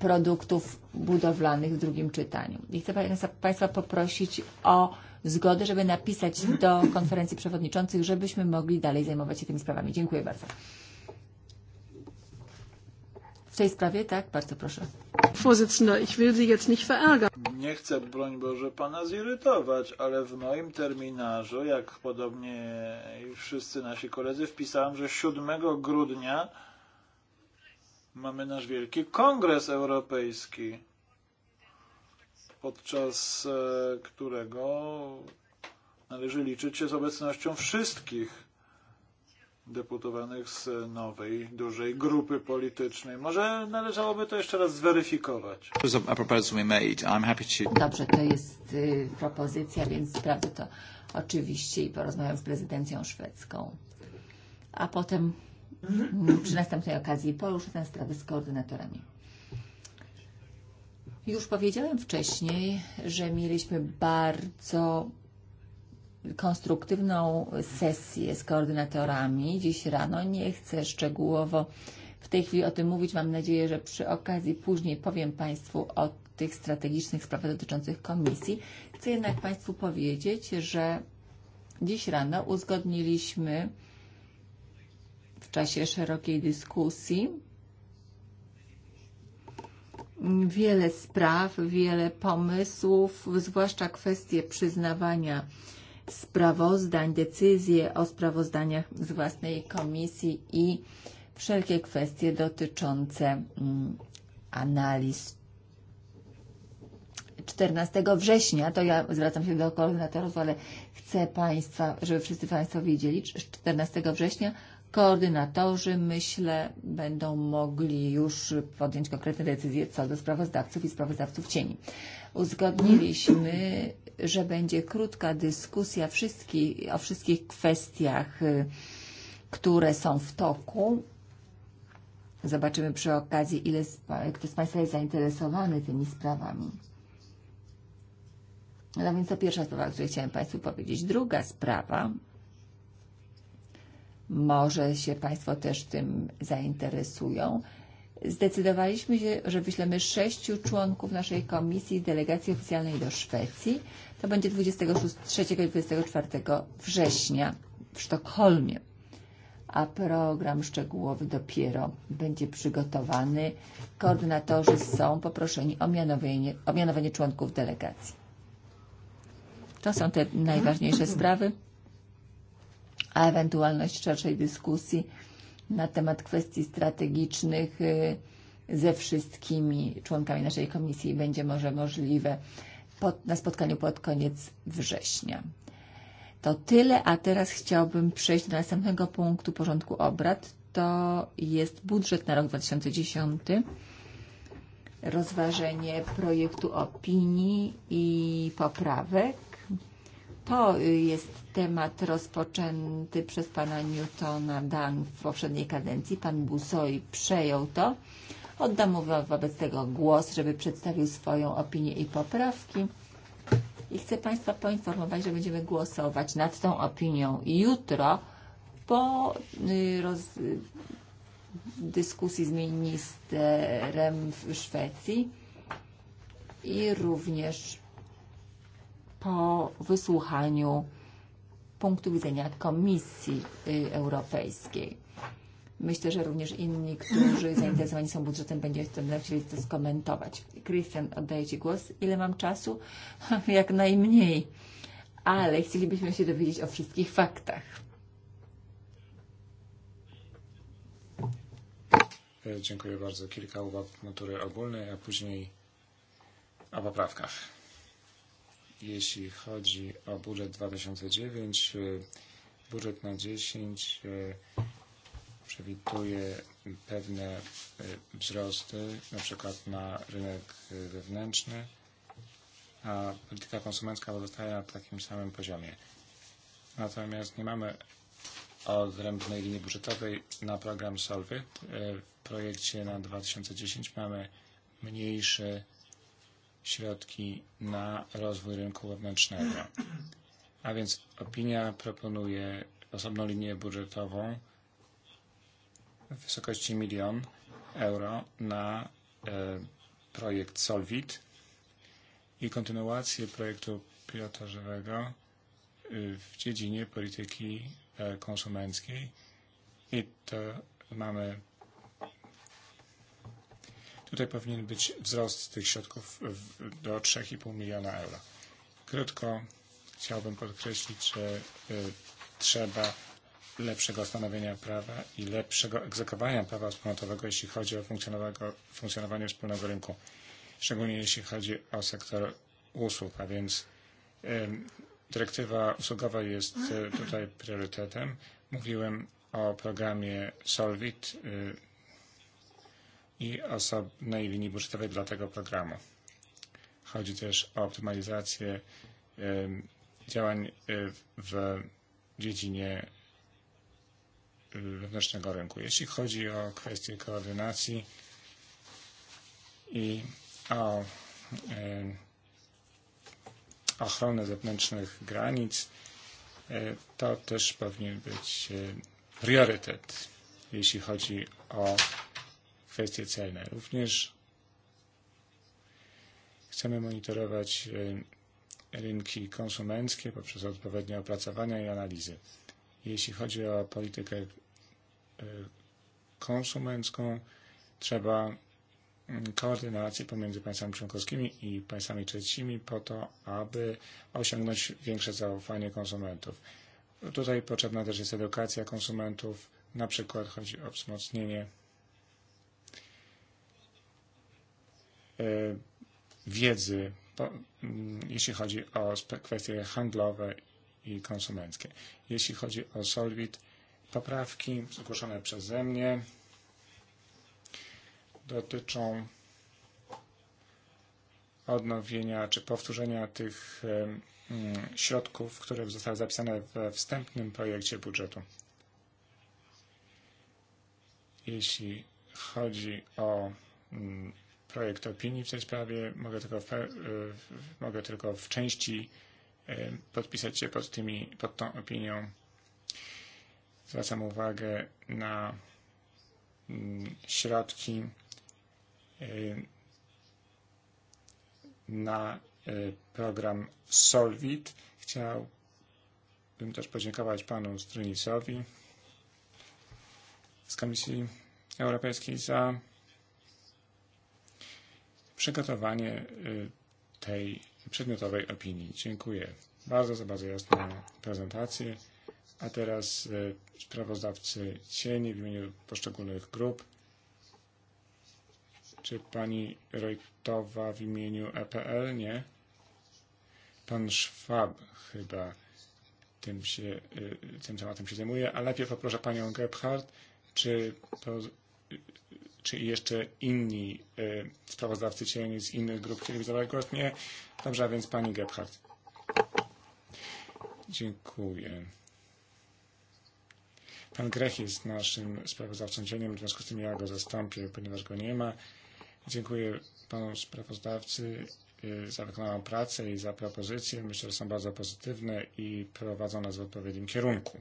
Speaker 2: produktów budowlanych w drugim czytaniu. I chcę Państwa poprosić o zgodę, żeby napisać do konferencji przewodniczących, żebyśmy mogli dalej zajmować się tymi sprawami. Dziękuję bardzo. W tej sprawie, tak? Bardzo proszę.
Speaker 3: Nie chcę, broń Boże, Pana zirytować, ale w moim terminarzu, jak podobnie wszyscy nasi koledzy, wpisałem, że 7 grudnia Mamy nasz wielki kongres europejski, podczas eh, którego należy liczyć się z obecnością wszystkich deputowanych z nowej, dużej grupy politycznej. Może należałoby to jeszcze raz zweryfikować.
Speaker 2: Dobrze, to jest y, eh, propozycja, więc sprawdzę to oczywiście i porozmawiam z prezydencją szwedzką. A potem przy mm-hmm. następnej okazji poruszę tę sprawę z koordynatorami. Już powiedziałem wcześniej, że mieliśmy bardzo konstruktywną sesję z koordynatorami dziś rano. Nie chcę szczegółowo w tej chwili o tym mówić. Mam nadzieję, że przy okazji później powiem Państwu o tych strategicznych sprawach dotyczących komisji. Chcę jednak Państwu powiedzieć, że dziś rano uzgodniliśmy czasie szerokiej dyskusji. Wiele spraw, wiele pomysłów, zwłaszcza kwestie przyznawania sprawozdań, decyzje o sprawozdaniach z własnej komisji i wszelkie kwestie dotyczące mm, analiz 14 września, to ja zwracam się do koordynatorów, ale chcę Państwa, żeby wszyscy Państwo wiedzieli, 14 września Koordynatorzy, myślę, będą mogli już podjąć konkretne decyzje co do sprawozdawców i sprawozdawców cieni. Uzgodniliśmy, że będzie krótka dyskusja wszystkich, o wszystkich kwestiach, które są w toku. Zobaczymy przy okazji, ile z, kto z Państwa jest zainteresowany tymi sprawami. No więc to pierwsza sprawa, o której chciałem Państwu powiedzieć. Druga sprawa Może się Państwo też tym zainteresują. Zdecydowaliśmy się, że wyślemy sześciu członków naszej komisji delegacji oficjalnej do Szwecji. To będzie 23 i 24 września w Sztokholmie. A program szczegółowy dopiero będzie przygotowany. Koordynatorzy są poproszeni o mianowanie, o mianowanie członków delegacji. To są te najważniejsze sprawy a ewentualność szerszej dyskusji na temat kwestii strategicznych e, ze wszystkimi członkami naszej komisji będzie może możliwe pod, na spotkaniu pod koniec września. To tyle, a teraz chciałbym przejść do następnego punktu porządku obrad. To jest budżet na rok 2010, rozważenie projektu opinii i poprawek. To jest temat rozpoczęty przez pana Newtona Dan w poprzedniej kadencji. Pan Busoi przejął to. Oddam mu wobec tego głos, żeby przedstawił swoją opinię i poprawki. I chcę Państwa poinformować, że będziemy głosować nad tą opinią jutro po roz, dyskusji z ministerem w Szwecji i również po wysłuchaniu punktu widzenia Komisji Europejskiej. Myślę, że również inni, którzy zainteresowani są budżetem, będzie w chcieli to skomentować. Krystian, oddaję Ci głos. Ile mam czasu? Jak najmniej. Ale chcielibyśmy się dowiedzieć o wszystkich faktach.
Speaker 4: E, dziękuję bardzo. Kilka uwag natury ogólnej, a później o poprawkach. Jeśli chodzi o budżet 2009, e, budżet na 10 e, przewiduje pewne e, wzrosty, na przykład na rynek wewnętrzny, a polityka konsumencka pozostaje na takim samym poziomie. Natomiast nie mamy odrębnej linii budżetowej na program Solvit. W projekcie na 2010 mamy mniejszy środki na rozwój rynku wewnętrznego. A więc opinia proponuje osobną linię budżetową w wysokości milion euro na e, projekt Solvit i kontynuację projektu pilotażowego w dziedzinie polityki e, konsumenckiej i to mamy Tutaj powinien być wzrost tych środków do 3,5 miliona euro. Krótko chciałbym podkreślić, że trzeba lepszego stanowienia prawa i lepszego egzekwowania prawa wspólnotowego, jeśli chodzi o funkcjonowanie wspólnego rynku, szczególnie jeśli chodzi o sektor usług, a więc dyrektywa usługowa jest tutaj priorytetem. Mówiłem o programie Solvit, i osób najwini budżetowej dla tego programu. Chodzi też o optymalizację działań e, w dziedzinie e, wewnętrznego rynku. Jeśli chodzi o kwestie koordynacji i o ochronę zewnętrznych granic, e, to też powinien być priorytet, jeśli chodzi o kwestie celne. Również chcemy monitorować e, rynki konsumenckie poprzez odpowiednie opracowania i analizy. Jeśli chodzi o politykę e, konsumencką, trzeba mm, koordynacji pomiędzy państwami członkowskimi i państwami trzecimi po to, aby osiągnąć większe zaufanie konsumentów. Tutaj potrzebna też jest edukacja konsumentów, na przykład chodzi o wzmocnienie E, wiedzy, no, mm, jeśli chodzi o kwestie handlowe i konsumenckie. Jeśli chodzi o Solvit, poprawki zgłoszone przeze mnie dotyczą odnowienia czy powtórzenia tych e, mm, środków, które zostały zapisane we wstępnym projekcie budżetu. Jeśli chodzi o mm, projekt opinii w tej sprawie. Mogę tylko w, e, mogę tylko w części e, podpisać się pod, tymi, pod tą opinią. Zwracam uwagę na mm, środki e, na program Solvit. Chciałbym też podziękować panu Strunisowi z Komisji Europejskiej za przygotowanie tej przedmiotowej opinii. Dziękuję bardzo za bardzo jasną prezentację. A teraz e, sprawozdawcy cieni w imieniu poszczególnych grup. Czy pani Rojtowa w imieniu EPL? Nie. Pan Szwab chyba tym, się, e, tym tematem się zajmuje, a najpierw poproszę panią Gebhardt, czy po, Eh, czy jeszcze inni y, sprawozdawcy cieni z innych grup chcieli głos? Nie. Dobrze, a więc pani Gebhardt. Dziękuję. Pan Grech jest naszym sprawozdawcą cieniem, w związku z tym ja go zastąpię, ponieważ go nie ma. Dziękuję panu sprawozdawcy eh, za wykonaną pracę i za propozycje. Myślę, że są bardzo pozytywne i prowadzą nas w odpowiednim kierunku.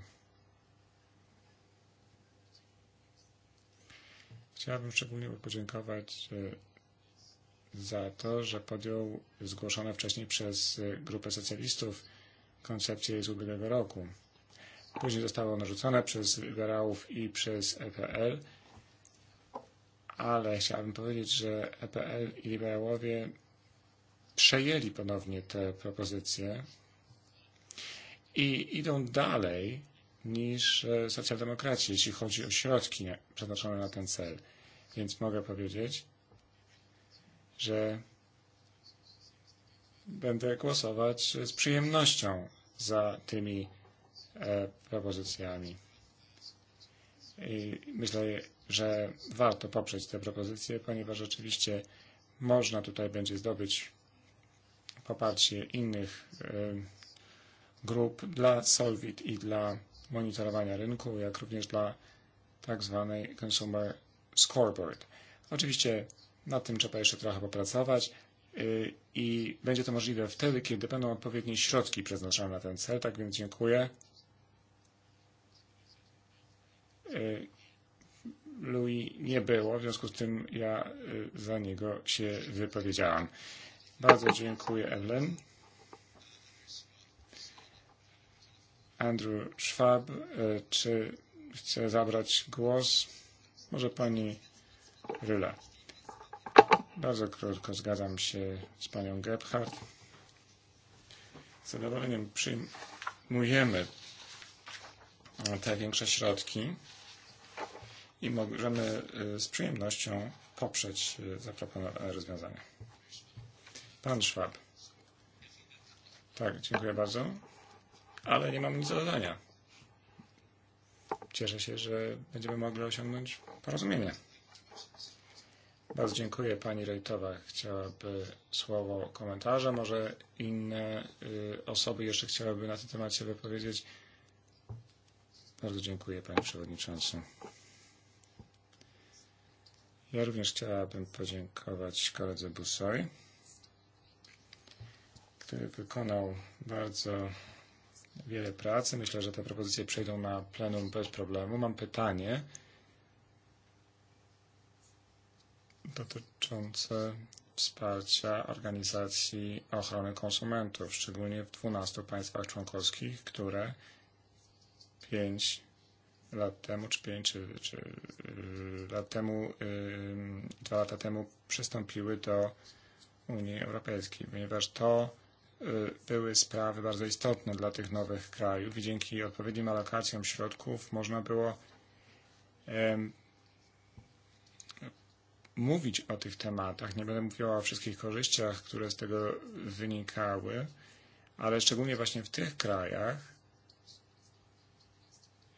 Speaker 4: Chciałbym szczególnie podziękować za to, że podjął zgłoszone wcześniej przez eh, grupę socjalistów koncepcję z ubiegłego roku. Później zostało narzucone przez liberałów i przez EPL, ale chciałbym powiedzieć, że EPL i liberałowie przejęli ponownie te propozycje i idą dalej niż e, socjaldemokraci, jeśli chodzi o środki przeznaczone na ten cel. Więc mogę powiedzieć, że będę głosować z przyjemnością za tymi e, propozycjami. I myślę, że warto poprzeć te propozycje, ponieważ oczywiście można tutaj będzie zdobyć poparcie innych e, grup dla Solvit i dla monitorowania rynku, jak również dla tak zwanej Consumer Scoreboard. Oczywiście nad tym trzeba jeszcze trochę popracować i będzie to możliwe wtedy, kiedy będą odpowiednie środki przeznaczone na ten cel. Tak więc dziękuję. Louis nie było, w związku z tym ja za niego się wypowiedziałam. Bardzo dziękuję, Evelyn. Andrew Schwab, e, czy chce zabrać głos? Może pani Ryla. Bardzo krótko zgadzam się z panią Gebhardt. Z zadowoleniem przyjmujemy te większe środki i możemy e, z przyjemnością poprzeć e, zaproponowane rozwiązania. Pan Schwab. Tak, dziękuję bardzo ale nie mam nic do dodania. Cieszę się, że będziemy mogli osiągnąć porozumienie. Bardzo dziękuję Pani Rejtowa. Chciałaby słowo komentarza. Może inne y, osoby jeszcze chciałyby na ten temat się wypowiedzieć. Bardzo dziękuję Panie Przewodniczący. Ja również chciałabym podziękować koledze Busoj, który wykonał bardzo wiele pracy. Myślę, że te propozycje przejdą na plenum bez problemu. Mam pytanie dotyczące wsparcia organizacji ochrony konsumentów, szczególnie w 12 państwach członkowskich, które 5 lat temu, czy 5 czy, czy lat temu, yy, 2 lata temu przystąpiły do Unii Europejskiej, ponieważ to były e, sprawy bardzo istotne dla tych nowych krajów i dzięki odpowiednim alokacjom środków można było mówić o tych tematach. Nie będę mówiła o wszystkich korzyściach, które z tego wynikały, ale szczególnie właśnie w tych krajach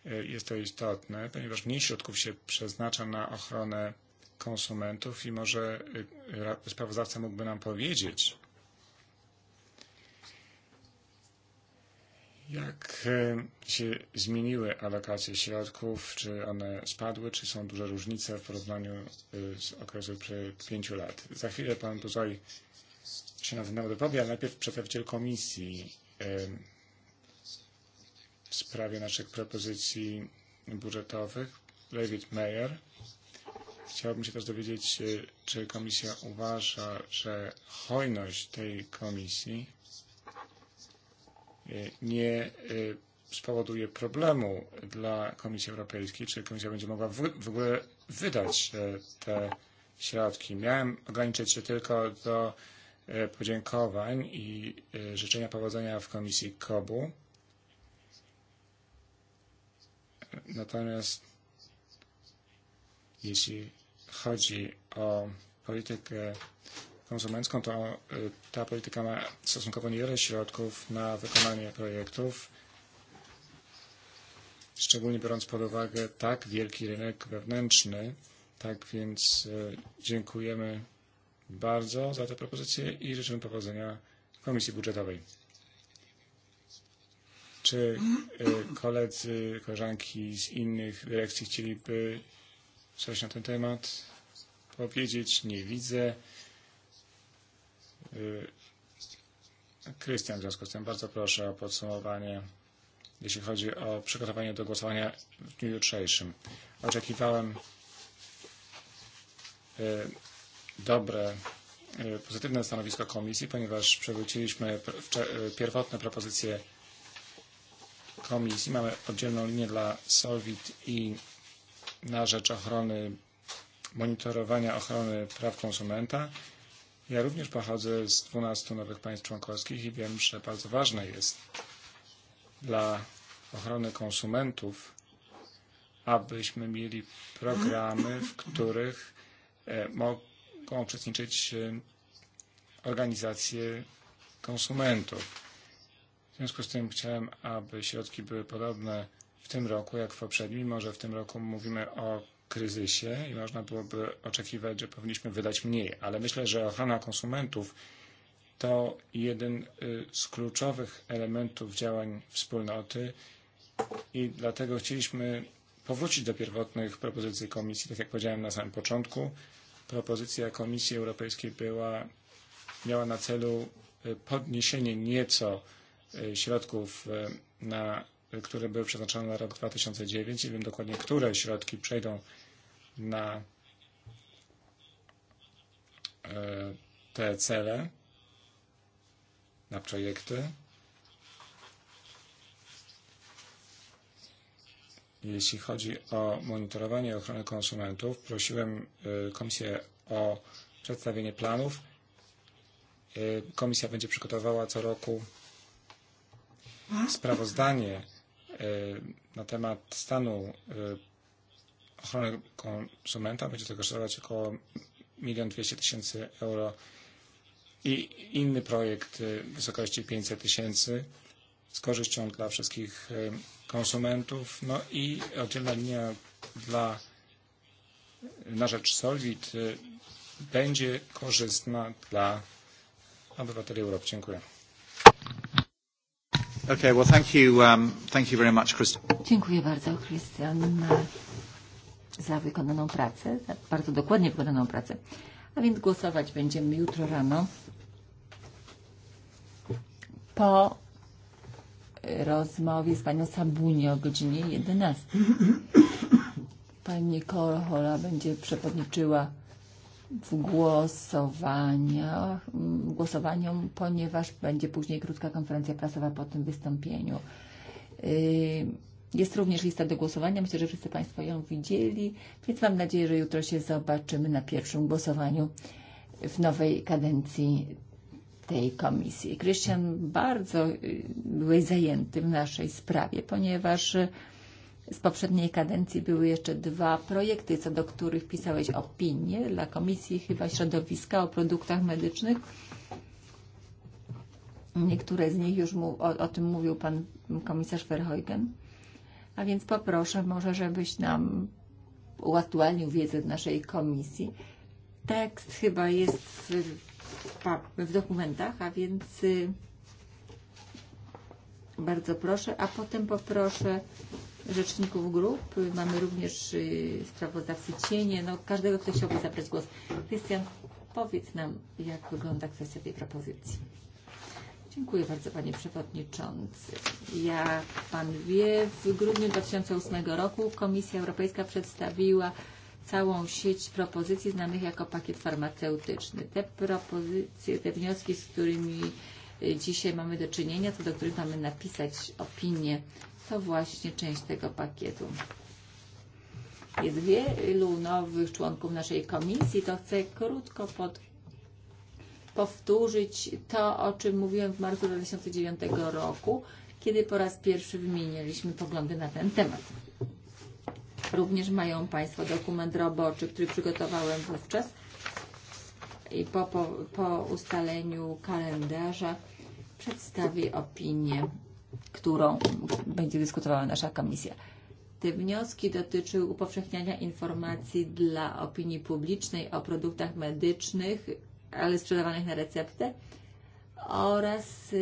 Speaker 4: e, jest to istotne, ponieważ mniej środków się przeznacza na ochronę konsumentów i może e, sprawozdawca mógłby nam powiedzieć, Jak się zmieniły alokacje środków? Czy one spadły? Czy są duże różnice w porównaniu eh, z okresu pięciu lat? Za chwilę pan tutaj się na ten temat wypowie, ale najpierw przedstawiciel komisji eh, w sprawie naszych propozycji budżetowych, David Mayer. Chciałbym się też dowiedzieć, eh, czy komisja uważa, że hojność tej komisji nie spowoduje e, problemu dla Komisji Europejskiej, czy Komisja będzie mogła w, w ogóle wydać e, te środki. Miałem ograniczyć się tylko do e, podziękowań i życzenia powodzenia w Komisji KOBU. Natomiast jeśli chodzi o politykę konsumencką, to e, ta polityka ma stosunkowo niewiele środków na wykonanie projektów, szczególnie biorąc pod uwagę tak wielki rynek wewnętrzny. Tak więc e, dziękujemy bardzo za te propozycje i życzymy powodzenia Komisji Budżetowej. Czy e, koledzy, koleżanki z innych dyrekcji chcieliby coś na ten temat powiedzieć? Nie widzę. E, Krystian, w związku z tym bardzo proszę o podsumowanie, jeśli chodzi o przygotowanie do głosowania w dniu jutrzejszym. Oczekiwałem e, dobre, e, pozytywne stanowisko komisji, ponieważ przewróciliśmy pierwotne propozycje komisji. Mamy oddzielną linię dla Solvit i na rzecz ochrony monitorowania ochrony praw konsumenta. Ja również pochodzę z 12 nowych państw członkowskich i wiem, że bardzo ważne jest dla ochrony konsumentów, abyśmy mieli programy, w których e, mogą uczestniczyć e, organizacje konsumentów. W związku z tym chciałem, aby środki były podobne w tym roku jak w poprzednim, mimo że w tym roku mówimy o kryzysie i można byłoby oczekiwać, że powinniśmy wydać mniej, ale myślę, że ochrona konsumentów to jeden z kluczowych elementów działań wspólnoty i dlatego chcieliśmy powrócić do pierwotnych propozycji komisji. Tak jak powiedziałem na samym początku, propozycja Komisji Europejskiej była, miała na celu podniesienie nieco środków na które były przeznaczone na rok 2009 i wiem dokładnie, które środki przejdą na e, te cele, na projekty. Jeśli chodzi o monitorowanie ochrony konsumentów, prosiłem e, komisję o przedstawienie planów. E, komisja będzie przygotowała co roku sprawozdanie Eh, na temat stanu eh, ochrony konsumenta będzie to kosztować około 1 200 tysięcy euro i inny projekt w e, wysokości 500 tysięcy z korzyścią dla wszystkich e, konsumentów. No i oddzielna linia dla, e, na rzecz Solvit będzie korzystna dla obywateli Europy. Dziękuję.
Speaker 1: Okay, well, thank you, um, thank you very much,
Speaker 2: Dziękuję bardzo, Christian, za wykonaną pracę, za bardzo dokładnie wykonaną pracę. A więc głosować będziemy jutro rano po rozmowie z panią Sabuni o godzinie 11. Pani Kohola będzie przewodniczyła w głosowaniach, mm, głosowaniom, ponieważ będzie później krótka konferencja prasowa po tym wystąpieniu. Jest również lista do głosowania. Myślę, że wszyscy Państwo ją widzieli, więc mam nadzieję, że jutro się zobaczymy na pierwszym głosowaniu w nowej kadencji tej komisji. Krystian, bardzo byłeś zajęty w naszej sprawie, ponieważ z poprzedniej kadencji były jeszcze dwa projekty, co do których pisałeś opinie dla Komisji chyba Środowiska o produktach medycznych. Niektóre z nich już mu, o, o tym mówił pan komisarz Verheugen. A więc poproszę może, żebyś nam uaktualnił wiedzę naszej komisji. Tekst chyba jest w, w dokumentach, a więc bardzo proszę, a potem poproszę rzeczników grup. Mamy również sprawozdawcy cienie, no każdego, kto chciałby zabrać głos. Krystian, powiedz nam, jak wygląda kwestia tej propozycji. Dziękuję bardzo Panie Przewodniczący. Jak Pan wie, w grudniu 2008 roku Komisja Europejska przedstawiła całą sieć propozycji znanych jako pakiet farmaceutyczny. Te propozycje, te wnioski, z którymi dzisiaj mamy do czynienia, co do których mamy napisać opinię to właśnie część tego pakietu. Jest wielu nowych członków naszej komisji, to chcę krótko pod, powtórzyć to, o czym mówiłem w marcu 2009 roku, kiedy po raz pierwszy wymieniliśmy poglądy na ten temat. Również mają Państwo dokument roboczy, który przygotowałem wówczas i po, po, po ustaleniu kalendarza przedstawi opinię którą będzie dyskutowała nasza komisja. Te wnioski dotyczyły upowszechniania informacji dla opinii publicznej o produktach medycznych, ale sprzedawanych na receptę oraz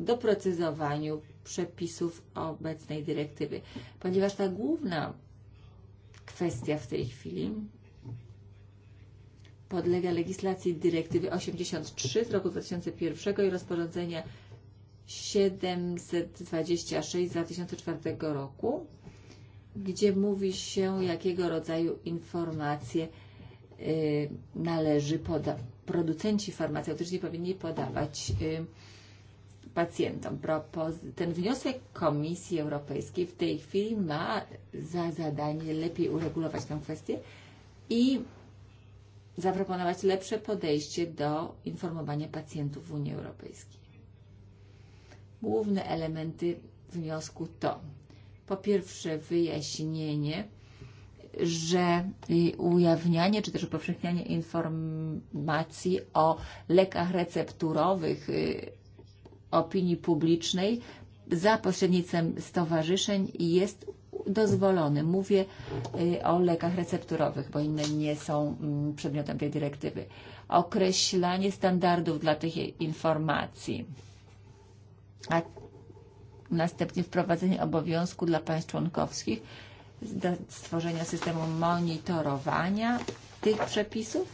Speaker 2: doprecyzowaniu przepisów obecnej dyrektywy, ponieważ ta główna kwestia w tej chwili podlega legislacji dyrektywy 83 z roku 2001 i rozporządzenia 726 z 2004 roku, gdzie mówi się, jakiego rodzaju informacje y, należy poda- Producenci farmaceutyczni powinni podawać y, pacjentom. Propozy ten wniosek Komisji Europejskiej w tej chwili ma za zadanie lepiej uregulować tę kwestię i zaproponować lepsze podejście do informowania pacjentów w Unii Europejskiej główne elementy wniosku to po pierwsze wyjaśnienie, że ujawnianie czy też upowszechnianie informacji o lekach recepturowych opinii publicznej za pośrednictwem stowarzyszeń jest dozwolony. Mówię o lekach recepturowych, bo inne nie są mm, przedmiotem tej dyrektywy. Określanie standardów dla tych informacji a następnie wprowadzenie obowiązku dla państw członkowskich stworzenia systemu monitorowania tych przepisów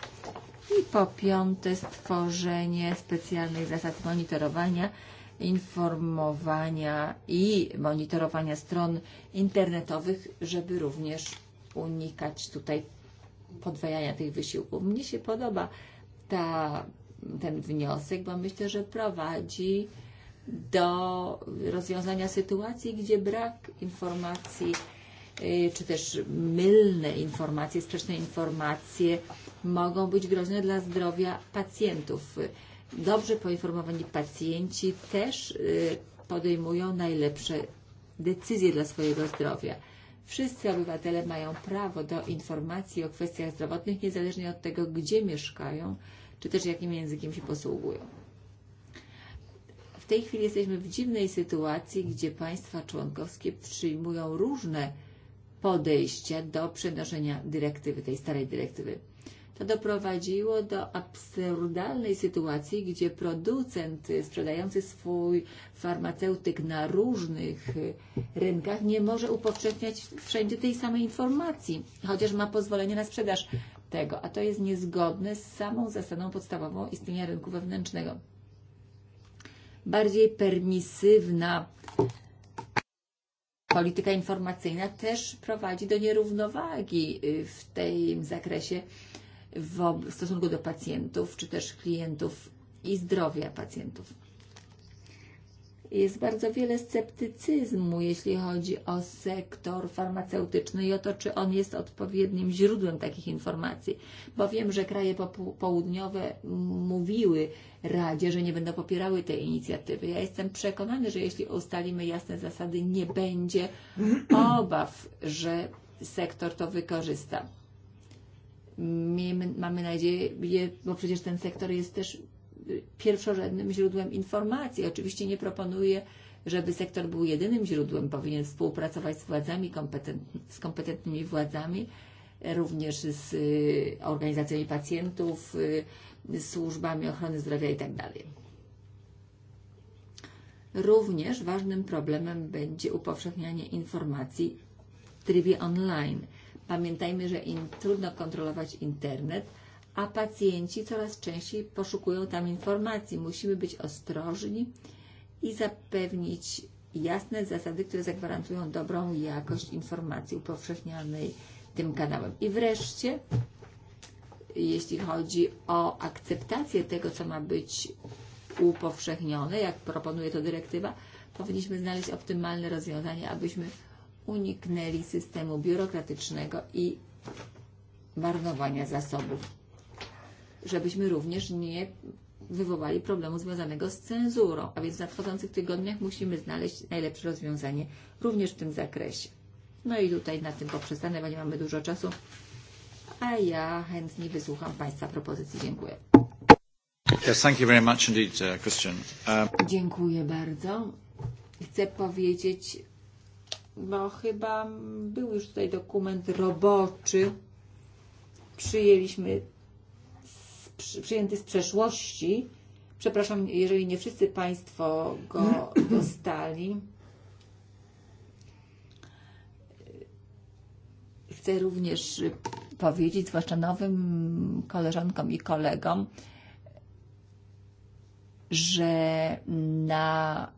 Speaker 2: i po piąte stworzenie specjalnych zasad monitorowania, informowania i monitorowania stron internetowych, żeby również unikać tutaj podwajania tych wysiłków. Mnie się podoba ta, ten wniosek, bo myślę, że prowadzi do rozwiązania sytuacji, gdzie brak informacji czy też mylne informacje, sprzeczne informacje mogą być groźne dla zdrowia pacjentów. Dobrze poinformowani pacjenci też podejmują najlepsze decyzje dla swojego zdrowia. Wszyscy obywatele mają prawo do informacji o kwestiach zdrowotnych, niezależnie od tego, gdzie mieszkają, czy też jakim językiem się posługują tej chwili jesteśmy w dziwnej sytuacji, gdzie państwa członkowskie przyjmują różne podejścia do przenoszenia dyrektywy, tej starej dyrektywy. To doprowadziło do absurdalnej sytuacji, gdzie producent sprzedający swój farmaceutyk na różnych rynkach nie może upowszechniać wszędzie tej samej informacji, chociaż ma pozwolenie na sprzedaż tego, a to jest niezgodne z samą zasadą podstawową istnienia rynku wewnętrznego bardziej permisywna polityka informacyjna też prowadzi do nierównowagi w tym zakresie w stosunku do pacjentów czy też klientów i zdrowia pacjentów. Jest bardzo wiele sceptycyzmu, jeśli chodzi o sektor farmaceutyczny i o to, czy on jest odpowiednim źródłem takich informacji, bo wiem, że kraje południowe mówiły, Radzie, że nie będą popierały tej inicjatywy. Ja jestem przekonany, że jeśli ustalimy jasne zasady, nie będzie obaw, że sektor to wykorzysta. Miejmy, mamy nadzieję, bo przecież ten sektor jest też pierwszorzędnym źródłem informacji. Oczywiście nie proponuję, żeby sektor był jedynym źródłem, powinien współpracować z władzami, kompetent, z kompetentnymi władzami, również z organizacjami pacjentów, służbami ochrony zdrowia itd. Również ważnym problemem będzie upowszechnianie informacji w trybie online. Pamiętajmy, że im trudno kontrolować internet, a pacjenci coraz częściej poszukują tam informacji. Musimy być ostrożni i zapewnić jasne zasady, które zagwarantują dobrą jakość informacji upowszechnianej tym kanałem. I wreszcie jeśli chodzi o akceptację tego, co ma być upowszechnione, jak proponuje to dyrektywa, powinniśmy znaleźć optymalne rozwiązanie, abyśmy uniknęli systemu biurokratycznego i marnowania zasobów. Żebyśmy również nie wywołali problemu związanego z cenzurą, a więc w nadchodzących tygodniach musimy znaleźć najlepsze rozwiązanie również w tym zakresie. No i tutaj na tym poprzestanę, bo nie mamy dużo czasu a ja chętnie wysłucham Państwa propozycji. Dziękuję.
Speaker 1: Yes, thank you very much indeed, uh, Christian. Um...
Speaker 2: Dziękuję bardzo. Chcę powiedzieć, bo no, chyba był już tutaj dokument roboczy. Przyjęliśmy przyjęty z przeszłości. Przepraszam, jeżeli nie wszyscy Państwo go dostali. Chcę również powiedzieć, zwłaszcza nowym koleżankom i kolegom, że na,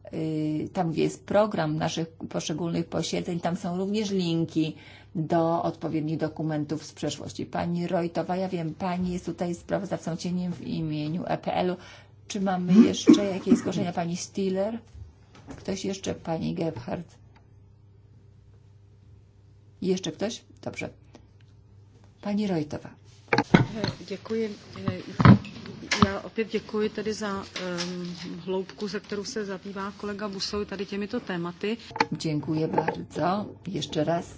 Speaker 2: tam, gdzie jest program naszych poszczególnych posiedzeń, tam są również linki do odpowiednich dokumentów z przeszłości. Pani Rojtowa, ja wiem, Pani jest tutaj sprawozdawcą cieniem w imieniu EPL-u. Czy mamy jeszcze jakieś zgłoszenia? Pani Stiller? Ktoś jeszcze? Pani Gebhardt? Jeszcze ktoś? Dobrze. Paní Rojtova. Děkuji. Já opět děkuji tedy
Speaker 5: za um, hloubku, se kterou se zabývá kolega Busoj tady těmito tématy.
Speaker 2: Děkuji bardzo. Ještě raz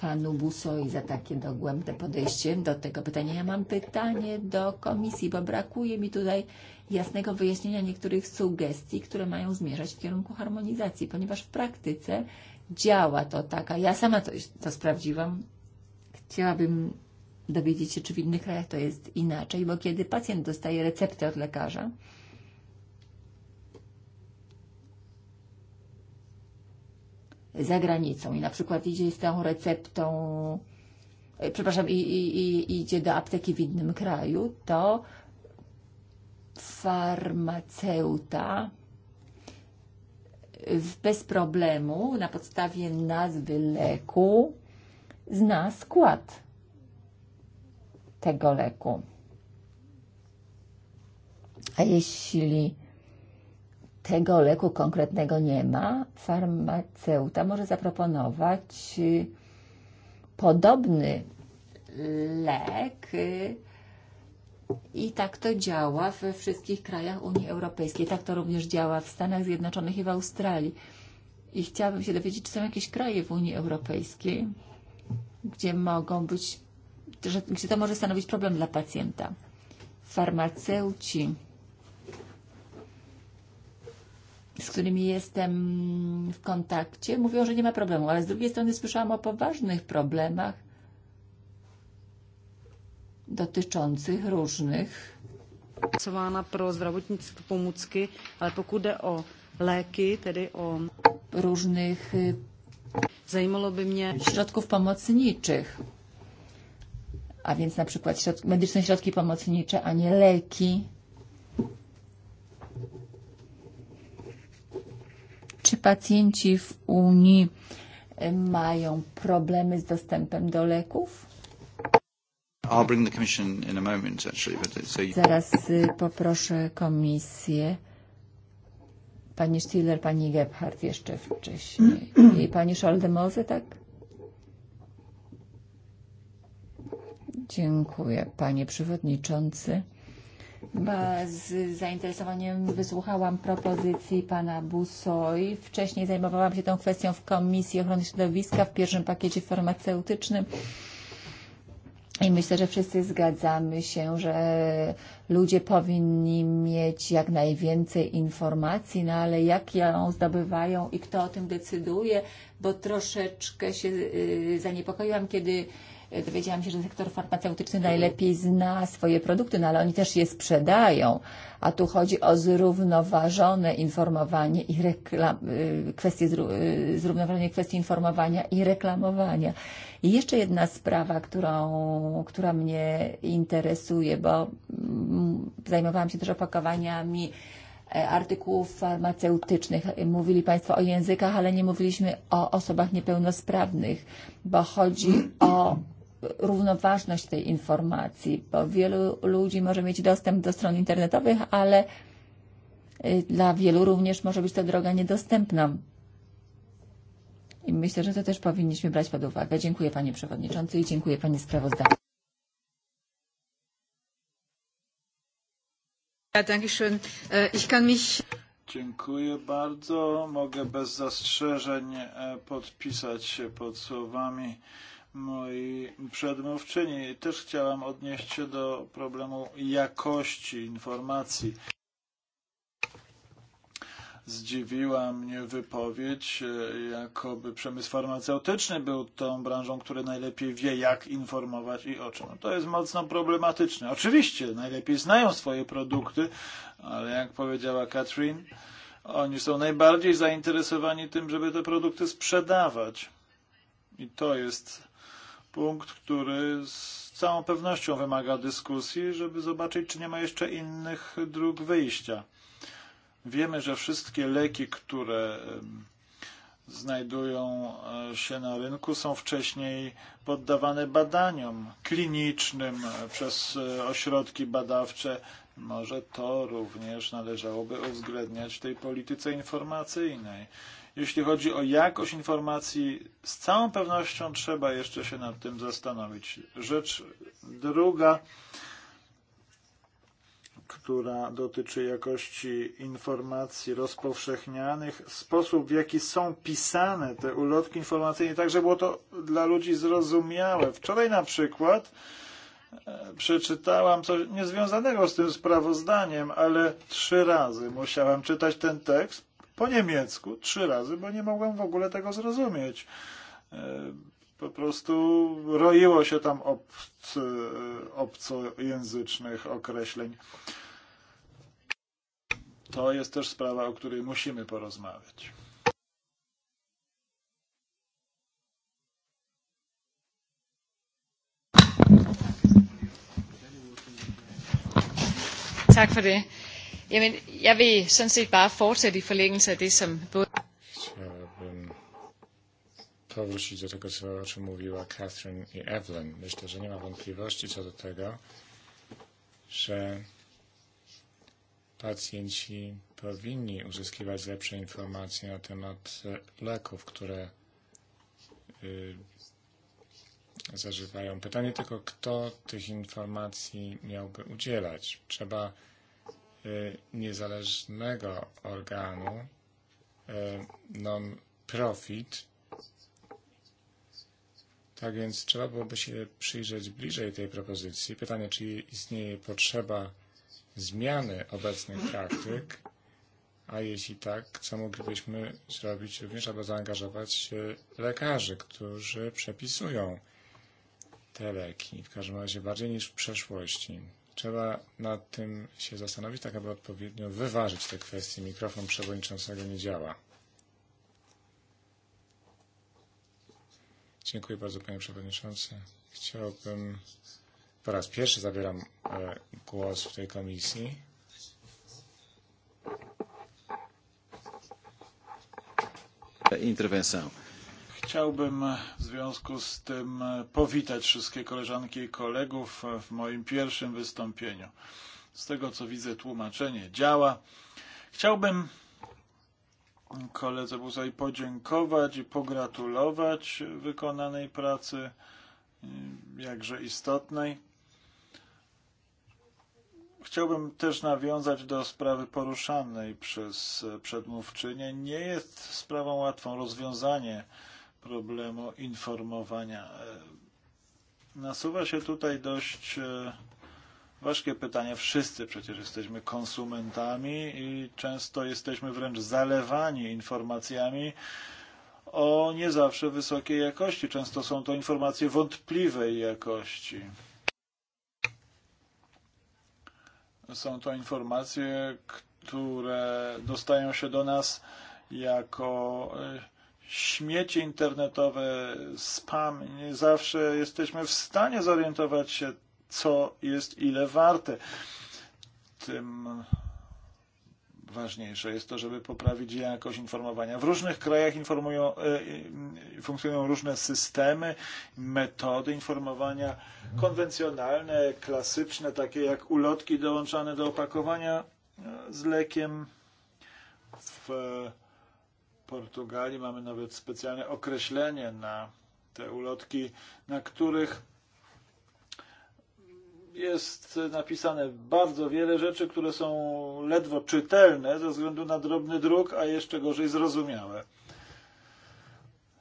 Speaker 2: panu Busoj za takie dogłębne podejście do tego pytania. Ja mam pytanie do komisji, bo brakuje mi tutaj jasnego wyjaśnienia niektórych sugestii, które mają zmierzać w kierunku harmonizacji, ponieważ w praktyce działa to tak, a ja sama to, to sprawdziłam. Chciałabym dowiedzieć się, czy w innych krajach to jest inaczej, bo kiedy pacjent dostaje receptę od lekarza, za granicą i na przykład idzie z tą receptą, eh, przepraszam, i, i, i idzie do apteki w innym kraju, to farmaceuta bez problemu na podstawie nazwy leku zna skład tego leku. A jeśli tego leku konkretnego nie ma, farmaceuta może zaproponować podobny lek i tak to działa we wszystkich krajach Unii Europejskiej. Tak to również działa w Stanach Zjednoczonych i w Australii. I chciałabym się dowiedzieć, czy są jakieś kraje w Unii Europejskiej, gdzie mogą być, że, gdzie to może stanowić problem dla pacjenta. Farmaceuci, z którymi jestem w kontakcie, mówią, że nie ma problemu, ale z drugiej strony słyszałam o poważnych problemach dotyczących różnych. Pracována pro zdravotnické pomůcky, ale pokud jde o léky, tedy o różnych e, zajímalo by mě środków pomocniczych. A więc na przykład środ... medyczne środki pomocnicze, a nie leki. Czy pacjenci w Unii e, mają problemy z dostępem do leków? Zaraz poproszę komisję. Pani Stiller, pani Gebhardt jeszcze wcześniej. I pani Scholdemose, tak? Dziękuję, panie przewodniczący. Ba, z zainteresowaniem wysłuchałam propozycji pana Busoi. Wcześniej zajmowałam się tą kwestią w Komisji Ochrony Środowiska w pierwszym pakiecie farmaceutycznym. I myślę, że wszyscy zgadzamy się, że ludzie powinni mieć jak najwięcej informacji, no ale jak ją zdobywają i kto o tym decyduje, bo troszeczkę się zaniepokoiłam, kiedy E, dowiedziałam się, że sektor farmaceutyczny najlepiej zna swoje produkty, no ale oni też je sprzedają. A tu chodzi o zrównoważone informowanie i reklam, e, kwestie, e, zrównoważenie kwestii informowania i reklamowania. I jeszcze jedna sprawa, którą, która mnie interesuje, bo mm, zajmowałam się też opakowaniami artykułów farmaceutycznych. Mówili Państwo o językach, ale nie mówiliśmy o osobach niepełnosprawnych, bo chodzi o równoważność tej informacji, bo wielu ludzi może mieć dostęp do stron internetowych, ale e, dla wielu również może być to droga niedostępna. I myślę, że to też powinniśmy brać pod uwagę. Dziękuję Panie Przewodniczący i dziękuję Panie Sprawozdawcy.
Speaker 3: E, dziękuję bardzo. Mogę bez zastrzeżeń e, podpisać się pod słowami moi przedmówczyni. Też chciałam odnieść się do problemu jakości informacji. Zdziwiła mnie wypowiedź, jakoby przemysł farmaceutyczny był tą branżą, która najlepiej wie, jak informować i o czym. To jest mocno problematyczne. Oczywiście, najlepiej znają swoje produkty, ale jak powiedziała Katrin, oni są najbardziej zainteresowani tym, żeby te produkty sprzedawać. I to jest punkt, który z całą pewnością wymaga dyskusji, żeby zobaczyć, czy nie ma jeszcze innych dróg wyjścia. Wiemy, że wszystkie leki, które znajdują e, się na rynku, są wcześniej poddawane badaniom klinicznym przez e, ośrodki badawcze. Może to również należałoby uwzględniać w tej polityce informacyjnej. Jeśli chodzi o jakość informacji, z całą pewnością trzeba jeszcze się nad tym zastanowić. Rzecz druga, która dotyczy jakości informacji rozpowszechnianych, sposób w jaki są pisane te ulotki informacyjne, tak żeby było to dla ludzi zrozumiałe. Wczoraj na przykład e, przeczytałam coś niezwiązanego z tym sprawozdaniem, ale trzy razy musiałam czytać ten tekst, po niemiecku trzy razy, bo nie mogłem w ogóle tego zrozumieć. E, po prostu roiło się tam obcy, e, obcojęzycznych określeń. To jest też sprawa, o której musimy porozmawiać.
Speaker 2: Tak Fredy. Jamen, jeg vil sådan set bare fortsætte i forlængelse af det, som både...
Speaker 4: Chciałbym powrócić do tego, co, o czym mówiła Catherine i Evelyn. Myślę, że nie ma wątpliwości co do tego, że pacjenci powinni uzyskiwać lepsze informacje na temat leków, które y, zażywają. Pytanie tylko, kto tych informacji miałby udzielać. Trzeba E, niezależnego organu e, non-profit. Tak więc trzeba byłoby się przyjrzeć bliżej tej propozycji. Pytanie, czy istnieje potrzeba zmiany obecnych praktyk, a jeśli tak, co moglibyśmy zrobić również, aby zaangażować lekarzy, którzy przepisują te leki, w każdym razie bardziej niż w przeszłości trzeba nad tym się zastanowić, tak aby odpowiednio wyważyć te kwestie. Mikrofon przewodniczącego nie działa. Dziękuję bardzo, panie przewodniczący. Chciałbym po raz pierwszy zabieram e, głos w tej komisji. Intervenção.
Speaker 3: Chciałbym w związku z tym powitać wszystkie koleżanki i kolegów w moim pierwszym wystąpieniu. Z tego co widzę, tłumaczenie działa. Chciałbym koledze Buzaj podziękować i pogratulować wykonanej pracy, jakże istotnej. Chciałbym też nawiązać do sprawy poruszanej przez przedmówczynię. Nie jest sprawą łatwą rozwiązanie problemu informowania. Nasuwa się tutaj dość ważkie pytanie. Wszyscy przecież jesteśmy konsumentami i często jesteśmy wręcz zalewani informacjami o nie zawsze wysokiej jakości. Często są to informacje wątpliwej jakości. Są to informacje, które dostają się do nas jako e, śmieci internetowe, spam, nie zawsze jesteśmy w stanie zorientować się, co jest ile warte. Tym ważniejsze jest to, żeby poprawić jakość informowania. W różnych krajach informują, e, funkcjonują różne systemy, metody informowania konwencjonalne, klasyczne, takie jak ulotki dołączane do opakowania e, z lekiem w Portugalii mamy nawet specjalne określenie na te ulotki, na których jest napisane bardzo wiele rzeczy, które są ledwo czytelne ze względu na drobny druk, a jeszcze gorzej zrozumiałe.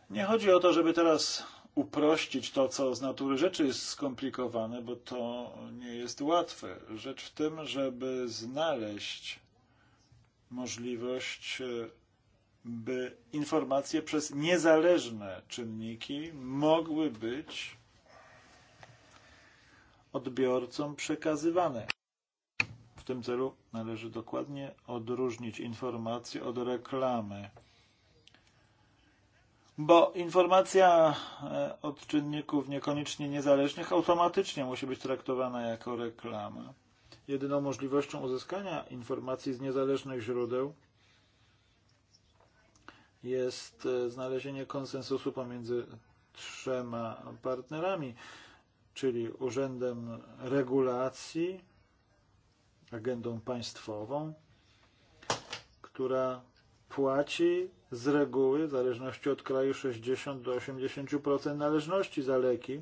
Speaker 3: Nie chodzi o to, żeby teraz uprościć to, co z natury rzeczy jest skomplikowane, bo to nie jest łatwe. Rzecz w tym, żeby znaleźć możliwość e, by informacje przez niezależne czynniki mogły być odbiorcom przekazywane. W tym celu należy dokładnie odróżnić informacje od reklamy. Bo informacja od czynników niekoniecznie niezależnych automatycznie musi być traktowana jako reklama. Jedyną możliwością uzyskania informacji z niezależnych źródeł jest e, znalezienie konsensusu pomiędzy trzema partnerami, czyli Urzędem Regulacji, agendą państwową, która płaci z reguły, w zależności od kraju, 60 do 80% należności za leki.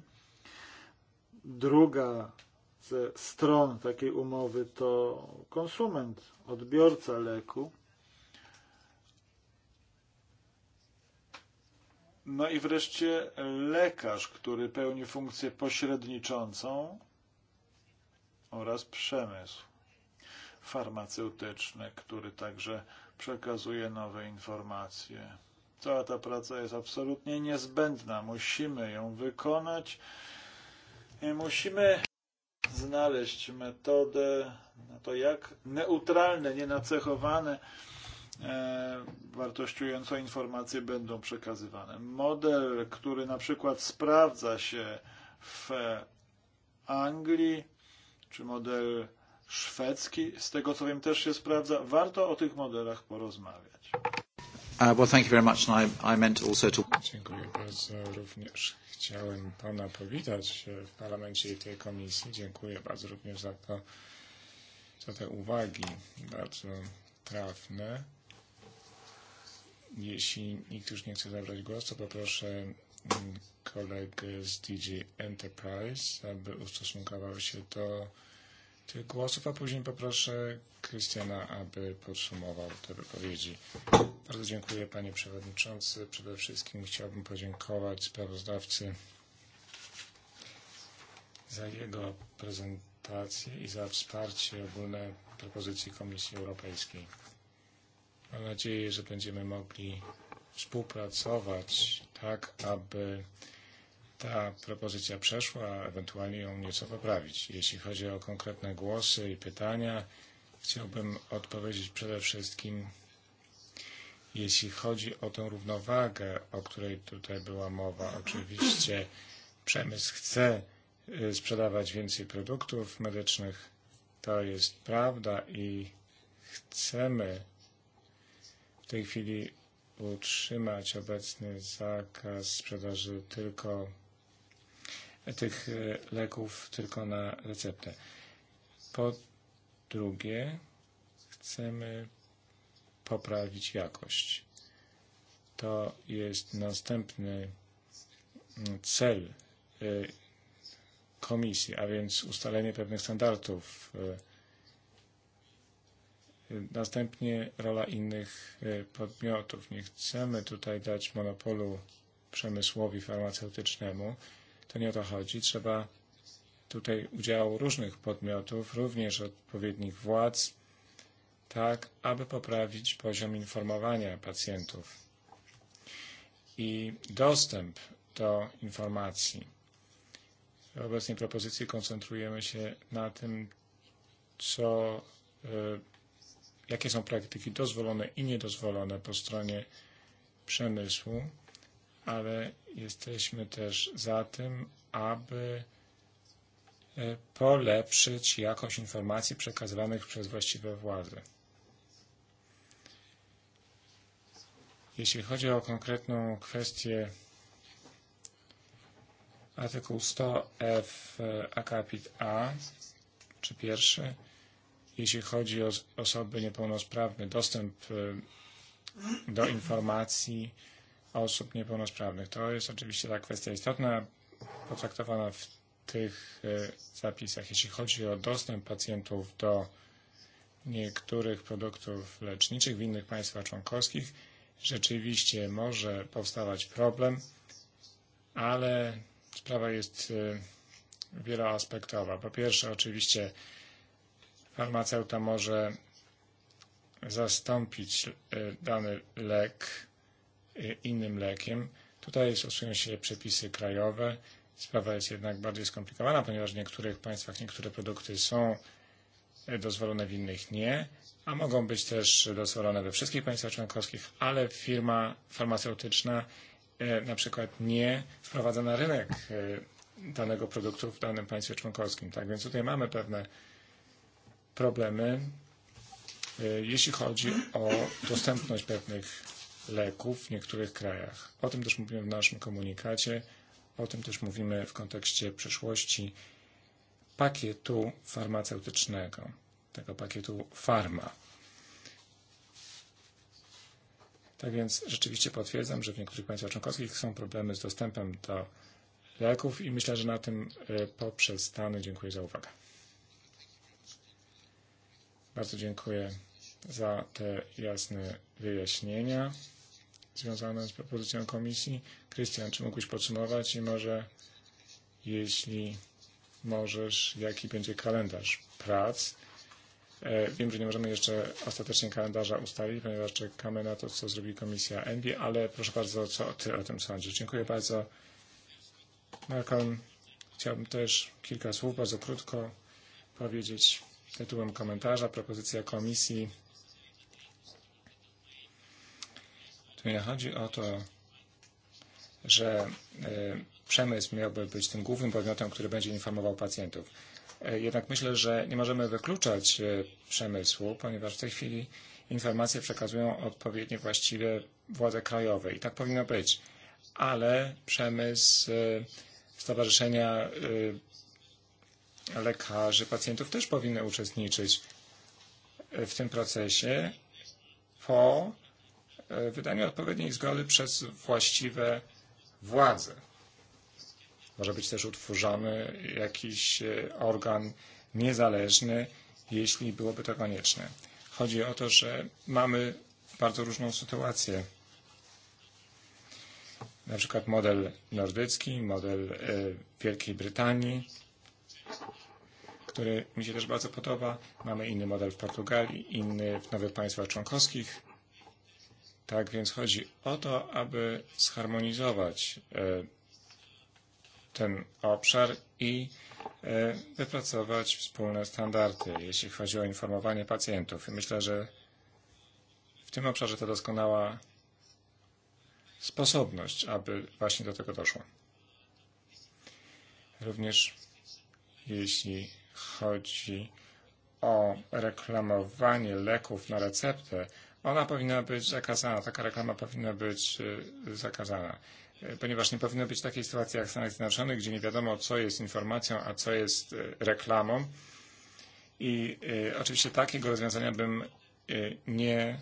Speaker 3: Druga ze stron takiej umowy to konsument, odbiorca leku. No i wreszcie lekarz, który pełni funkcję pośredniczącą oraz przemysł farmaceutyczny, który także przekazuje nowe informacje. Cała ta praca jest absolutnie niezbędna. Musimy ją wykonać i musimy znaleźć metodę na to, jak neutralne, nienacechowane Eh, wartościujące informacje będą przekazywane. Model, który na przykład sprawdza się w Anglii, czy model szwedzki, z tego co wiem też się sprawdza. Warto o tych modelach porozmawiać.
Speaker 1: Uh, well, thank you very much. I, I meant also to... Dziękuję
Speaker 4: bardzo. Również chciałem Pana powitać e, w parlamencie i tej komisji. Dziękuję bardzo również za, to, za te uwagi bardzo trafne. Jeśli nikt już nie chce zabrać głosu, poproszę mm, kolegę z DJ Enterprise, aby ustosunkował się do tych głosów, a później poproszę Krystiana, aby podsumował te wypowiedzi. Bardzo dziękuję Panie Przewodniczący. Przede wszystkim chciałbym podziękować sprawozdawcy za jego prezentację i za wsparcie ogólne propozycji Komisji Europejskiej. Mam nadzieję, że będziemy mogli współpracować tak, aby ta propozycja przeszła, a ewentualnie ją nieco poprawić. Jeśli chodzi o konkretne głosy i pytania, chciałbym odpowiedzieć przede wszystkim, jeśli chodzi o tę równowagę, o której tutaj była mowa. Oczywiście przemysł chce sprzedawać więcej produktów medycznych, to jest prawda i chcemy tej chwili utrzymać obecny zakaz sprzedaży tylko tych e, leków tylko na receptę. Po drugie, chcemy poprawić jakość. To jest następny mm, cel e, komisji, a więc ustalenie pewnych standardów e, Następnie rola innych e, podmiotów. Nie chcemy tutaj dać monopolu przemysłowi farmaceutycznemu. To nie o to chodzi. Trzeba tutaj udziału różnych podmiotów, również odpowiednich władz, tak aby poprawić poziom informowania pacjentów i dostęp do informacji. W obecnej propozycji koncentrujemy się na tym, co e, jakie są praktyki dozwolone i niedozwolone po stronie przemysłu, ale jesteśmy też za tym, aby e, polepszyć jakość informacji przekazywanych przez właściwe władze. Jeśli chodzi o konkretną kwestię artykuł 100f e, akapit a, czy pierwszy, jeśli chodzi o osoby niepełnosprawne, dostęp
Speaker 5: e, do
Speaker 4: informacji osób niepełnosprawnych. To jest oczywiście ta kwestia istotna, potraktowana w tych e, zapisach. Jeśli chodzi o dostęp pacjentów do niektórych produktów leczniczych w innych państwach członkowskich, rzeczywiście może powstawać problem, ale sprawa jest e, wieloaspektowa. Po pierwsze, oczywiście farmaceuta może zastąpić e, dany lek e, innym lekiem. Tutaj stosują się przepisy krajowe. Sprawa jest jednak bardziej skomplikowana, ponieważ w niektórych państwach niektóre produkty są e, dozwolone, w innych nie, a mogą być też dozwolone we wszystkich państwach członkowskich, ale firma farmaceutyczna na przykład nie wprowadza na rynek danego produktu w danym państwie członkowskim. Tak więc tutaj mamy pewne problemy, e, jeśli chodzi o dostępność pewnych leków w niektórych krajach. O tym też mówimy w naszym komunikacie, o tym też mówimy w kontekście przyszłości pakietu farmaceutycznego, tego pakietu farma. Tak więc rzeczywiście potwierdzam, że w niektórych państwach członkowskich są problemy z dostępem do leków i myślę, że na tym e, poprzestanę. Dziękuję za uwagę. Bardzo dziękuję za te jasne wyjaśnienia związane z propozycją komisji. Krystian, czy mógłbyś podsumować i może, jeśli możesz, jaki będzie kalendarz prac? E, wiem, że nie możemy jeszcze ostatecznie kalendarza ustalić, ponieważ czekamy na to, co zrobi komisja ENBI, ale proszę bardzo, co ty o tym sądzisz? Dziękuję bardzo. Malcolm, chciałbym też kilka słów, bardzo krótko powiedzieć tytułem komentarza propozycja komisji. Tu nie chodzi o to, że przemysł miałby być tym głównym podmiotem, który będzie informował pacjentów. E, jednak myślę, że nie możemy wykluczać e, przemysłu, ponieważ w tej chwili informacje przekazują odpowiednie właściwie władze krajowe i tak powinno być. Ale przemysł, e, stowarzyszenia lekarze, pacjentów też powinny uczestniczyć e, w tym procesie po e, wydaniu odpowiedniej zgody przez właściwe władze. Może być też utworzony jakiś e, organ niezależny, jeśli byłoby to konieczne. Chodzi o to, że mamy bardzo różną sytuację. Na przykład model nordycki, model Wielkiej Brytanii, który mi się też bardzo podoba. Mamy inny model w Portugalii, inny w nowych państwach członkowskich. Tak więc chodzi o to, aby zharmonizować e, ten obszar i e, wypracować wspólne standardy, jeśli chodzi o informowanie pacjentów. I myślę, że w tym obszarze to doskonała sposobność, aby właśnie do tego doszło. Również jeśli chodzi o reklamowanie leków na receptę, ona powinna być zakazana, taka reklama powinna być e, zakazana, e, ponieważ nie powinno być takiej sytuacji jak w Stanach Zjednoczonych, gdzie nie wiadomo, co jest informacją, a co jest e, reklamą. I y, oczywiście takiego rozwiązania bym y, nie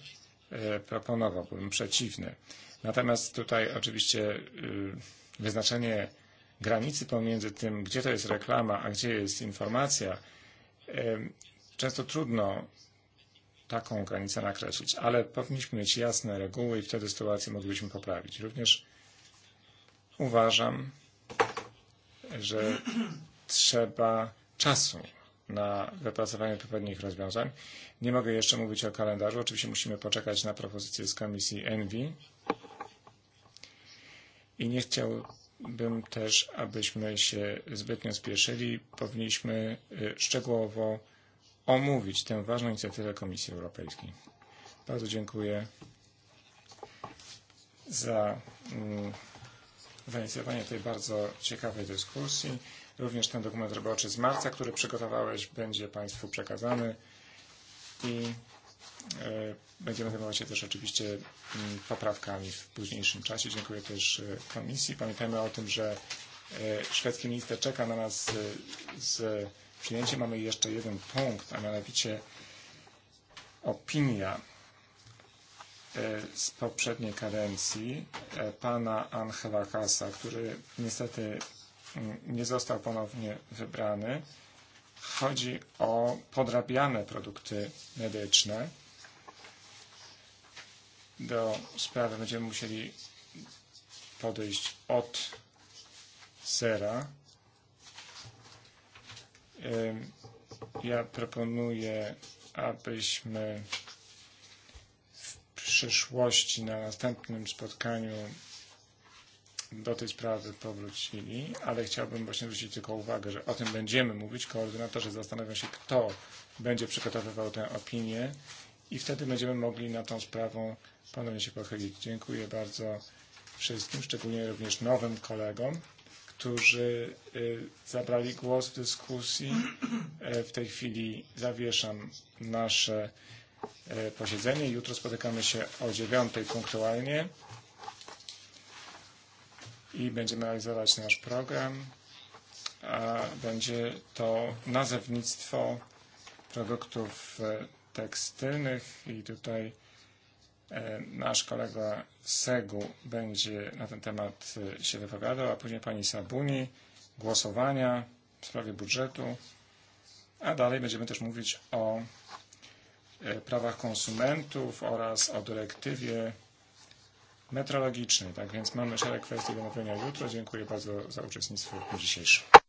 Speaker 4: y, proponował, byłbym przeciwny. Natomiast tutaj oczywiście y, wyznaczenie granicy pomiędzy tym, gdzie to jest reklama, a gdzie jest informacja, często trudno taką granicę nakreślić, ale powinniśmy mieć jasne reguły i wtedy sytuację moglibyśmy poprawić. Również uważam, że trzeba czasu na wypracowanie odpowiednich rozwiązań. Nie mogę jeszcze mówić o kalendarzu. Oczywiście musimy poczekać na propozycję z komisji ENVI. I nie chciał bym też, abyśmy się zbytnio spieszyli, powinniśmy szczegółowo omówić tę ważną inicjatywę Komisji Europejskiej. Bardzo dziękuję za mm, zainicjowanie tej bardzo ciekawej dyskusji. Również ten dokument roboczy z marca, który przygotowałeś, będzie Państwu przekazany i E, będziemy zajmować się też oczywiście mm, poprawkami w późniejszym czasie. Dziękuję też e, komisji. Pamiętajmy o tym, że e, szwedzki minister czeka na nas z przyjęciem. Mamy jeszcze jeden punkt, a mianowicie opinia z poprzedniej kadencji pana Angela Kasa, który niestety mm, nie został ponownie wybrany chodzi o podrabiane produkty medyczne. Do sprawy będziemy musieli podejść od sera. Ja proponuję, abyśmy w przyszłości na następnym spotkaniu do tej sprawy powrócili, ale chciałbym właśnie zwrócić tylko uwagę, że o tym będziemy mówić. Koordynatorzy zastanawiają się, kto będzie przygotowywał tę opinię i wtedy będziemy mogli na tą sprawą ponownie się pochylić. Dziękuję bardzo wszystkim, szczególnie również nowym kolegom, którzy zabrali głos w dyskusji. E, w tej chwili zawieszam nasze e, posiedzenie. Jutro spotykamy się o dziewiątej punktualnie i będziemy realizować nasz program. A będzie to nazewnictwo produktów e, tekstylnych i tutaj e, nasz kolega Segu będzie na ten temat e, się wypowiadał, a później pani Sabuni, głosowania w sprawie budżetu, a dalej będziemy też mówić o prawach konsumentów oraz o dyrektywie metrologicznej. Tak więc mamy szereg kwestii do naprawienia jutro. Dziękuję bardzo za uczestnictwo w dniu dzisiejszym.